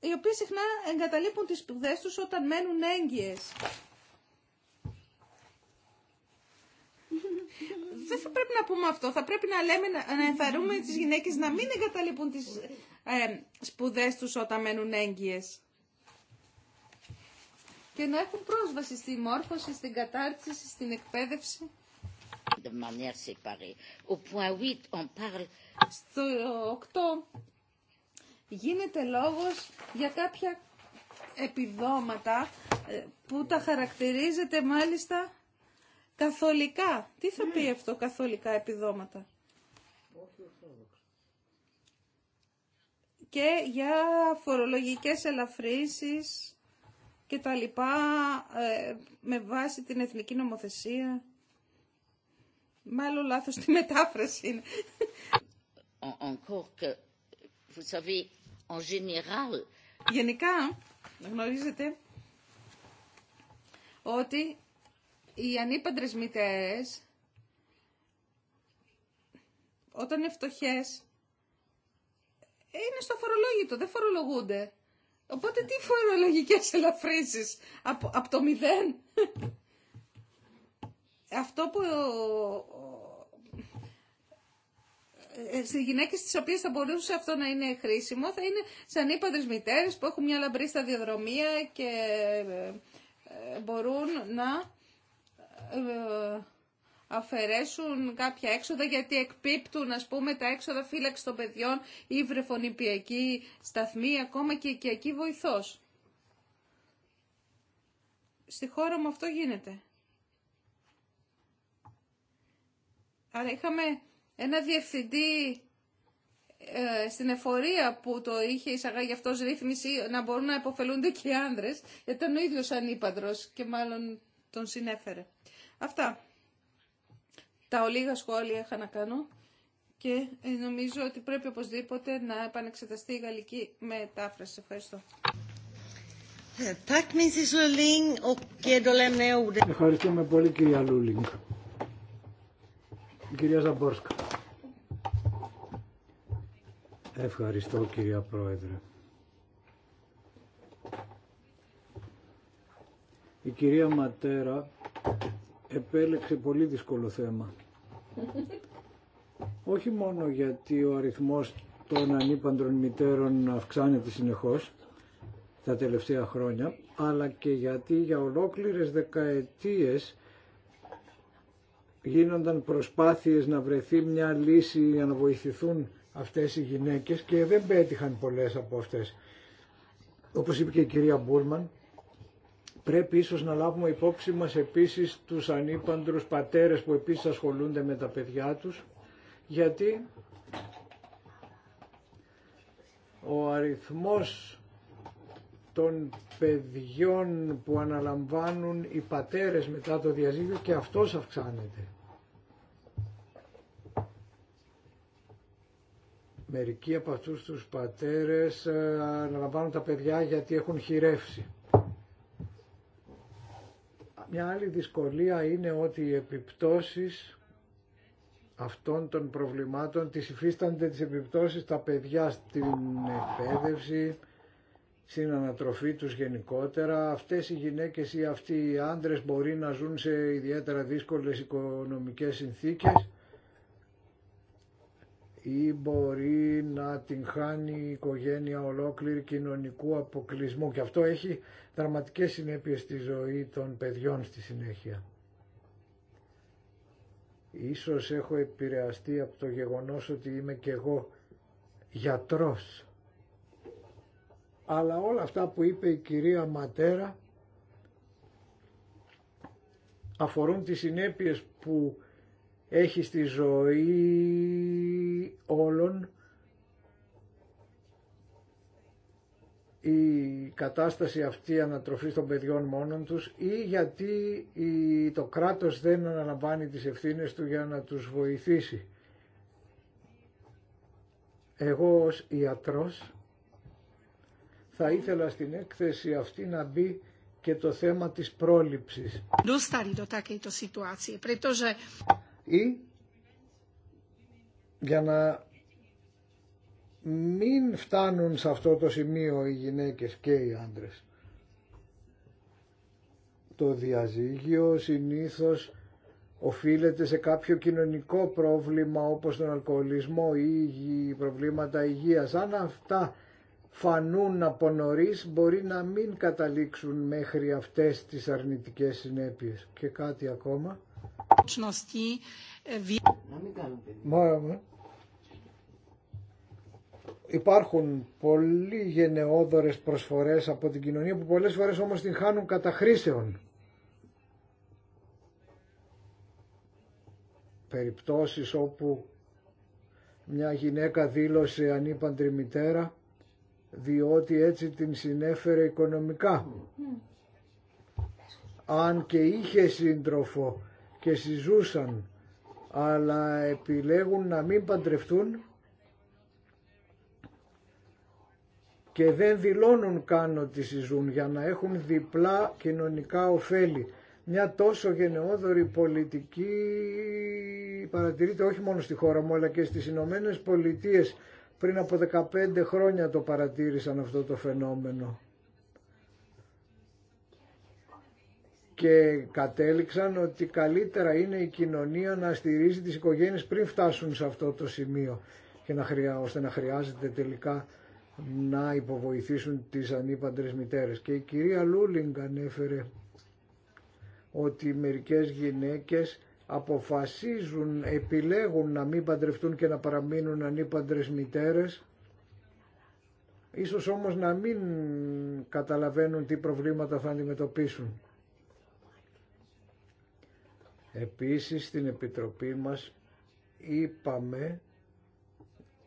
Οι οποίοι συχνά εγκαταλείπουν τις σπουδέ τους όταν μένουν έγκυες. Δεν θα πρέπει να πούμε αυτό. Θα πρέπει να λέμε να ενθαρρύνουμε τις γυναίκες να μην εγκαταλείπουν τις ε, σπουδές τους όταν μένουν έγκυες. Και να έχουν πρόσβαση στη μόρφωση, στην κατάρτιση, στην εκπαίδευση. Στο 8 γίνεται λόγος για κάποια επιδόματα ε, που τα χαρακτηρίζεται μάλιστα καθολικά. Τι θα ναι. πει αυτό καθολικά επιδόματα και για φορολογικές ελαφρύσεις και τα λοιπά ε, με βάση την εθνική νομοθεσία. Μάλλον λάθος τη μετάφραση είναι. Γενικά γνωρίζετε ότι οι ανήπαντρες μητέρες όταν είναι φτωχές ε, είναι στο φορολόγητο, δεν φορολογούνται. Οπότε τι φορολογικές ελαφρύνσεις από, από το μηδέν. Αυτό που ε, ε, στι γυναίκε τι οποίε θα μπορούσε αυτό να είναι χρήσιμο θα είναι σαν ύπαντρε μητέρε που έχουν μια λαμπρή σταδιοδρομία και μπορούν να αφαιρέσουν κάποια έξοδα γιατί εκπίπτουν ας πούμε τα έξοδα φύλαξη των παιδιών ή βρεφονιπιακή σταθμή, ακόμα και οικιακή βοηθός. Στη χώρα μου αυτό γίνεται. Άρα είχαμε ένα διευθυντή ε, στην εφορία που το είχε εισαγάγει αυτός ρύθμιση να μπορούν να υποφελούνται και οι άνδρες. Ήταν ο ίδιος ανήπαντρος και μάλλον τον συνέφερε. Αυτά τα ολίγα σχόλια είχα να κάνω και ε, νομίζω ότι πρέπει οπωσδήποτε να επανεξεταστεί η γαλλική μετάφραση. Ευχαριστώ. Ε, Ευχαριστούμε πολύ κυρία Λούλινγκ. Κυρία Ζαμπόρσκα. Ευχαριστώ κυρία Πρόεδρε. Η κυρία Ματέρα επέλεξε πολύ δύσκολο θέμα. <laughs> Όχι μόνο γιατί ο αριθμός των ανήπαντρων μητέρων αυξάνεται συνεχώς τα τελευταία χρόνια, αλλά και γιατί για ολόκληρες δεκαετίες γίνονταν προσπάθειες να βρεθεί μια λύση για να βοηθηθούν αυτές οι γυναίκες και δεν πέτυχαν πολλές από αυτές. Όπως είπε και η κυρία Μπούρμαν, Πρέπει ίσως να λάβουμε υπόψη μας επίσης τους ανήπαντρους πατέρες που επίσης ασχολούνται με τα παιδιά τους, γιατί ο αριθμός των παιδιών που αναλαμβάνουν οι πατέρες μετά το διαζύγιο και αυτός αυξάνεται. Μερικοί από αυτούς τους πατέρες ε, αναλαμβάνουν τα παιδιά γιατί έχουν χειρεύσει. Μια άλλη δυσκολία είναι ότι οι επιπτώσεις αυτών των προβλημάτων τις υφίστανται τις επιπτώσεις τα παιδιά στην εκπαίδευση, στην ανατροφή τους γενικότερα. Αυτές οι γυναίκες ή αυτοί οι άντρες μπορεί να ζουν σε ιδιαίτερα δύσκολες οικονομικές συνθήκες ή μπορεί να την χάνει η οικογένεια ολόκληρη κοινωνικού αποκλεισμού και αυτό έχει δραματικές συνέπειες στη ζωή των παιδιών στη συνέχεια. Ίσως έχω επηρεαστεί από το γεγονός ότι είμαι και εγώ γιατρός. Αλλά όλα αυτά που είπε η κυρία Ματέρα αφορούν τις συνέπειες που έχει στη ζωή όλων η κατάσταση αυτή ανατροφής των παιδιών μόνον τους ή γιατί το κράτος δεν αναλαμβάνει τις ευθύνες του για να τους βοηθήσει. Εγώ ως ιατρός θα ήθελα στην έκθεση αυτή να μπει και το θέμα της πρόληψης ή για να μην φτάνουν σε αυτό το σημείο οι γυναίκες και οι άντρες. Το διαζύγιο συνήθως οφείλεται σε κάποιο κοινωνικό πρόβλημα όπως τον αλκοολισμό ή προβλήματα υγείας. Αν αυτά φανούν από νωρίς μπορεί να μην καταλήξουν μέχρι αυτές τις αρνητικές συνέπειες. Και κάτι ακόμα. Ε, Υπάρχουν πολύ γενναιόδορες προσφορές από την κοινωνία που πολλές φορές όμως την χάνουν χρήσεων Περιπτώσεις όπου μια γυναίκα δήλωσε ανήπαντρη μητέρα διότι έτσι την συνέφερε οικονομικά. Αν και είχε σύντροφο και συζούσαν αλλά επιλέγουν να μην παντρευτούν και δεν δηλώνουν καν ότι συζούν για να έχουν διπλά κοινωνικά ωφέλη. Μια τόσο γενναιόδορη πολιτική παρατηρείται όχι μόνο στη χώρα μου αλλά και στις Ηνωμένε Πολιτείες. Πριν από 15 χρόνια το παρατήρησαν αυτό το φαινόμενο. και κατέληξαν ότι καλύτερα είναι η κοινωνία να στηρίζει τις οικογένειες πριν φτάσουν σε αυτό το σημείο και να ώστε να χρειάζεται τελικά να υποβοηθήσουν τις ανήπαντρες μητέρες. Και η κυρία Λούλινγκ ανέφερε ότι μερικές γυναίκες αποφασίζουν, επιλέγουν να μην παντρευτούν και να παραμείνουν ανήπαντρες μητέρες ίσως όμως να μην καταλαβαίνουν τι προβλήματα θα αντιμετωπίσουν. Επίσης στην Επιτροπή μας είπαμε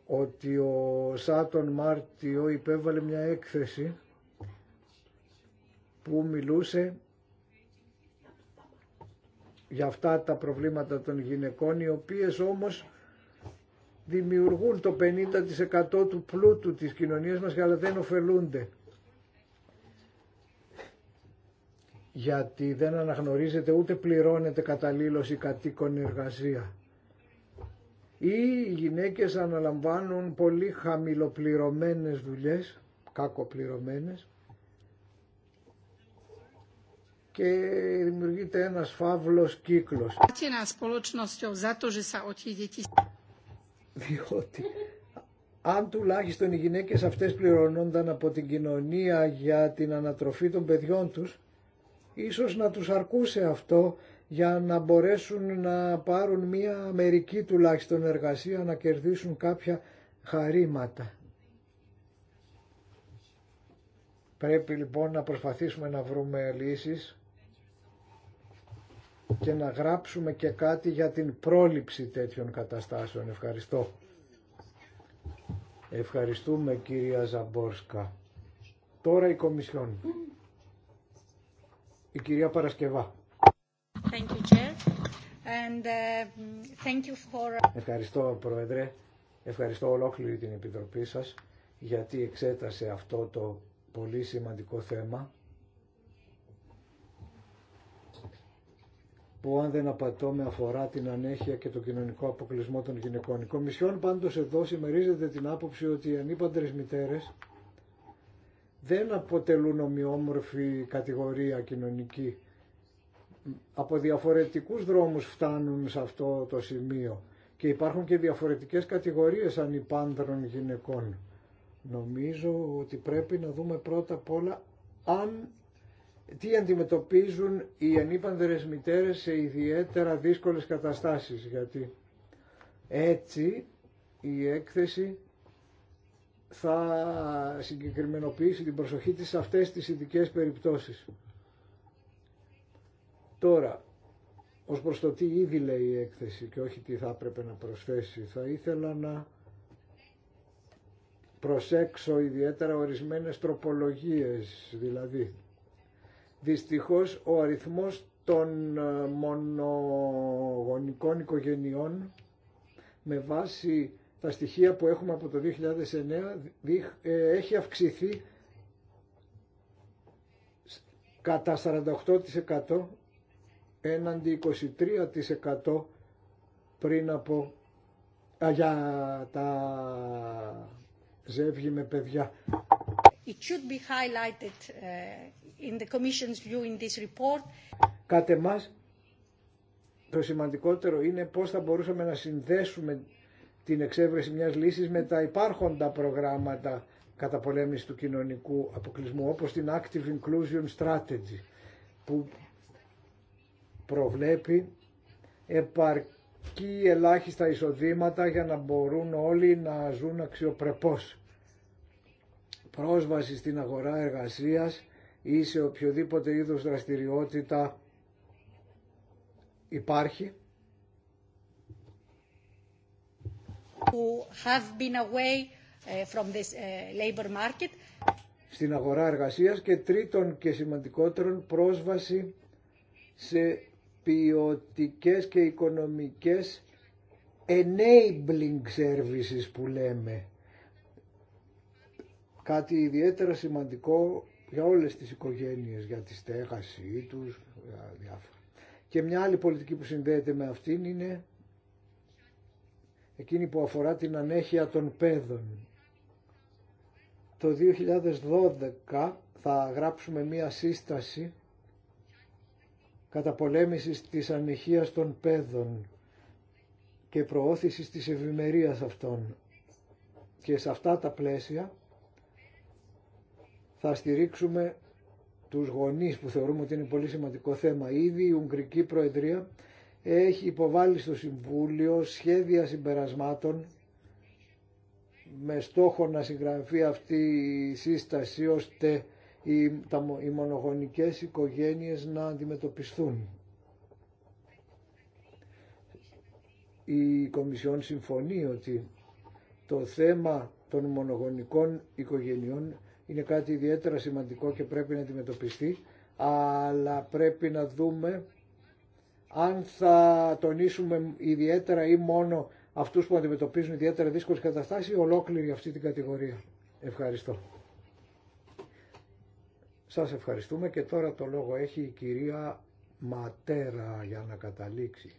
ότι ο Σάτον Μάρτιο υπέβαλε μια έκθεση που μιλούσε για αυτά τα προβλήματα των γυναικών οι οποίες όμως δημιουργούν το 50% του πλούτου της κοινωνίας μας αλλά δεν ωφελούνται. γιατί δεν αναγνωρίζεται ούτε πληρώνεται καταλήλως η κατοίκον εργασία. Ή οι γυναίκες αναλαμβάνουν πολύ χαμηλοπληρωμένες δουλειές, κακοπληρωμένες, και δημιουργείται ένας φαύλος κύκλος. Διότι αν τουλάχιστον οι γυναίκες αυτές πληρωνόνταν από την κοινωνία για την ανατροφή των παιδιών τους, Ίσως να τους αρκούσε αυτό για να μπορέσουν να πάρουν μία μερική τουλάχιστον εργασία, να κερδίσουν κάποια χαρήματα. Πρέπει λοιπόν να προσπαθήσουμε να βρούμε λύσεις και να γράψουμε και κάτι για την πρόληψη τέτοιων καταστάσεων. Ευχαριστώ. Ευχαριστούμε κυρία Ζαμπόρσκα. Τώρα η Κομισιόν η κυρία Παρασκευά. Thank you, And, uh, thank you for... Uh, Ευχαριστώ, Πρόεδρε. Ευχαριστώ ολόκληρη την Επιτροπή σας γιατί εξέτασε αυτό το πολύ σημαντικό θέμα που αν δεν απατώ με αφορά την ανέχεια και το κοινωνικό αποκλεισμό των γυναικών. Η Κομισιόν πάντως εδώ συμμερίζεται την άποψη ότι οι ανήπαντρες μητέρες δεν αποτελούν ομοιόμορφη κατηγορία κοινωνική. Από διαφορετικούς δρόμους φτάνουν σε αυτό το σημείο και υπάρχουν και διαφορετικές κατηγορίες ανυπάνδρων γυναικών. Νομίζω ότι πρέπει να δούμε πρώτα απ' όλα αν τι αντιμετωπίζουν οι ανυπανδρές μητέρες σε ιδιαίτερα δύσκολες καταστάσεις γιατί έτσι η έκθεση θα συγκεκριμενοποιήσει την προσοχή της σε αυτές τις ειδικές περιπτώσεις. Τώρα, ως προς το τι ήδη λέει η έκθεση και όχι τι θα έπρεπε να προσθέσει, θα ήθελα να προσέξω ιδιαίτερα ορισμένες τροπολογίες, δηλαδή. Δυστυχώς ο αριθμός των ε, μονογονικών οικογενειών με βάση τα στοιχεία που έχουμε από το 2009 ε, έχει αυξηθεί κατά 48% έναντι 23% πριν από α, για τα ζεύγη με παιδιά. It should be highlighted uh, in the Commission's view in this report. Κατ' εμάς, το σημαντικότερο είναι πώς θα μπορούσαμε να συνδέσουμε την εξέβρεση μιας λύσης με τα υπάρχοντα προγράμματα πολέμηση του κοινωνικού αποκλεισμού όπως την Active Inclusion Strategy που προβλέπει επαρκή ελάχιστα εισοδήματα για να μπορούν όλοι να ζουν αξιοπρεπώς. Πρόσβαση στην αγορά εργασίας ή σε οποιοδήποτε είδους δραστηριότητα υπάρχει away uh, from uh, labor market. Στην αγορά εργασίας και τρίτον και σημαντικότερον πρόσβαση σε ποιοτικές και οικονομικές enabling services που λέμε. Κάτι ιδιαίτερα σημαντικό για όλες τις οικογένειες, για τη στέγασή τους, για διάφορα. Και μια άλλη πολιτική που συνδέεται με αυτήν είναι εκείνη που αφορά την ανέχεια των παιδών. Το 2012 θα γράψουμε μία σύσταση πολέμησης της ανεχείας των παιδών και προώθησης της ευημερίας αυτών. Και σε αυτά τα πλαίσια θα στηρίξουμε τους γονείς που θεωρούμε ότι είναι πολύ σημαντικό θέμα. Ήδη η Ουγγρική Προεδρία έχει υποβάλει στο Συμβούλιο σχέδια συμπερασμάτων με στόχο να συγγραφεί αυτή η σύσταση ώστε οι, τα, οι μονογονικές οικογένειες να αντιμετωπιστούν. Η Κομισιόν συμφωνεί ότι το θέμα των μονογονικών οικογενειών είναι κάτι ιδιαίτερα σημαντικό και πρέπει να αντιμετωπιστεί, αλλά πρέπει να δούμε αν θα τονίσουμε ιδιαίτερα ή μόνο αυτούς που αντιμετωπίζουν ιδιαίτερα δύσκολες καταστάσεις ή ολόκληρη αυτή την κατηγορία. Ευχαριστώ. Σας ευχαριστούμε και τώρα το λόγο έχει η κυρία Ματέρα για να καταλήξει.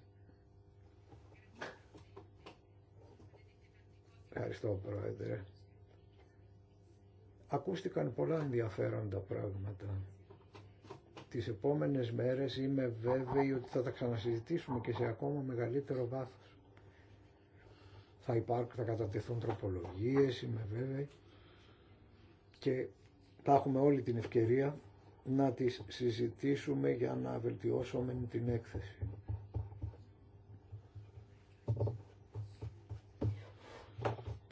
Ευχαριστώ Πρόεδρε. Ακούστηκαν πολλά ενδιαφέροντα πράγματα τις επόμενες μέρες είμαι βέβαιη ότι θα τα ξανασυζητήσουμε και σε ακόμα μεγαλύτερο βάθος. Θα υπάρχουν, θα κατατεθούν τροπολογίες, είμαι βέβαιη και θα έχουμε όλη την ευκαιρία να τις συζητήσουμε για να βελτιώσουμε την έκθεση.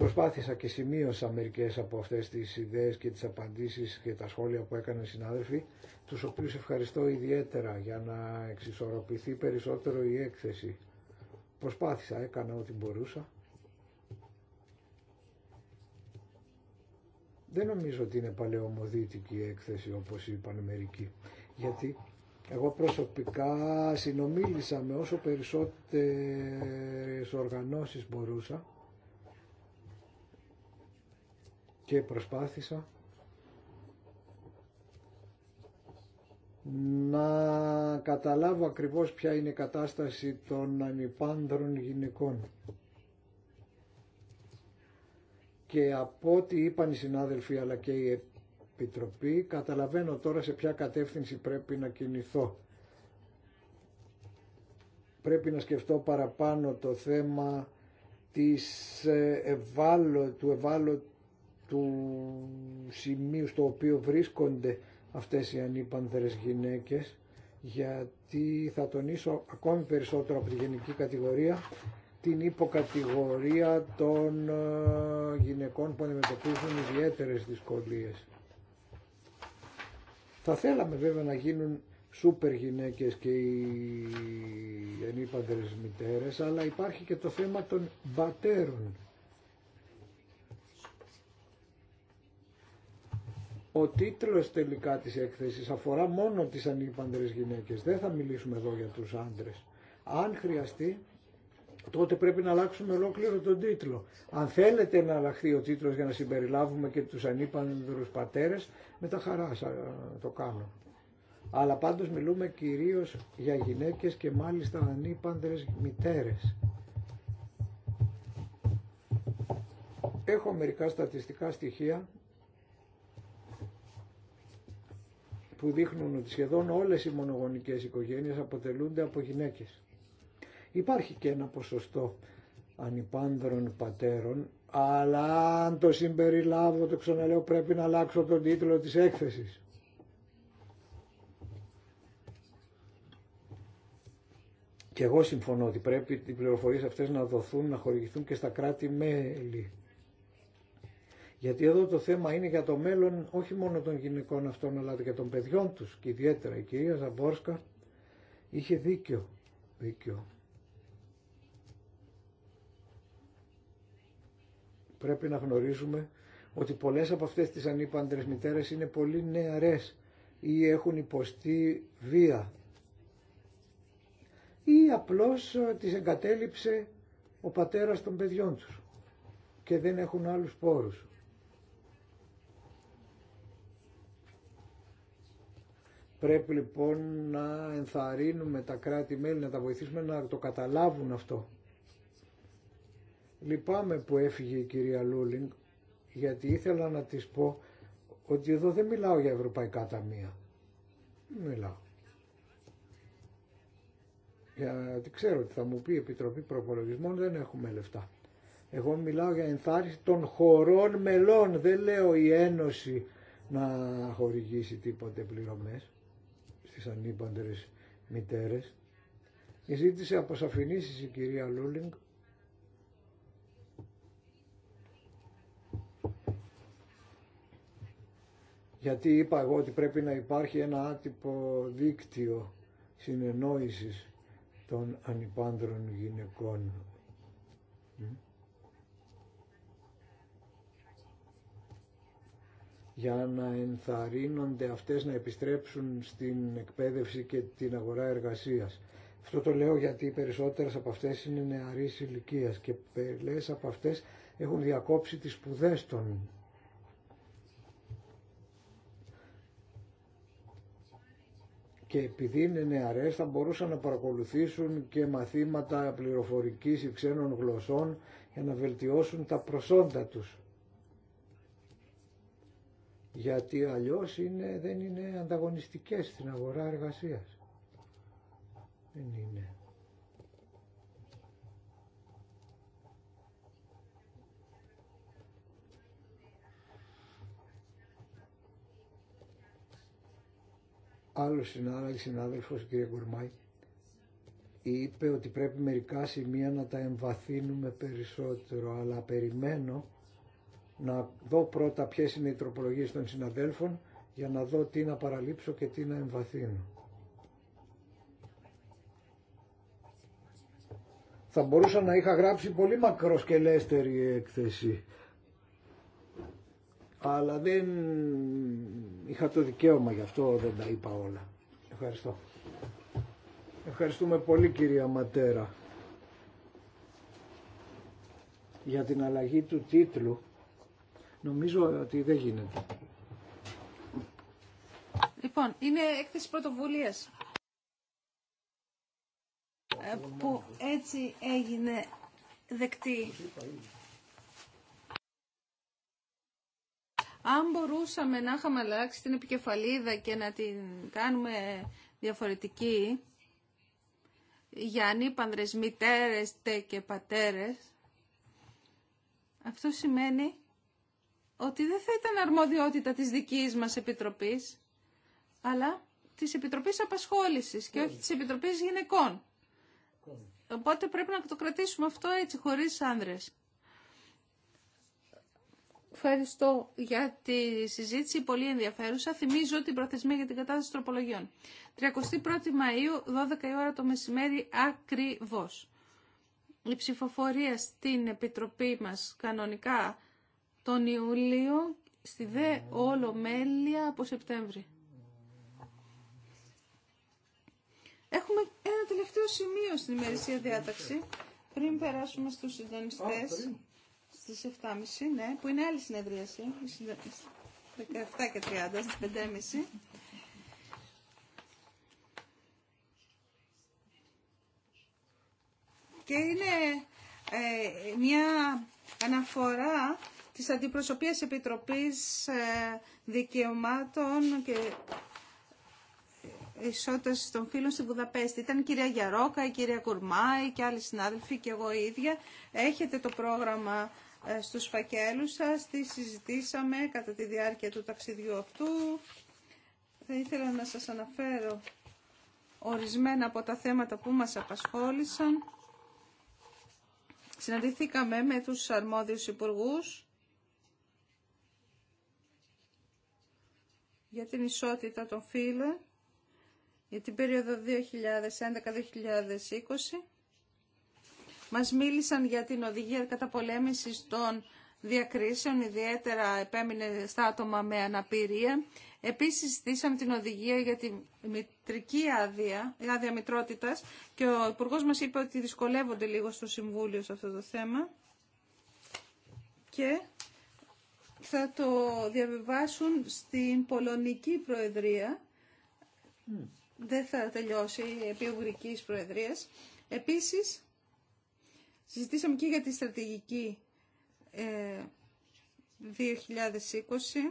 Προσπάθησα και σημείωσα μερικές από αυτές τις ιδέες και τις απαντήσεις και τα σχόλια που έκαναν οι συνάδελφοι, τους οποίους ευχαριστώ ιδιαίτερα για να εξισορροπηθεί περισσότερο η έκθεση. Προσπάθησα, έκανα ό,τι μπορούσα. Δεν νομίζω ότι είναι παλαιομοδίτικη η έκθεση όπως είπαν μερικοί, γιατί εγώ προσωπικά συνομίλησα με όσο περισσότερες οργανώσεις μπορούσα και προσπάθησα να καταλάβω ακριβώς ποια είναι η κατάσταση των ανυπάνδρων γυναικών. Και από ό,τι είπαν οι συνάδελφοι αλλά και η Επιτροπή, καταλαβαίνω τώρα σε ποια κατεύθυνση πρέπει να κινηθώ. Πρέπει να σκεφτώ παραπάνω το θέμα της ε, ευάλω, του ευάλωτου του σημείου στο οποίο βρίσκονται αυτές οι ανήπανθερες γυναίκες γιατί θα τονίσω ακόμη περισσότερο από τη γενική κατηγορία την υποκατηγορία των ε, γυναικών που αντιμετωπίζουν ιδιαίτερες δυσκολίες. Θα θέλαμε βέβαια να γίνουν σούπερ γυναίκες και οι ενήπαντρες μητέρες, αλλά υπάρχει και το θέμα των πατέρων Ο τίτλος τελικά της έκθεσης αφορά μόνο τις ανήπανδρες γυναίκες. Δεν θα μιλήσουμε εδώ για τους άντρες. Αν χρειαστεί, τότε πρέπει να αλλάξουμε ολόκληρο τον τίτλο. Αν θέλετε να αλλάχθεί ο τίτλος για να συμπεριλάβουμε και τους ανήπανδρους πατέρες, με τα χαρά ε, το κάνω. Αλλά πάντως μιλούμε κυρίως για γυναίκες και μάλιστα ανήπαντρες μητέρες. Έχω μερικά στατιστικά στοιχεία που δείχνουν ότι σχεδόν όλες οι μονογονικές οικογένειες αποτελούνται από γυναίκες. Υπάρχει και ένα ποσοστό ανυπάνδρων πατέρων, αλλά αν το συμπεριλάβω, το ξαναλέω, πρέπει να αλλάξω τον τίτλο της έκθεσης. Και εγώ συμφωνώ ότι πρέπει οι πληροφορίες αυτές να δοθούν, να χορηγηθούν και στα κράτη-μέλη. Γιατί εδώ το θέμα είναι για το μέλλον όχι μόνο των γυναικών αυτών αλλά και των παιδιών τους και ιδιαίτερα η κυρία Ζαμπόρσκα είχε δίκιο. δίκιο. Πρέπει να γνωρίζουμε ότι πολλές από αυτές τις ανήπαντρες μητέρες είναι πολύ νεαρές ή έχουν υποστεί βία ή απλώς ε, τις εγκατέλειψε ο πατέρας των παιδιών τους και δεν έχουν άλλους πόρους. Πρέπει λοιπόν να ενθαρρύνουμε τα κράτη-μέλη, να τα βοηθήσουμε να το καταλάβουν αυτό. Λυπάμαι που έφυγε η κυρία Λούλινγκ, γιατί ήθελα να της πω ότι εδώ δεν μιλάω για ευρωπαϊκά ταμεία. Μιλάω. Γιατί ξέρω ότι θα μου πει η Επιτροπή Προπολογισμών δεν έχουμε λεφτά. Εγώ μιλάω για ενθάρρυνση των χωρών μελών. Δεν λέω η Ένωση να χορηγήσει τίποτε πληρωμές τις ανήπαντρες μητέρες. Και ζήτησε αποσαφηνήσεις η κυρία Λούλινγκ γιατί είπα εγώ ότι πρέπει να υπάρχει ένα άτυπο δίκτυο συνεννόησης των ανυπάντρων γυναικών. για να ενθαρρύνονται αυτές να επιστρέψουν στην εκπαίδευση και την αγορά εργασίας. Αυτό το λέω γιατί οι περισσότερες από αυτές είναι νεαρής ηλικίας και πελές από αυτές έχουν διακόψει τις σπουδέ των. Και επειδή είναι νεαρές θα μπορούσαν να παρακολουθήσουν και μαθήματα πληροφορικής ή ξένων γλωσσών για να βελτιώσουν τα προσόντα τους γιατί αλλιώς είναι, δεν είναι ανταγωνιστικές στην αγορά εργασίας. Δεν είναι. Άλλος συνάδελφος, κύριε Γκουρμάη, είπε ότι πρέπει μερικά σημεία να τα εμβαθύνουμε περισσότερο, αλλά περιμένω να δω πρώτα ποιε είναι οι τροπολογίε των συναδέλφων για να δω τι να παραλείψω και τι να εμβαθύνω. Θα μπορούσα να είχα γράψει πολύ μακροσκελέστερη έκθεση αλλά δεν είχα το δικαίωμα γι' αυτό δεν τα είπα όλα. Ευχαριστώ. Ευχαριστούμε πολύ κυρία Ματέρα για την αλλαγή του τίτλου Νομίζω ότι δεν γίνεται. Λοιπόν, είναι έκθεση πρωτοβουλίας ε, που έτσι έγινε δεκτή. Αν μπορούσαμε να είχαμε αλλάξει την επικεφαλίδα και να την κάνουμε διαφορετική, για πανδρες μητέρες, τε και πατέρες, αυτό σημαίνει ότι δεν θα ήταν αρμοδιότητα της δικής μας Επιτροπής, αλλά της Επιτροπής Απασχόλησης και όχι ναι. της Επιτροπής Γυναικών. Οπότε πρέπει να το κρατήσουμε αυτό έτσι, χωρίς άνδρες. Ευχαριστώ για τη συζήτηση, πολύ ενδιαφέρουσα. Θυμίζω την προθεσμία για την κατάσταση τροπολογιών. 31 Μαΐου, 12 η ώρα το μεσημέρι, ακριβώς. Η ψηφοφορία στην Επιτροπή μας κανονικά τον Ιούλιο, στη δε Ολομέλεια από Σεπτέμβρη. Έχουμε ένα τελευταίο σημείο στην ημερησία διάταξη, πριν περάσουμε στους συντονιστές, στις 7.30, ναι, που είναι άλλη συνεδρίαση, 17 και 30, στις 5.30. Και είναι ε, μια αναφορά της Αντιπροσωπείας Επιτροπής ε, Δικαιωμάτων και ισότητα των φίλων στην Βουδαπέστη. Ήταν η κυρία Γιαρόκα, η κυρία Κουρμάη και άλλοι συνάδελφοι και εγώ ίδια. Έχετε το πρόγραμμα ε, στους φακέλους σας, τι συζητήσαμε κατά τη διάρκεια του ταξιδιού αυτού. Θα ήθελα να σας αναφέρω ορισμένα από τα θέματα που μας απασχόλησαν. Συναντηθήκαμε με τους αρμόδιους υπουργούς για την ισότητα των φύλων για την περίοδο 2011-2020. Μας μίλησαν για την οδηγία καταπολέμησης των διακρίσεων, ιδιαίτερα επέμεινε στα άτομα με αναπηρία. Επίσης, στήσαμε την οδηγία για τη μητρική άδεια, η άδεια μητρότητας και ο υπουργό μας είπε ότι δυσκολεύονται λίγο στο Συμβούλιο σε αυτό το θέμα. Και θα το διαβιβάσουν στην Πολωνική Προεδρία. Mm. Δεν θα τελειώσει επί Ουγγρικής Προεδρίας. Επίσης, συζητήσαμε και για τη στρατηγική 2020 ε,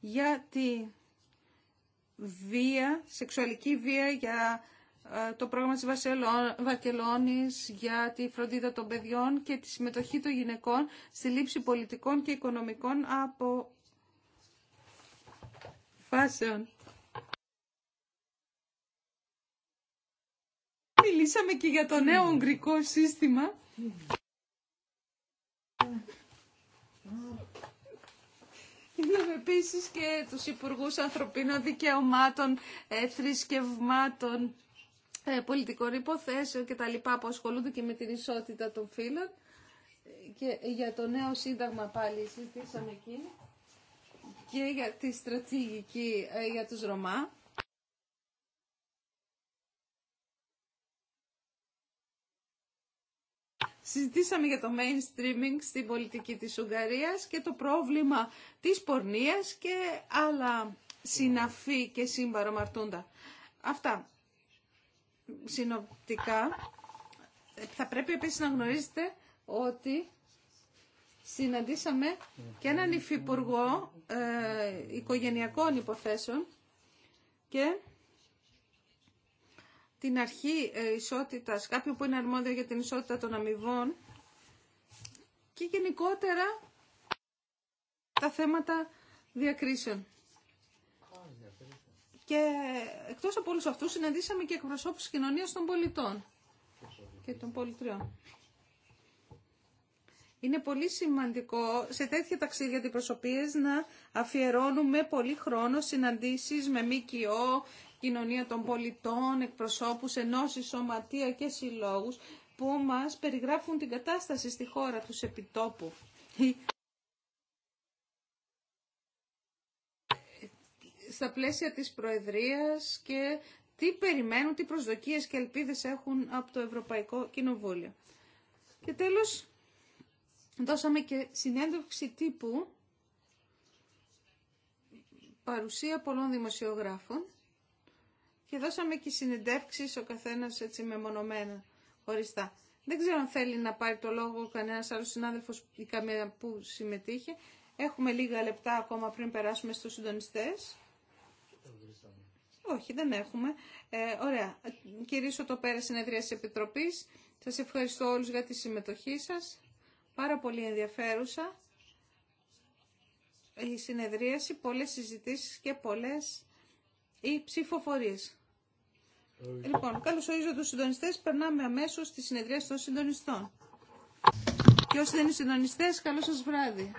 για τη βία, σεξουαλική βία για ε, το πρόγραμμα της Βακελόνης για τη φροντίδα των παιδιών και τη συμμετοχή των γυναικών στη λήψη πολιτικών και οικονομικών από φάσεων. Μιλήσαμε και για το νέο ουγγρικό σύστημα. Είδαμε επίση και τους Υπουργούς Ανθρωπίνων Δικαιωμάτων, ε, Θρησκευμάτων πολιτικών υποθέσεων και τα λοιπά που ασχολούνται και με την ισότητα των φύλων. Και για το νέο σύνταγμα πάλι συζητήσαμε εκεί και για τη στρατηγική ε, για τους Ρωμά. Συζητήσαμε για το mainstreaming στην πολιτική της Ουγγαρίας και το πρόβλημα της πορνείας και άλλα συναφή και σύμπαρο μαρτούντα. Αυτά συνοπτικά, θα πρέπει επίσης να γνωρίζετε ότι συναντήσαμε και έναν υφυπουργό ε, οικογενειακών υποθέσεων και την αρχή ε, ισότητας, κάποιου που είναι αρμόδιο για την ισότητα των αμοιβών και γενικότερα τα θέματα διακρίσεων. Και εκτός από όλους αυτούς συναντήσαμε και εκπροσώπους κοινωνίας των πολιτών και των πολιτριών. Είναι πολύ σημαντικό σε τέτοια ταξίδια αντιπροσωπείες να αφιερώνουμε πολύ χρόνο συναντήσεις με ΜΚΟ, κοινωνία των πολιτών, εκπροσώπους, ενώσεις, σωματεία και συλλόγους που μας περιγράφουν την κατάσταση στη χώρα τους επιτόπου. στα πλαίσια της Προεδρίας και τι περιμένουν, τι προσδοκίες και ελπίδες έχουν από το Ευρωπαϊκό Κοινοβούλιο. Και τέλος, δώσαμε και συνέντευξη τύπου παρουσία πολλών δημοσιογράφων και δώσαμε και συνεντεύξεις ο καθένας έτσι μεμονωμένα, χωριστά. Δεν ξέρω αν θέλει να πάρει το λόγο κανένας άλλος συνάδελφος ή καμία που συμμετείχε. Έχουμε λίγα λεπτά ακόμα πριν περάσουμε στους συντονιστές. Όχι, δεν έχουμε. Ε, ωραία. Κυρίσω το πέρα συνεδρία της Επιτροπής. Σας ευχαριστώ όλους για τη συμμετοχή σας. Πάρα πολύ ενδιαφέρουσα η συνεδρίαση, πολλές συζητήσεις και πολλές ή ψηφοφορίες. Λοιπόν, καλώς ορίζω τους συντονιστές. Περνάμε αμέσως στη συνεδρίαση των συντονιστών. Και όσοι δεν είναι συντονιστές, καλό σας βράδυ.